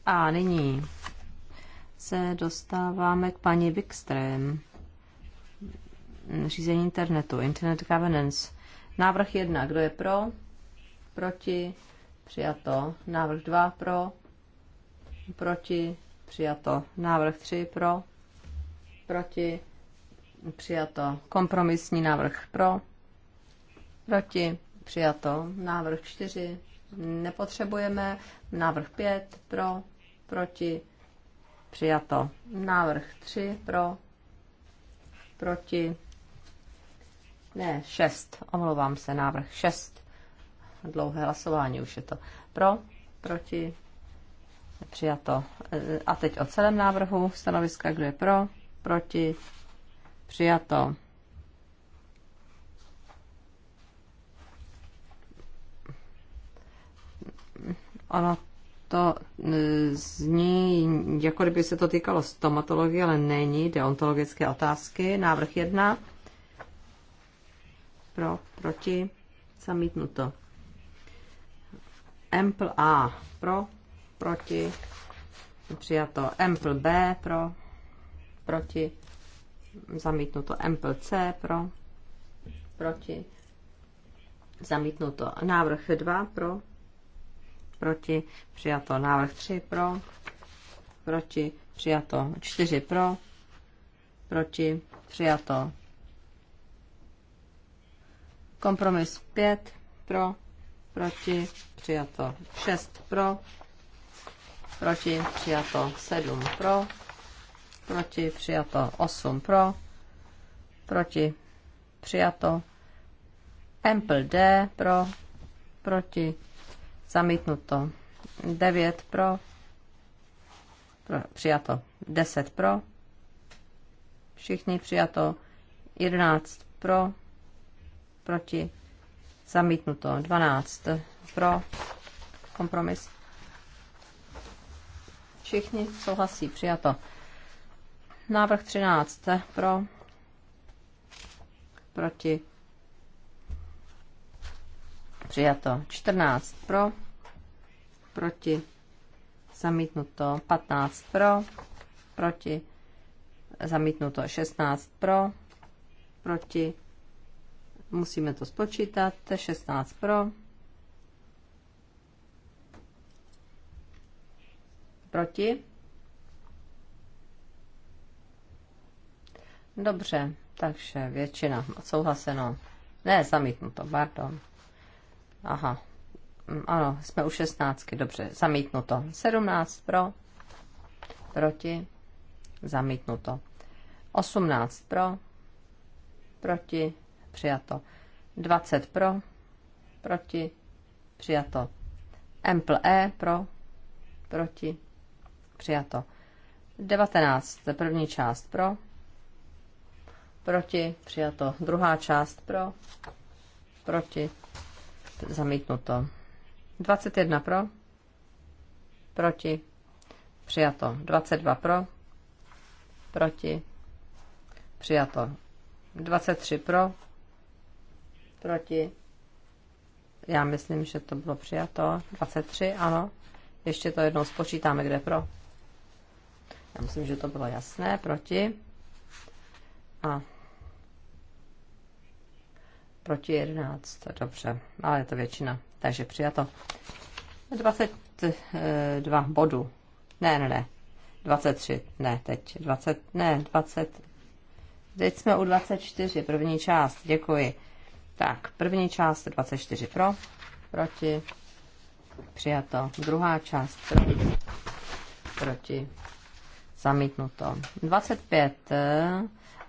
A nyní se dostáváme k paní Wikström. Řízení internetu, Internet Governance. Návrh 1, kdo je pro? Proti? Přijato. Návrh 2, pro? Proti? Přijato. Návrh 3, pro? Proti? Přijato. Kompromisní návrh pro. Proti. Přijato. Návrh 4. Nepotřebujeme. Návrh 5. Pro. Proti. Přijato. Návrh 3. Pro. Proti. Ne, 6. Omlouvám se. Návrh 6. Dlouhé hlasování už je to. Pro. Proti. Přijato. E, a teď o celém návrhu stanoviska, kdo je pro, proti, Přijato. Ono to e, zní, jako kdyby se to týkalo stomatologie, ale není deontologické otázky. Návrh jedna, Pro, proti, zamítnuto. Empl A pro, proti, přijato. Empl B pro, proti, zamítnuto MPC pro, proti, zamítnuto návrh 2 pro, proti, přijato návrh 3 pro, proti, přijato 4 pro, proti, přijato kompromis 5 pro, proti, přijato 6 pro, proti, přijato 7 pro, proti, přijato 8 pro, proti, přijato, Ample D pro, proti, zamítnuto, 9 pro, pro přijato, 10 pro, všichni přijato, 11 pro, proti, zamítnuto, 12 pro, kompromis, všichni souhlasí, přijato. Návrh 13 pro, proti, přijato. 14 pro, proti, zamítnuto. 15 pro, proti, zamítnuto. 16 pro, proti, musíme to spočítat, 16 pro, proti, Dobře, takže většina odsouhlaseno. Ne, zamítnuto, pardon. Aha, mm, ano, jsme u 16, dobře, zamítnuto. 17 pro, proti, zamítnuto. 18 pro, proti, přijato. 20 pro, proti, přijato. Ample E pro, proti, přijato. 19, první část pro, proti, přijato. Druhá část pro, proti, zamítnuto. 21 pro, proti, přijato. 22 pro, proti, přijato. 23 pro, proti, já myslím, že to bylo přijato. 23, ano. Ještě to jednou spočítáme, kde pro. Já myslím, že to bylo jasné, proti. A proti 11, dobře, ale je to většina, takže přijato. 22 bodů, ne, ne, ne, 23, ne, teď, 20, ne, 20, teď jsme u 24, první část, děkuji. Tak, první část 24 pro, proti, přijato. Druhá část eh, pro, proti, zamítnuto. 25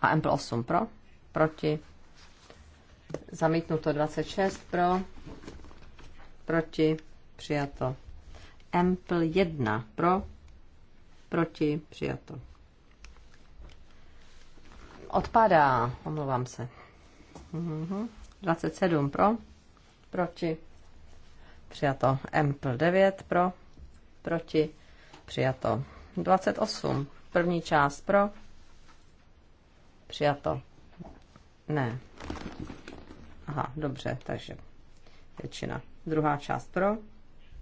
a M8 pro, proti, Zamítnuto 26 pro, proti, přijato. Empl 1 pro, proti, přijato. Odpadá, omlouvám se. 27 mhm. pro, proti, přijato. Empl 9 pro, proti, přijato. 28, první část pro, přijato. Ne, Aha, dobře, takže většina. Druhá část pro,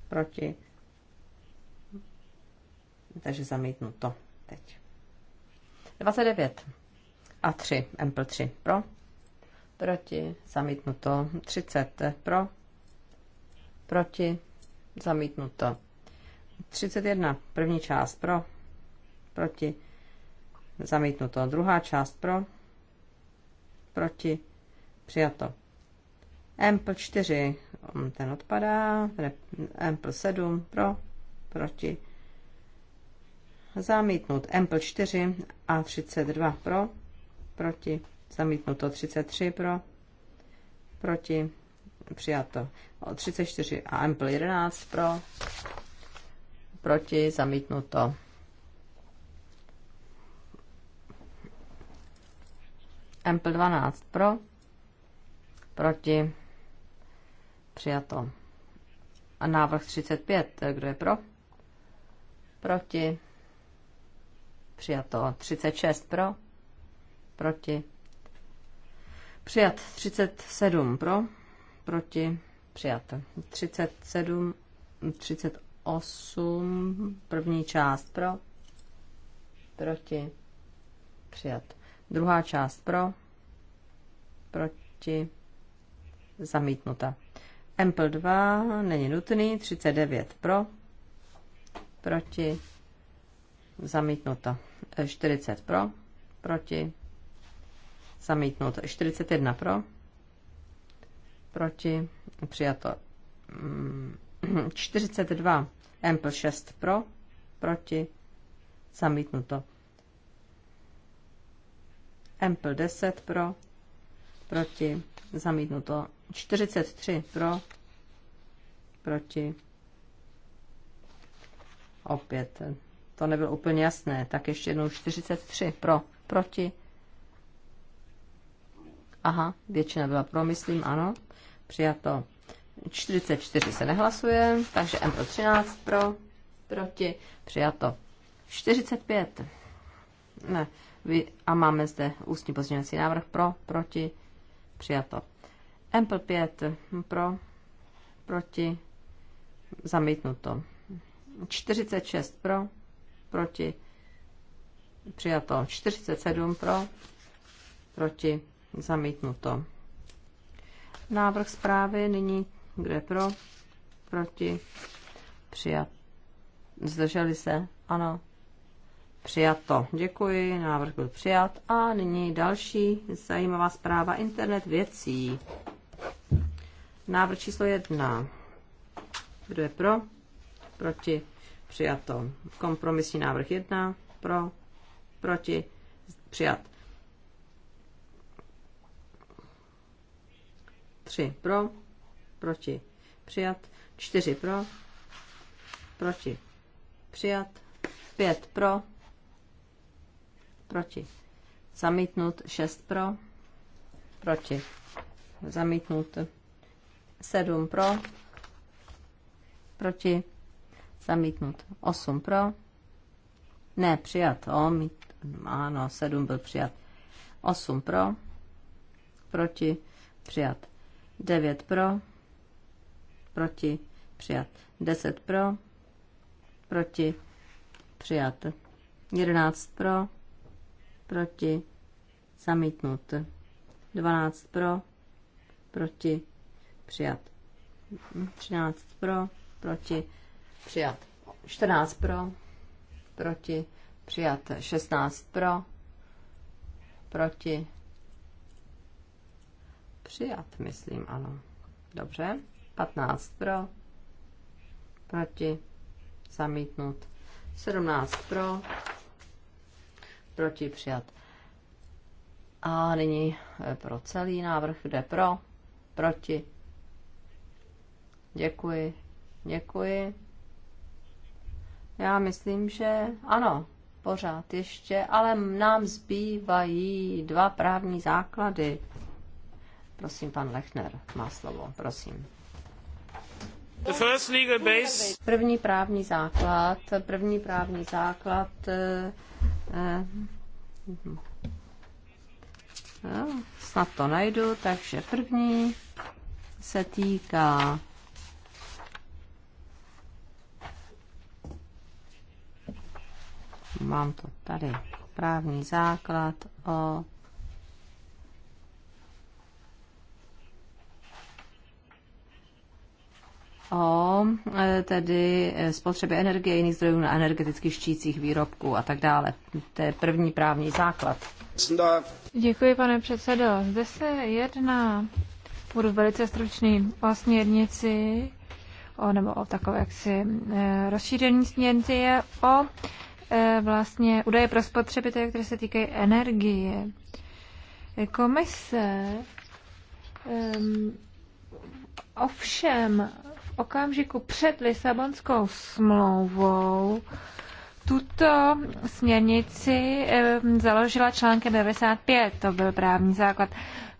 proti. Takže zamítnu to teď. 29 a 3, Ample 3 pro, proti, zamítnu to. 30 pro, proti, zamítnu to. 31, první část pro, proti, zamítnu to. druhá část pro, proti, přijato Ample 4, ten odpadá, Ample 7 pro, proti, zamítnut Ample 4 a 32 pro, proti, zamítnout to 33 pro, proti, přijato 34 a Ample 11 pro, proti, zamítnout to. Ample 12 pro, proti, Přijato. A návrh 35. Kdo je pro? Proti. Přijato. 36 pro. Proti. Přijat. 37 pro. Proti. Přijat. 37. 38. První část pro. Proti. Přijat. Druhá část pro. Proti. Zamítnuta. Ample 2 není nutný, 39 pro, proti, zamítnuto. 40 pro, proti, zamítnuto. 41 pro, proti, přijato. 42 Ample 6 pro, proti, zamítnuto. Ample 10 pro, proti, zamítnuto. 43 pro, proti. Opět, to nebylo úplně jasné. Tak ještě jednou 43 pro, proti. Aha, většina byla pro, myslím, ano. Přijato. 44 se nehlasuje, takže M pro 13 pro, proti, přijato. 45. Ne, vy, a máme zde ústní pozměňovací návrh pro, proti, přijato. Ample 5 pro, proti, zamítnuto. 46 pro, proti, přijato. 47 pro, proti, zamítnuto. Návrh zprávy nyní kde pro, proti, přijat. Zdrželi se? Ano. Přijato. Děkuji, návrh byl přijat. A nyní další zajímavá zpráva internet věcí. Návrh číslo jedna. Kdo je pro? Proti? Přijato. Kompromisní návrh jedna. Pro? Proti? Přijat. Tři. pro, proti, přijat. čtyři. pro, proti, přijat. Pět. pro, proti, zamítnut. šest. pro, proti, zamítnut. 7 pro, proti, zamítnut 8 pro, ne, přijat, o, mít, ano, 7 byl přijat, 8 pro, proti, přijat, 9 pro, proti, přijat, 10 pro, proti, přijat, 11 pro, proti, zamítnut, 12 pro, proti, přijat. 13 pro, proti, přijat. 14 pro, proti, přijat. 16 pro, proti, přijat, myslím, ano. Dobře, 15 pro, proti, zamítnut. 17 pro, proti, přijat. A nyní eh, pro celý návrh, jde pro, proti, Děkuji. Děkuji. Já myslím, že ano, pořád ještě, ale nám zbývají dva právní základy. Prosím, pan Lechner má slovo, prosím. První právní základ, první právní základ eh, eh, no, snad to najdu, takže první se týká Mám to tady. Právní základ o o e, tedy e, spotřeby energie, jiných zdrojů na energetických štících výrobků a tak dále. To je první právní základ. Děkuji, pane předsedo. Zde se jedná, budu velice stručný, o směrnici, o, nebo o takové jaksi e, rozšíření směrnici je o E, vlastně údaje pro spotřebitele, které se týkají energie. Komise um, ovšem v okamžiku před Lisabonskou smlouvou tuto směrnici založila článkem 95, to byl právní základ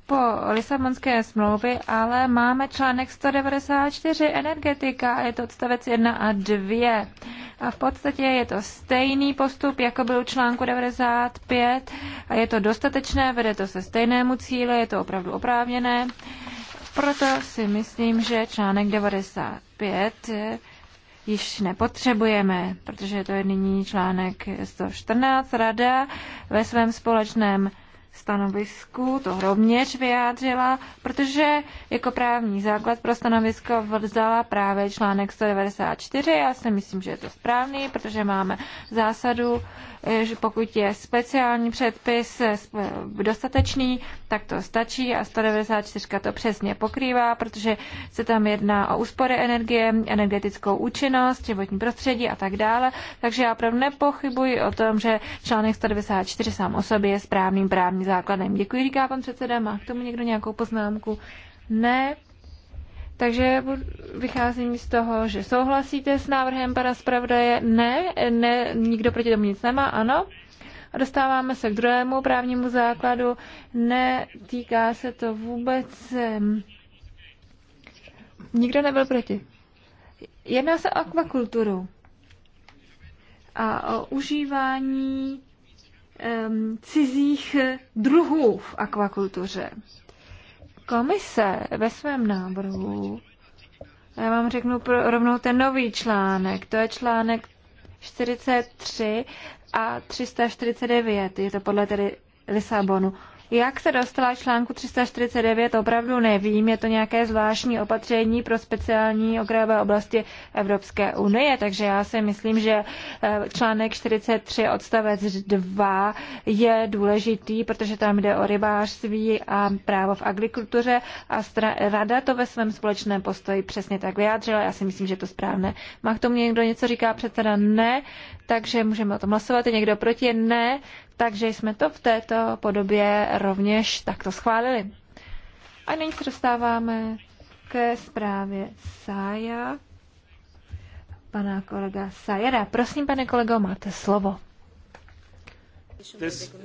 po Lisabonské smlouvy, ale máme článek 194 energetika a je to odstavec 1 a 2. A v podstatě je to stejný postup, jako byl článku 95 a je to dostatečné, vede to se stejnému cíli, je to opravdu oprávněné. Proto si myslím, že článek 95 již nepotřebujeme, protože to je nyní článek 114. Rada ve svém společném stanovisku to rovněž vyjádřila, protože jako právní základ pro stanovisko vzala právě článek 194. Já si myslím, že je to správný, protože máme zásadu, Eh, že pokud je speciální předpis eh, dostatečný, tak to stačí a 194 to přesně pokrývá, protože se tam jedná o úspory energie, energetickou účinnost, životní prostředí a tak dále. Takže já opravdu nepochybuji o tom, že článek 194 sám o sobě je správným právním základem. Děkuji, říká pan předseda. Má k tomu někdo nějakou poznámku? Ne. Takže vycházím z toho, že souhlasíte s návrhem pana zpravodaje? Ne, ne, nikdo proti tomu nic nemá, ano. A dostáváme se k druhému právnímu základu. ne týká se to vůbec. Nikdo nebyl proti. Jedná se o akvakulturu a o užívání um, cizích druhů v akvakultuře. Komise ve svém návrhu, já vám řeknu pro, rovnou ten nový článek, to je článek 43 a 349, je to podle tedy Lisabonu. Jak se dostala článku 349, opravdu nevím. Je to nějaké zvláštní opatření pro speciální okrajové oblasti Evropské unie, takže já si myslím, že eh, článek 43 odstavec 2 je důležitý, protože tam jde o rybářství a právo v agrikultuře a rada to ve svém společném postoji přesně tak vyjádřila. Já si myslím, že je to správné. Má k tomu někdo něco říká předseda? Ne takže můžeme o tom hlasovat. Je někdo proti? Ne. Takže jsme to v této podobě rovněž takto schválili. A nyní se dostáváme ke zprávě Sája, pana kolega Sajera. Prosím, pane kolego, máte slovo. This...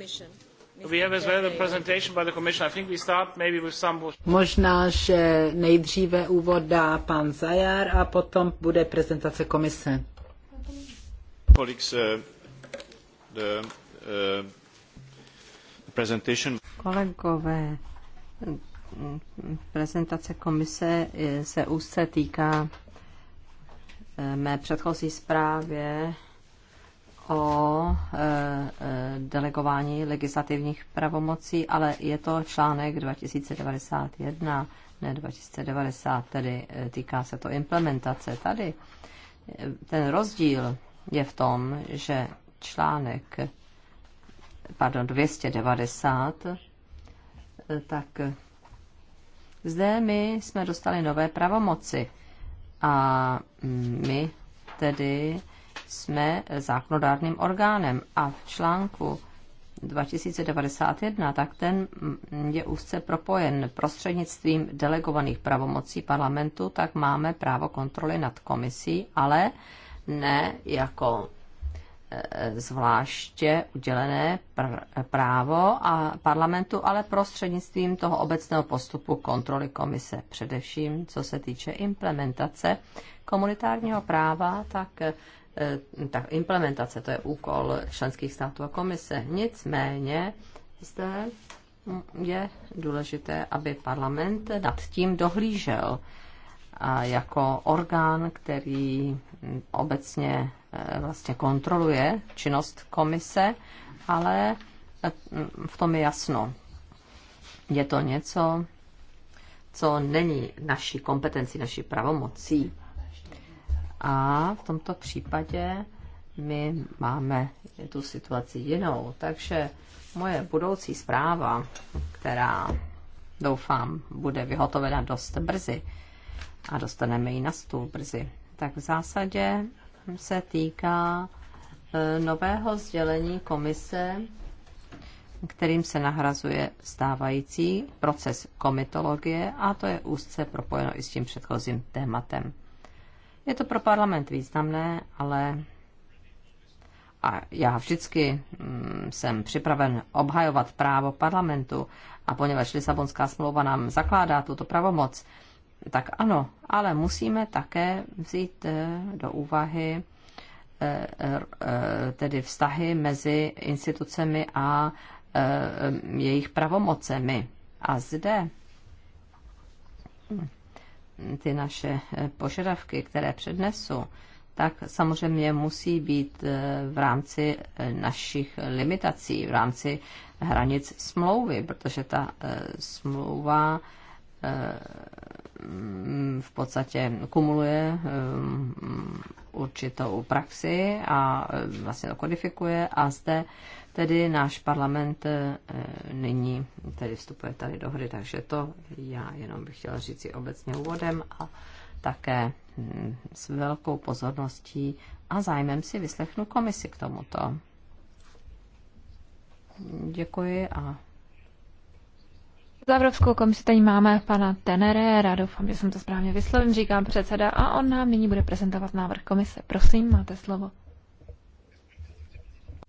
Možná, že nejdříve úvod dá pan Zajar a potom bude prezentace komise. Uh, uh, Kolegové, prezentace komise eh, se úzce týká eh, mé předchozí zprávě o eh, delegování legislativních pravomocí, ale je to článek 2091, ne 2090, tedy týká se to implementace. Tady ten rozdíl je v tom, že článek pardon, 290, tak zde my jsme dostali nové pravomoci a my tedy jsme zákonodárným orgánem a v článku 2091, tak ten je úzce propojen prostřednictvím delegovaných pravomocí parlamentu, tak máme právo kontroly nad komisí, ale ne jako eh, zvláště udělené pr- právo a parlamentu, ale prostřednictvím toho obecného postupu kontroly komise. Především, co se týče implementace komunitárního práva, tak, eh, tak implementace to je úkol členských států a komise. Nicméně zde je důležité, aby parlament nad tím dohlížel a jako orgán, který obecně eh, vlastně kontroluje činnost komise, ale eh, v tom je jasno. Je to něco, co není naší kompetenci, naší pravomocí. A v tomto případě my máme tu situaci jinou. Takže moje budoucí zpráva, která doufám bude vyhotovena dost brzy a dostaneme ji na stůl brzy, tak v zásadě se týká e, nového sdělení komise, kterým se nahrazuje stávající proces komitologie a to je úzce propojeno i s tím předchozím tématem. Je to pro parlament významné, ale a já vždycky mm, jsem připraven obhajovat právo parlamentu a poněvadž Lisabonská smlouva nám zakládá tuto pravomoc, tak ano, ale musíme také vzít eh, do úvahy eh, eh, tedy vztahy mezi institucemi a jejich pravomocemi. A zde ty naše požadavky, které přednesu, tak samozřejmě musí být v rámci našich limitací, v rámci hranic smlouvy, protože ta smlouva v podstatě kumuluje um, určitou praxi a eh, vlastně to kodifikuje a zde tedy náš parlament eh, nyní tedy vstupuje tady do hry, takže to já jenom bych chtěla říct si obecně úvodem a také hm, s velkou pozorností a zájmem si vyslechnu komisi k tomuto. Děkuji a za Evropskou komisi tady máme pana Tenerera, doufám, že jsem to správně vyslovím, říkám předseda, a on nám nyní bude prezentovat návrh komise. Prosím, máte slovo.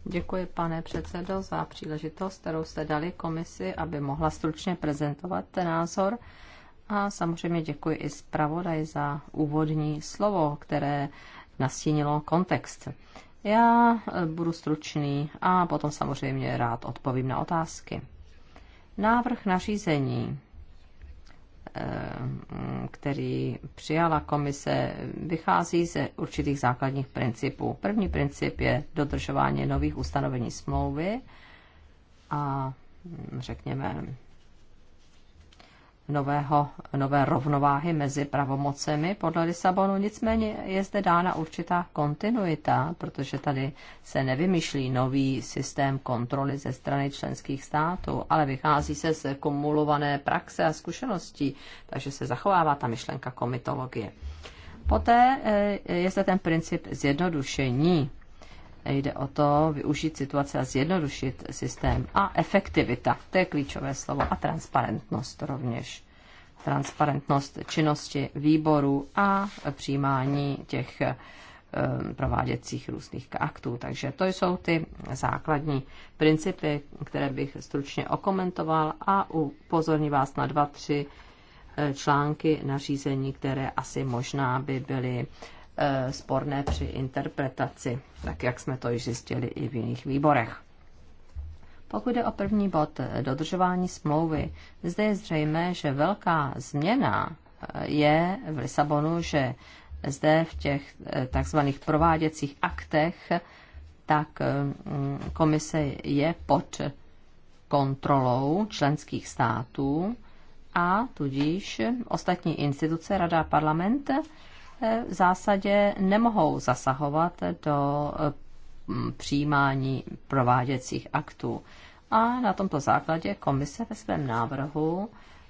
Děkuji, pane předsedo, za příležitost, kterou jste dali komisi, aby mohla stručně prezentovat ten názor. A samozřejmě děkuji i zpravodaj za úvodní slovo, které nastínilo kontext. Já budu stručný a potom samozřejmě rád odpovím na otázky. Návrh nařízení, eh, který přijala komise, vychází ze určitých základních principů. První princip je dodržování nových ustanovení smlouvy a hm, řekněme nového, nové rovnováhy mezi pravomocemi podle Lisabonu. Nicméně je zde dána určitá kontinuita, protože tady se nevymyšlí nový systém kontroly ze strany členských států, ale vychází se z kumulované praxe a zkušeností, takže se zachovává ta myšlenka komitologie. Poté eh, je zde ten princip zjednodušení Jde o to využít situace a zjednodušit systém. A efektivita, to je klíčové slovo. A transparentnost rovněž. Transparentnost činnosti výboru a přijímání těch eh, prováděcích různých aktů. Takže to jsou ty základní principy, které bych stručně okomentoval a upozorní vás na dva, tři eh, články nařízení, které asi možná by byly Eh, sporné při interpretaci, tak jak jsme to již zjistili i v jiných výborech. Pokud je o první bod eh, dodržování smlouvy, zde je zřejmé, že velká změna eh, je v Lisabonu, že zde v těch takzvaných prováděcích aktech, tak mm, komise je pod kontrolou členských států a tudíž ostatní instituce, Rada a parlament, v zásadě nemohou zasahovat do mm, přijímání prováděcích aktů. A na tomto základě komise ve svém návrhu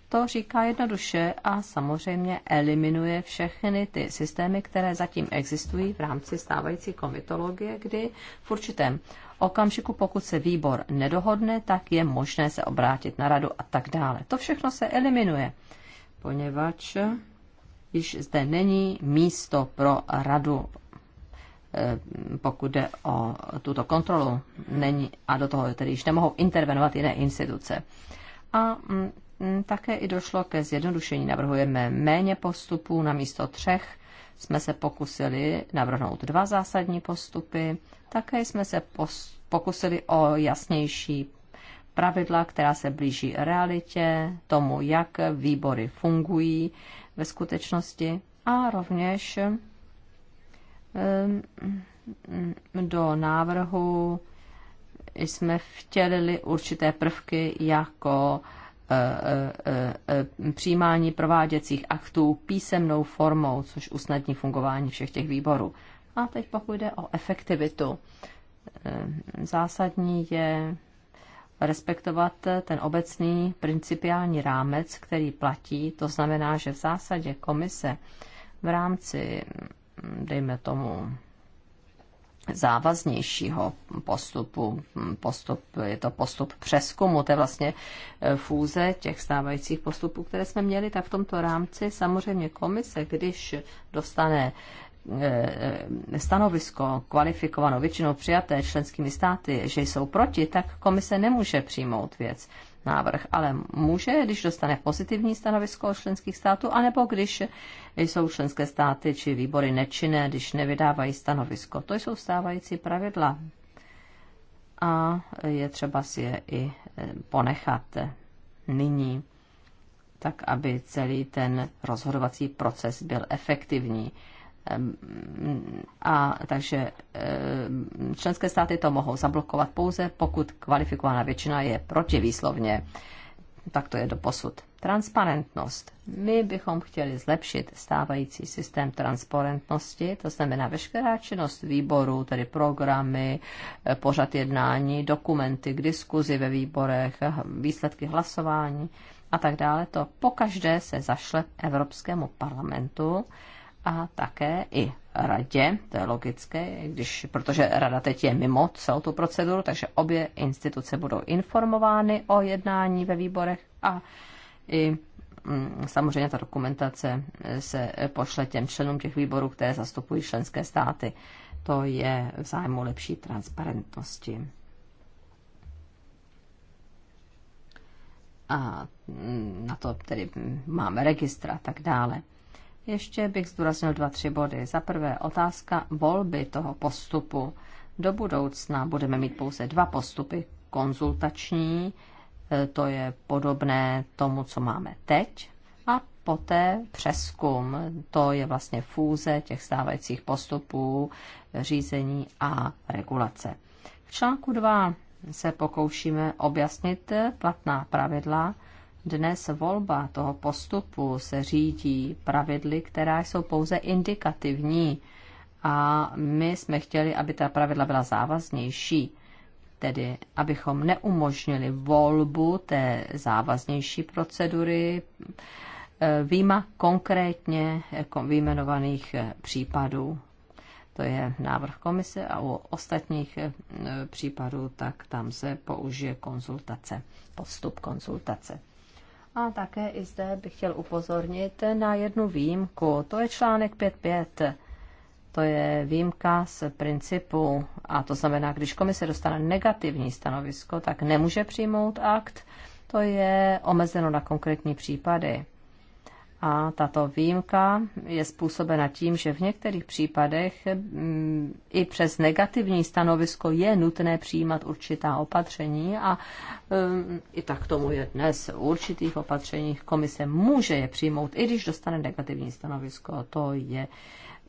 to říká jednoduše a samozřejmě eliminuje všechny ty systémy, které zatím existují v rámci stávající komitologie, kdy v určitém okamžiku, pokud se výbor nedohodne, tak je možné se obrátit na radu a tak dále. To všechno se eliminuje, poněvadž již zde není místo pro radu, eh, pokud jde o tuto kontrolu. Není, a do toho tedy již nemohou intervenovat jiné instituce. A mm, mm, také i došlo ke zjednodušení. Navrhujeme méně postupů na místo třech. Jsme se pokusili navrhnout dva zásadní postupy. Také jsme se pokusili o jasnější pravidla, která se blíží realitě, tomu, jak výbory fungují, ve skutečnosti a rovněž ehm, do návrhu jsme vtělili určité prvky jako e, e, e, přijímání prováděcích aktů písemnou formou, což usnadní fungování všech těch výborů. A teď pokud jde o efektivitu, ehm, zásadní je respektovat ten obecný principiální rámec, který platí. To znamená, že v zásadě komise v rámci, dejme tomu, závaznějšího postupu. Postup, je to postup přeskumu, to je vlastně eh, fůze těch stávajících postupů, které jsme měli, tak v tomto rámci samozřejmě komise, když dostane Eh, stanovisko kvalifikovanou většinou přijaté členskými státy, že jsou proti, tak komise nemůže přijmout věc návrh, ale může, když dostane pozitivní stanovisko od členských států, anebo když jsou členské státy či výbory nečinné, když nevydávají stanovisko. To jsou stávající pravidla a je třeba si je i eh, ponechat nyní, tak aby celý ten rozhodovací proces byl efektivní. A takže členské státy to mohou zablokovat pouze, pokud kvalifikovaná většina je proti Tak to je do posud. Transparentnost. My bychom chtěli zlepšit stávající systém transparentnosti, to znamená veškerá činnost výboru, tedy programy, eh, pořad jednání, dokumenty k diskuzi ve výborech, eh, výsledky hlasování a tak dále. To pokaždé se zašle Evropskému parlamentu a také i radě, to je logické, když, protože rada teď je mimo celou tu proceduru, takže obě instituce budou informovány o jednání ve výborech a i mm, samozřejmě ta dokumentace se pošle těm členům těch výborů, které zastupují členské státy. To je v zájmu lepší transparentnosti. A mm, na to tedy máme registra a tak dále. Ještě bych zdůraznil dva, tři body. Za prvé otázka volby toho postupu. Do budoucna budeme mít pouze dva postupy. Konzultační, e, to je podobné tomu, co máme teď, a poté přeskum, to je vlastně fůze těch stávajících postupů, řízení a regulace. V článku 2 se pokoušíme objasnit platná pravidla, dnes volba toho postupu se řídí pravidly, která jsou pouze indikativní a my jsme chtěli, aby ta pravidla byla závaznější, tedy abychom neumožnili volbu té závaznější procedury eh, výjima konkrétně eh, vyjmenovaných eh, případů. To je návrh komise a u ostatních případů tak tam se použije konzultace, postup konzultace. A také i zde bych chtěl upozornit na jednu výjimku. To je článek 5.5. To je výjimka z principu. A to znamená, když komise dostane negativní stanovisko, tak nemůže přijmout akt. To je omezeno na konkrétní případy. A tato výjimka je způsobena tím, že v některých případech mm, i přes negativní stanovisko je nutné přijímat určitá opatření a mm, i tak tomu je dnes. V určitých opatřeních komise může je přijmout, i když dostane negativní stanovisko. To je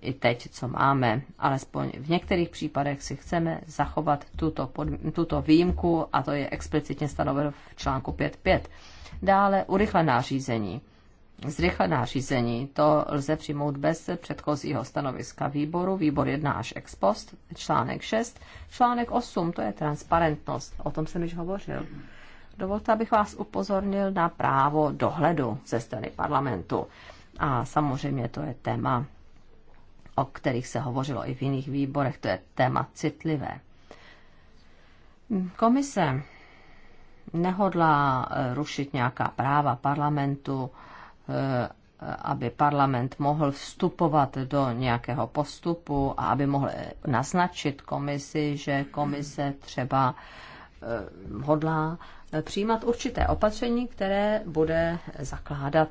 i teď, co máme. Alespoň v některých případech si chceme zachovat tuto, pod, tuto výjimku a to je explicitně stanoveno v článku 5.5. Dále urychlená řízení Zrychlená řízení, to lze přijmout bez předchozího stanoviska výboru, výbor 1 až ex post, článek 6, článek 8, to je transparentnost, o tom jsem již hovořil. Dovolte, abych vás upozornil na právo dohledu ze strany parlamentu. A samozřejmě to je téma, o kterých se hovořilo i v jiných výborech, to je téma citlivé. Komise nehodlá eh, rušit nějaká práva parlamentu, aby parlament mohl vstupovat do nějakého postupu a aby mohl naznačit komisi, že komise třeba eh, hodlá přijímat určité opatření, které bude zakládat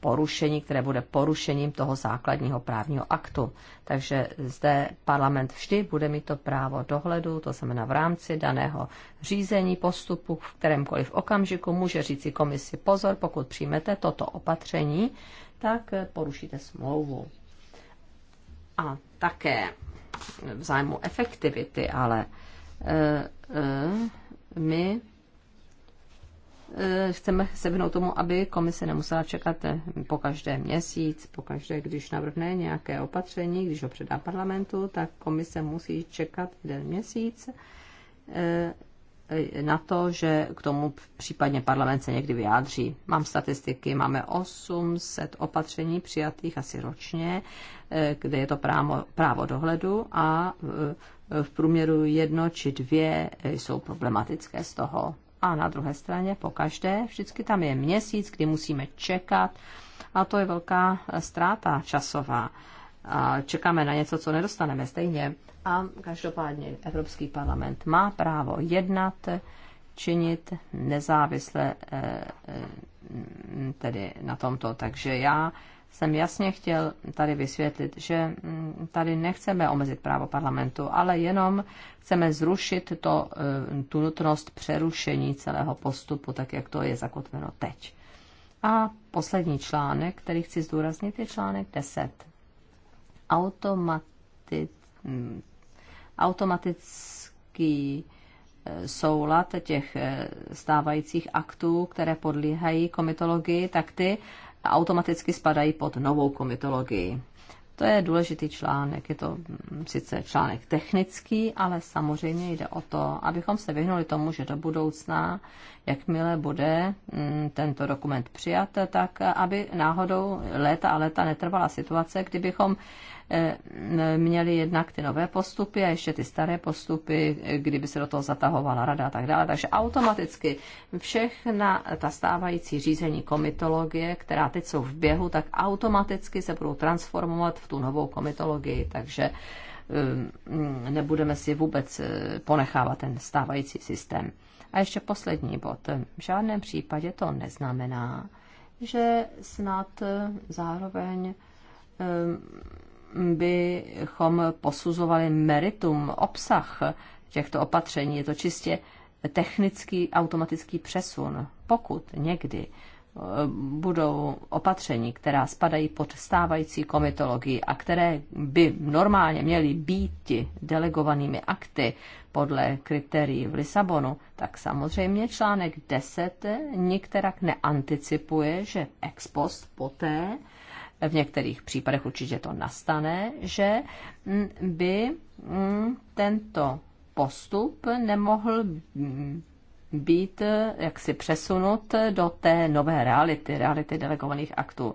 porušení, které bude porušením toho základního právního aktu. Takže zde parlament vždy bude mít to právo dohledu, to znamená v rámci daného řízení postupu v kterémkoliv okamžiku může říci komisi pozor, pokud přijmete toto opatření, tak porušíte smlouvu. A také v zájmu efektivity, ale e, e, my Eh, chceme se vyhnout tomu, aby komise nemusela čekat eh, po každé měsíc, po každé, když navrhne nějaké opatření, když ho předá parlamentu, tak komise musí čekat jeden měsíc eh, na to, že k tomu případně parlament se někdy vyjádří. Mám statistiky, máme 800 opatření přijatých asi ročně, kde je to právo, právo dohledu a v průměru jedno či dvě jsou problematické z toho a na druhé straně po každé vždycky tam je měsíc, kdy musíme čekat a to je velká eh, ztráta časová. A čekáme na něco, co nedostaneme stejně. A každopádně Evropský parlament má právo jednat, činit nezávisle eh, eh, tedy na tomto. Takže já jsem jasně chtěl tady vysvětlit, že mm, tady nechceme omezit právo parlamentu, ale jenom chceme zrušit to, eh, tu nutnost přerušení celého postupu, tak jak to je zakotveno teď. A poslední článek, který chci zdůraznit, je článek 10. Automati- mm, automatický eh, soulad těch eh, stávajících aktů, které podlíhají komitologii, tak ty automaticky spadají pod novou komitologii. To je důležitý článek. Je to mm, sice článek technický, ale samozřejmě jde o to, abychom se vyhnuli tomu, že do budoucna, jakmile bude mm, tento dokument přijat, tak aby náhodou léta a léta netrvala situace, kdybychom Eh, měli jednak ty nové postupy a ještě ty staré postupy, eh, kdyby se do toho zatahovala rada a tak dále. Takže automaticky všechna ta stávající řízení komitologie, která teď jsou v běhu, tak automaticky se budou transformovat v tu novou komitologii. Takže eh, nebudeme si vůbec ponechávat ten stávající systém. A ještě poslední bod. V žádném případě to neznamená, že snad zároveň bychom posuzovali meritum, obsah těchto opatření. Je to čistě technický automatický přesun. Pokud někdy eh, budou opatření, která spadají pod stávající komitologii a které by normálně měly být delegovanými akty podle kritérií v Lisabonu, tak samozřejmě článek 10 nikterak neanticipuje, že ex post poté v některých případech určitě to nastane, že by tento postup nemohl být jaksi přesunut do té nové reality, reality delegovaných aktů.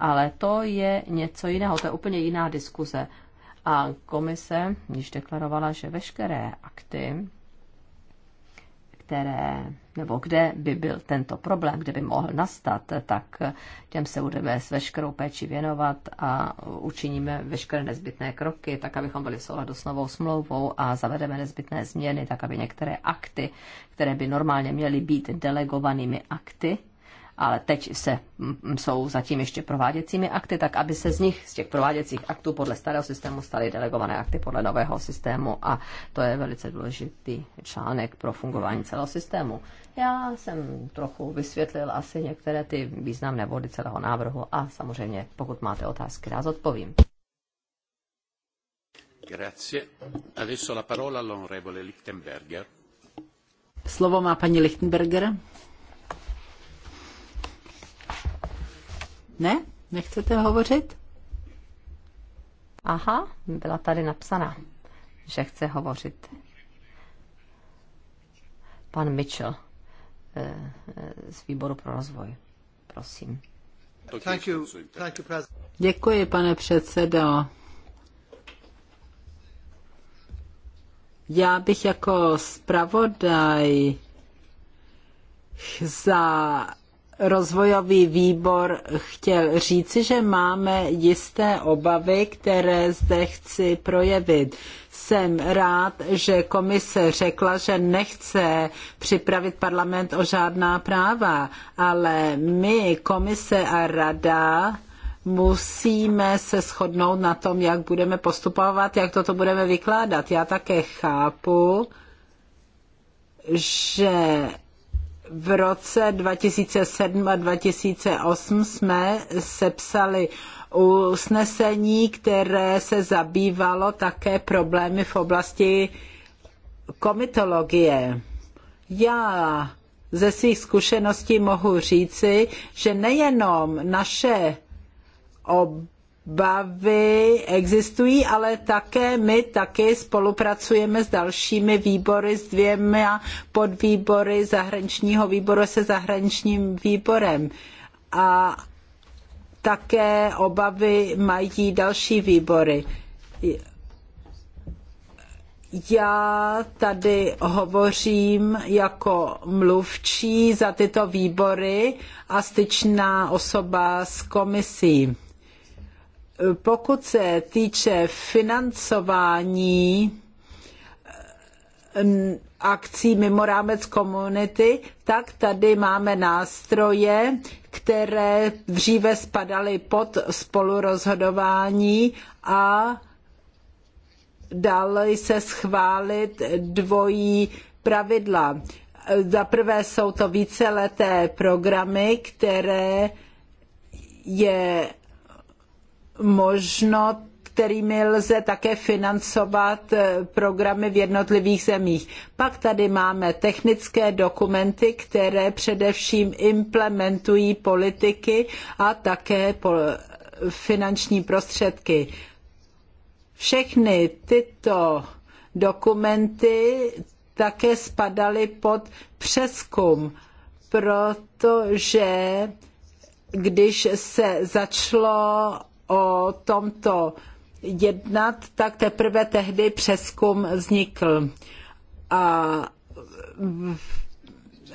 Ale to je něco jiného, to je úplně jiná diskuze. A komise již deklarovala, že veškeré akty, které, nebo kde by byl tento problém, kde by mohl nastat, tak těm se budeme s veškerou péči věnovat a učiníme veškeré nezbytné kroky, tak abychom byli v souladu s novou smlouvou a zavedeme nezbytné změny, tak aby některé akty, které by normálně měly být delegovanými akty, ale teď se, mm, mm, jsou zatím ještě prováděcími akty, tak aby se z nich, z těch prováděcích aktů podle starého systému staly delegované akty podle nového systému a to je velice důležitý článek pro fungování celého systému. Já jsem trochu vysvětlil asi některé ty významné body celého návrhu a samozřejmě, pokud máte otázky, rád odpovím. Grazie. Adesso la parola all'onorevole Lichtenberger. Slovo má paní Lichtenberger. Ne? Nechcete hovořit? Aha, byla tady napsaná, že chce hovořit. Pan Mitchell eh, eh, z výboru pro rozvoj. Prosím. Děkuji, pane předsedo. Já bych jako zpravodaj za rozvojový výbor chtěl říci, že máme jisté obavy, které zde chci projevit. Jsem rád, že komise řekla, že nechce připravit parlament o žádná práva, ale my, komise a rada, musíme se shodnout na tom, jak budeme postupovat, jak toto budeme vykládat. Já také chápu, že v roce 2007 a 2008 jsme sepsali usnesení, které se zabývalo také problémy v oblasti komitologie. Já ze svých zkušeností mohu říci, že nejenom naše ob obavy existují, ale také my taky spolupracujeme s dalšími výbory, s dvěma podvýbory zahraničního výboru se zahraničním výborem. A také obavy mají další výbory. Já tady hovořím jako mluvčí za tyto výbory a styčná osoba s komisí pokud se týče financování eh, akcí mimo rámec komunity, tak tady máme nástroje, které dříve spadaly pod spolurozhodování a dále se schválit dvojí pravidla. Za prvé jsou to víceleté programy, které je možno kterými lze také financovat eh, programy v jednotlivých zemích. Pak tady máme technické dokumenty, které především implementují politiky a také finanční prostředky. Všechny tyto dokumenty také spadaly pod přeskum, protože když se začalo o tomto jednat, tak teprve tehdy přeskum vznikl. A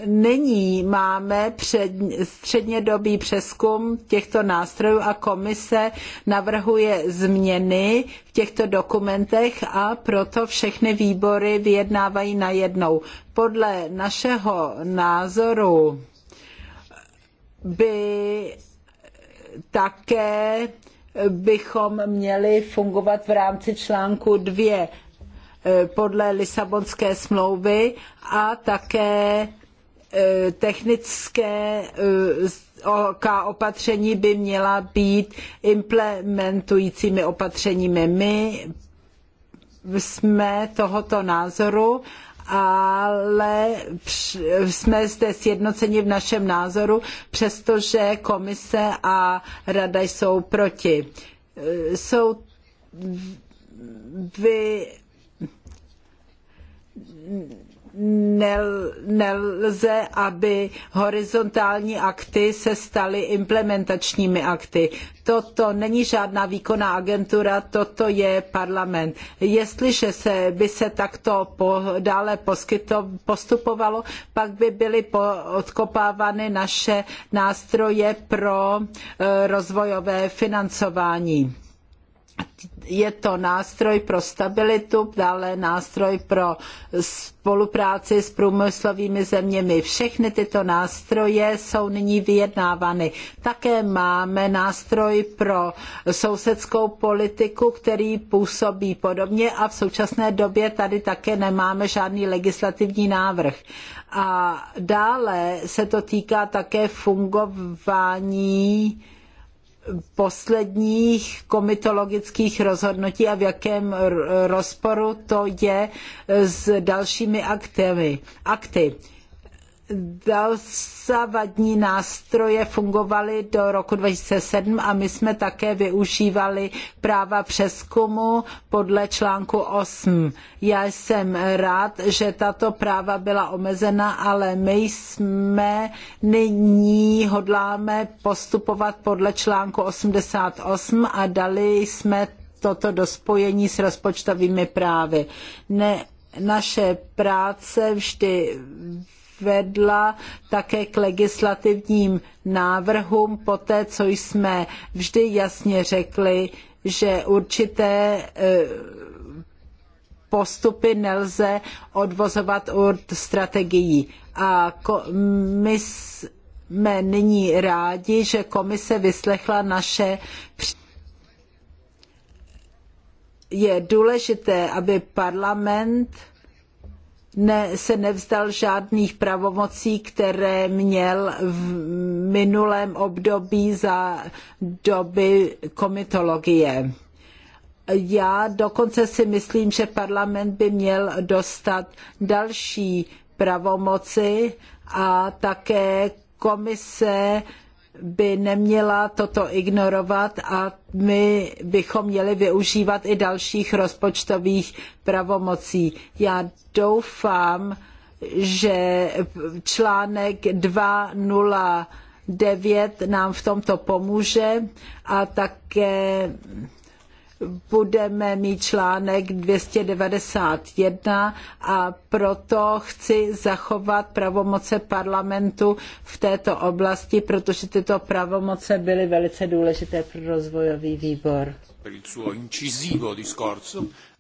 nyní máme před, střednědobý přeskum těchto nástrojů a komise navrhuje změny v těchto dokumentech a proto všechny výbory vyjednávají jednou Podle našeho názoru by také bychom měli fungovat v rámci článku 2 eh, podle Lisabonské smlouvy a také eh, technické eh, opatření by měla být implementujícími opatřeními. My jsme tohoto názoru ale jsme zde sjednoceni v našem názoru, přestože komise a rada jsou proti. Jsou vy nelze, aby horizontální akty se staly implementačními akty. Toto není žádná výkonná agentura, toto je parlament. Jestliže se, by se takto po, dále poskyto, postupovalo, pak by byly odkopávány naše nástroje pro eh, rozvojové financování je to nástroj pro stabilitu, dále nástroj pro spolupráci s průmyslovými zeměmi. Všechny tyto nástroje jsou nyní vyjednávány. Také máme nástroj pro sousedskou politiku, který působí podobně a v současné době tady také nemáme žádný legislativní návrh. A dále se to týká také fungování posledních komitologických rozhodnutí a v jakém rozporu to je s dalšími akty dosavadní nástroje fungovaly do roku 2007 a my jsme také využívali práva přeskumu podle článku 8. Já jsem rád, že tato práva byla omezena, ale my jsme nyní hodláme postupovat podle článku 88 a dali jsme toto do spojení s rozpočtovými právy. Ne, naše práce vždy vedla také k legislativním návrhům poté, co jsme vždy jasně řekli, že určité e, postupy nelze odvozovat od strategií. A my jsme nyní rádi, že komise vyslechla naše je důležité, aby parlament ne, se nevzdal žádných pravomocí, které měl v minulém období za doby komitologie. Já dokonce si myslím, že parlament by měl dostat další pravomoci a také komise by neměla toto ignorovat a my bychom měli využívat i dalších rozpočtových pravomocí. Já doufám, že článek 209 nám v tomto pomůže a také budeme mít článek 291 a proto chci zachovat pravomoce parlamentu v této oblasti, protože tyto pravomoce byly velice důležité pro rozvojový výbor.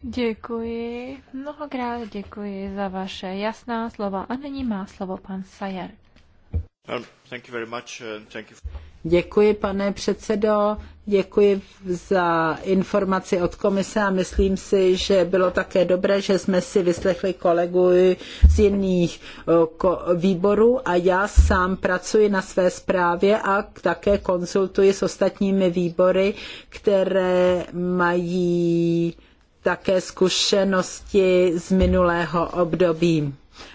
Děkuji, mnohokrát děkuji za vaše jasná slova a nyní má slovo pan Sajer. Um, uh, Děkuji, pane předsedo, děkuji za informaci od komise a myslím si, že bylo také dobré, že jsme si vyslechli kolegu z jiných eh, výborů a já sám pracuji na své zprávě a také konzultuji s ostatními výbory, které mají také zkušenosti z minulého období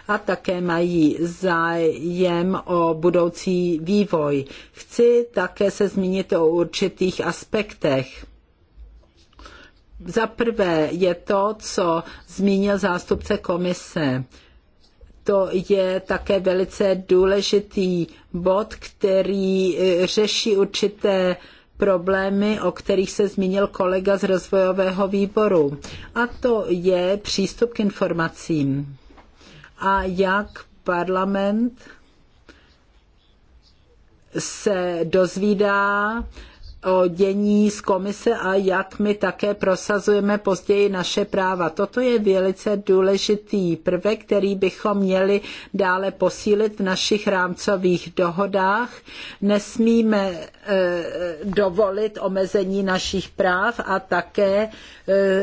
a také mají zájem o budoucí vývoj. Chci také se zmínit o určitých aspektech. Za prvé je to, co zmínil zástupce komise to je také velice důležitý bod, který eh, řeší určité problémy, o kterých se zmínil kolega z rozvojového výboru. A to je přístup k informacím a jak parlament se dozvídá o dění z komise a jak my také prosazujeme později naše práva. Toto je velice důležitý prvek, který bychom měli dále posílit v našich rámcových dohodách. Nesmíme e, dovolit omezení našich práv a také e,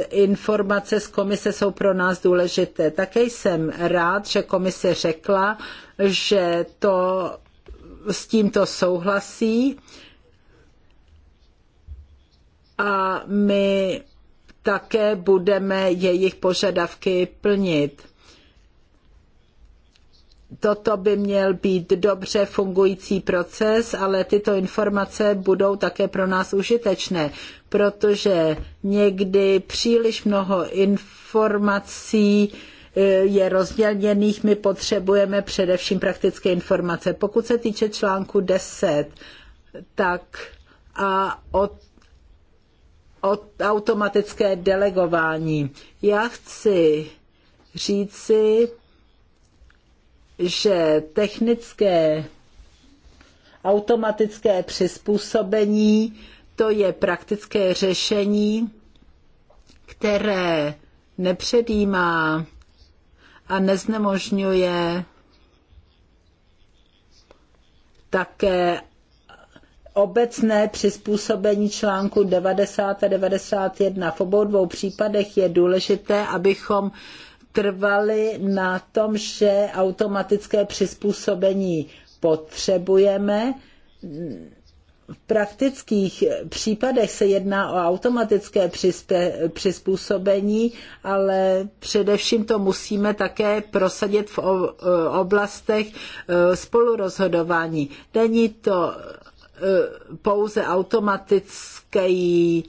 informace z komise jsou pro nás důležité. Také jsem rád, že komise řekla, že to s tímto souhlasí a my také budeme jejich požadavky plnit. Toto by měl být dobře fungující proces, ale tyto informace budou také pro nás užitečné, protože někdy příliš mnoho informací eh, je rozdělněných, my potřebujeme především praktické informace. Pokud se týče článku 10, tak a o automatické delegování. Já chci říci, že technické automatické přizpůsobení to je praktické řešení, které nepředjímá a neznemožňuje také obecné přizpůsobení článku 90 a 91. V obou dvou případech je důležité, abychom trvali na tom, že automatické přizpůsobení potřebujeme. V praktických případech se jedná o automatické přizpůsobení, ale především to musíme také prosadit v e, oblastech e, spolurozhodování. Není to Eh, pouze automatické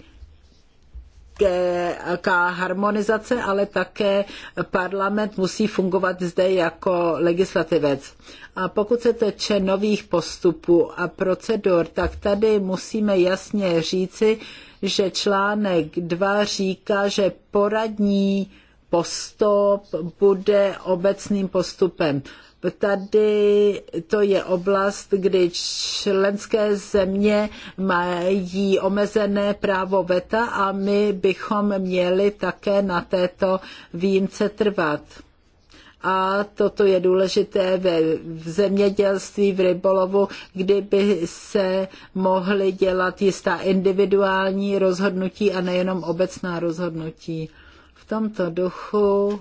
harmonizace, ale také parlament musí fungovat zde jako legislativec. A pokud se teče nových postupů a procedur, tak tady musíme jasně říci, že článek 2 říká, že poradní postup bude obecným postupem. Tady to je oblast, kdy členské země mají omezené právo veta a my bychom měli také na této výjimce trvat a toto je důležité ve v zemědělství, v rybolovu, kdyby se mohly dělat jistá individuální rozhodnutí a nejenom obecná rozhodnutí. V tomto duchu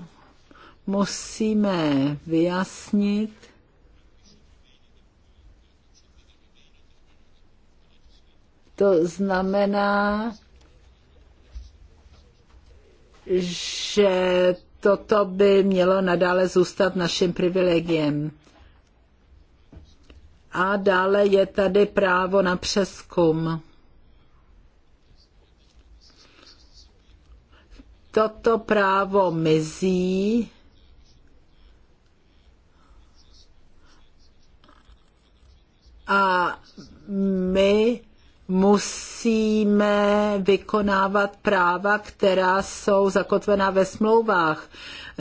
musíme vyjasnit, to znamená, že toto by mělo nadále zůstat naším privilegiem. A dále je tady právo na přeskum. Toto právo mizí musíme vykonávat práva, která jsou zakotvená ve smlouvách.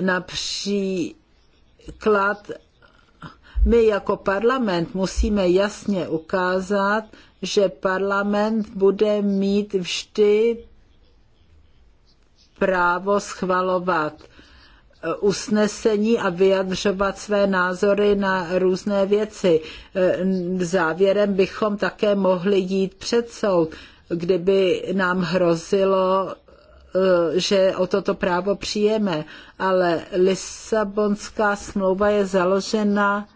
Například my jako parlament musíme jasně ukázat, že parlament bude mít vždy právo schvalovat usnesení a vyjadřovat své názory na různé věci. Závěrem bychom také mohli jít před soud kdyby nám hrozilo, eh, že o toto právo přijeme. Ale Lisabonská smlouva je založena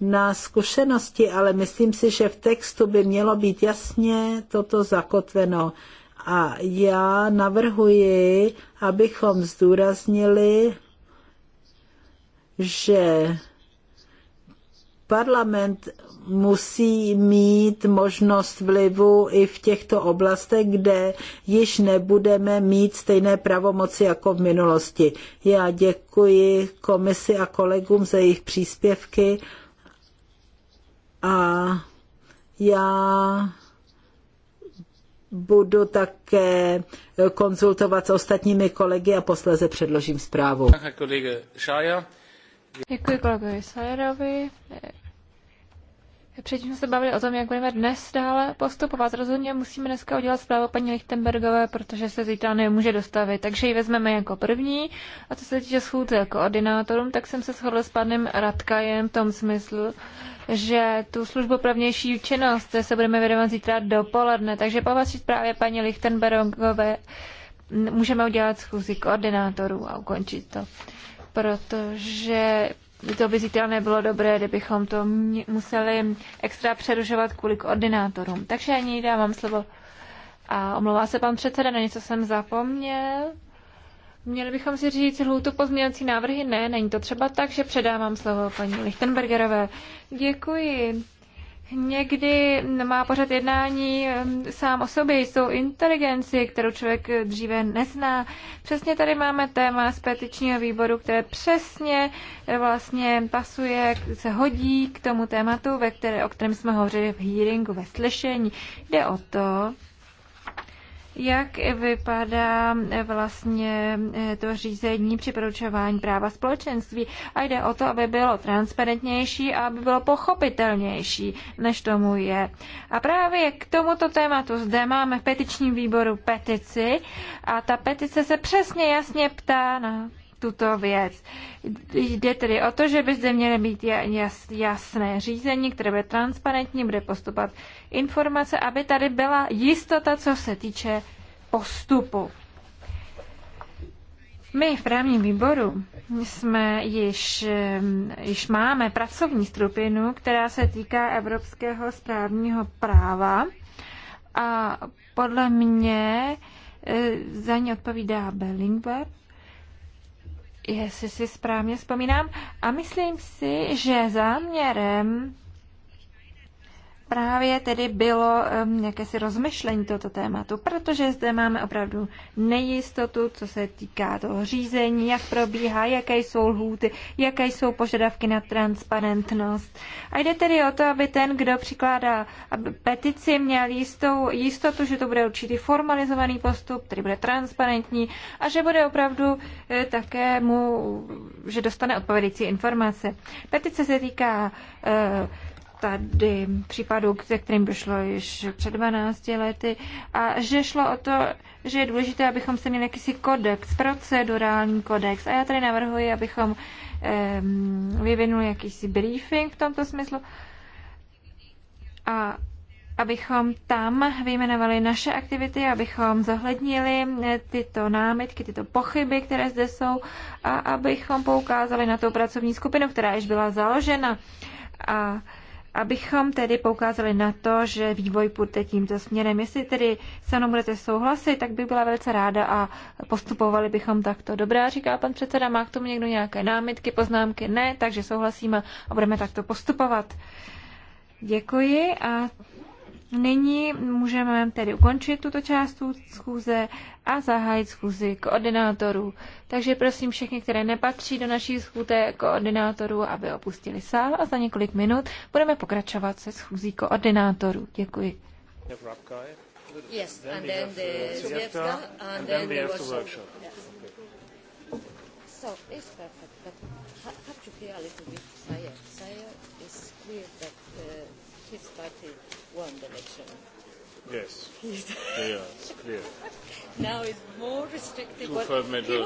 na zkušenosti, ale myslím si, že v textu by mělo být jasně toto zakotveno. A já navrhuji, abychom zdůraznili, že Parlament musí mít možnost vlivu i v těchto oblastech, kde již nebudeme mít stejné pravomoci jako v minulosti. Já děkuji komisi a kolegům za jejich příspěvky a já budu také konzultovat s ostatními kolegy a posléze předložím zprávu. Děkuji kolegovi Sajerovi. Předtím jsme se bavili o tom, jak budeme dnes dále postupovat. Rozhodně musíme dneska udělat zprávu paní Lichtenbergové, protože se zítra nemůže dostavit, takže ji vezmeme jako první. A co se týče schůze koordinátorům, tak jsem se shodl s panem Radkajem v tom smyslu, že tu službu pravnější činnost se budeme věnovat zítra dopoledne. Takže po vaší zprávě paní Lichtenbergové můžeme udělat schůzi koordinátorů a ukončit to protože to by zítra nebylo dobré, kdybychom to museli extra přerušovat kvůli koordinátorům. Takže já dávám slovo. A omlouvá se pan předseda, na něco jsem zapomněl. Měli bychom si říct lhůtu pozměňovací návrhy? Ne, není to třeba tak, že předávám slovo paní Lichtenbergerové. Děkuji někdy má pořád jednání sám o sobě, jsou inteligenci, kterou člověk eh, dříve nezná. Přesně tady máme téma z petičního výboru, které přesně eh, vlastně pasuje, se hodí k tomu tématu, ve které, o kterém jsme hovořili v hearingu, ve slyšení. Jde o to, jak vypadá eh, vlastně eh, to řízení při poručování práva společenství. A jde o to, aby bylo transparentnější a aby bylo pochopitelnější, než tomu je. A právě k tomuto tématu zde máme v petičním výboru petici a ta petice se přesně jasně ptá na tuto věc. Jde tedy o to, že by zde měly být jasné řízení, které bude transparentní, bude postupovat informace, aby tady byla jistota, co se týče postupu. My v právním výboru jsme již, již máme pracovní strupinu, která se týká evropského správního práva a podle mě e, za ní odpovídá Bellingweb, jestli si správně vzpomínám. A myslím si, že záměrem právě tedy bylo um, jakési rozmyšlení tohoto tématu, protože zde máme opravdu nejistotu, co se týká toho řízení, jak probíhá, jaké jsou lhůty, jaké jsou požadavky na transparentnost. A jde tedy o to, aby ten, kdo přikládá aby petici, měl jistou jistotu, že to bude určitý formalizovaný postup, který bude transparentní a že bude opravdu e, také mu, že dostane odpovědící informace. Petice se týká e, tady případů, ke kterým došlo již před 12 lety, a že šlo o to, že je důležité, abychom se měli jakýsi kodex, procedurální kodex. A já tady navrhuji, abychom um, vyvinuli jakýsi briefing v tomto smyslu a abychom tam vyjmenovali naše aktivity, abychom zohlednili eh, tyto námitky, tyto pochyby, které zde jsou a abychom poukázali na tu pracovní skupinu, která již byla založena. A abychom tedy poukázali na to, že vývoj půjde tímto směrem. Jestli tedy se mnou budete souhlasit, tak bych byla velice ráda a postupovali bychom takto. Dobrá, říká pan předseda, má k tomu někdo nějaké námitky, poznámky? Ne, takže souhlasíme a budeme takto postupovat. Děkuji a Nyní můžeme tedy ukončit tuto část schůze a zahájit schůzi koordinátorů. Takže prosím všechny, které nepatří do naší schůze koordinátorů, aby opustili sál a za několik minut budeme pokračovat se schůzí koordinátorů. Děkuji. Yes, and then the Zvětka, and then the workshop. Yes. So it's perfect, but have to be a little bit higher. Higher is clear that uh, he started won the election. Yes. yes, clear. Now it's more restrictive. Two-third majority.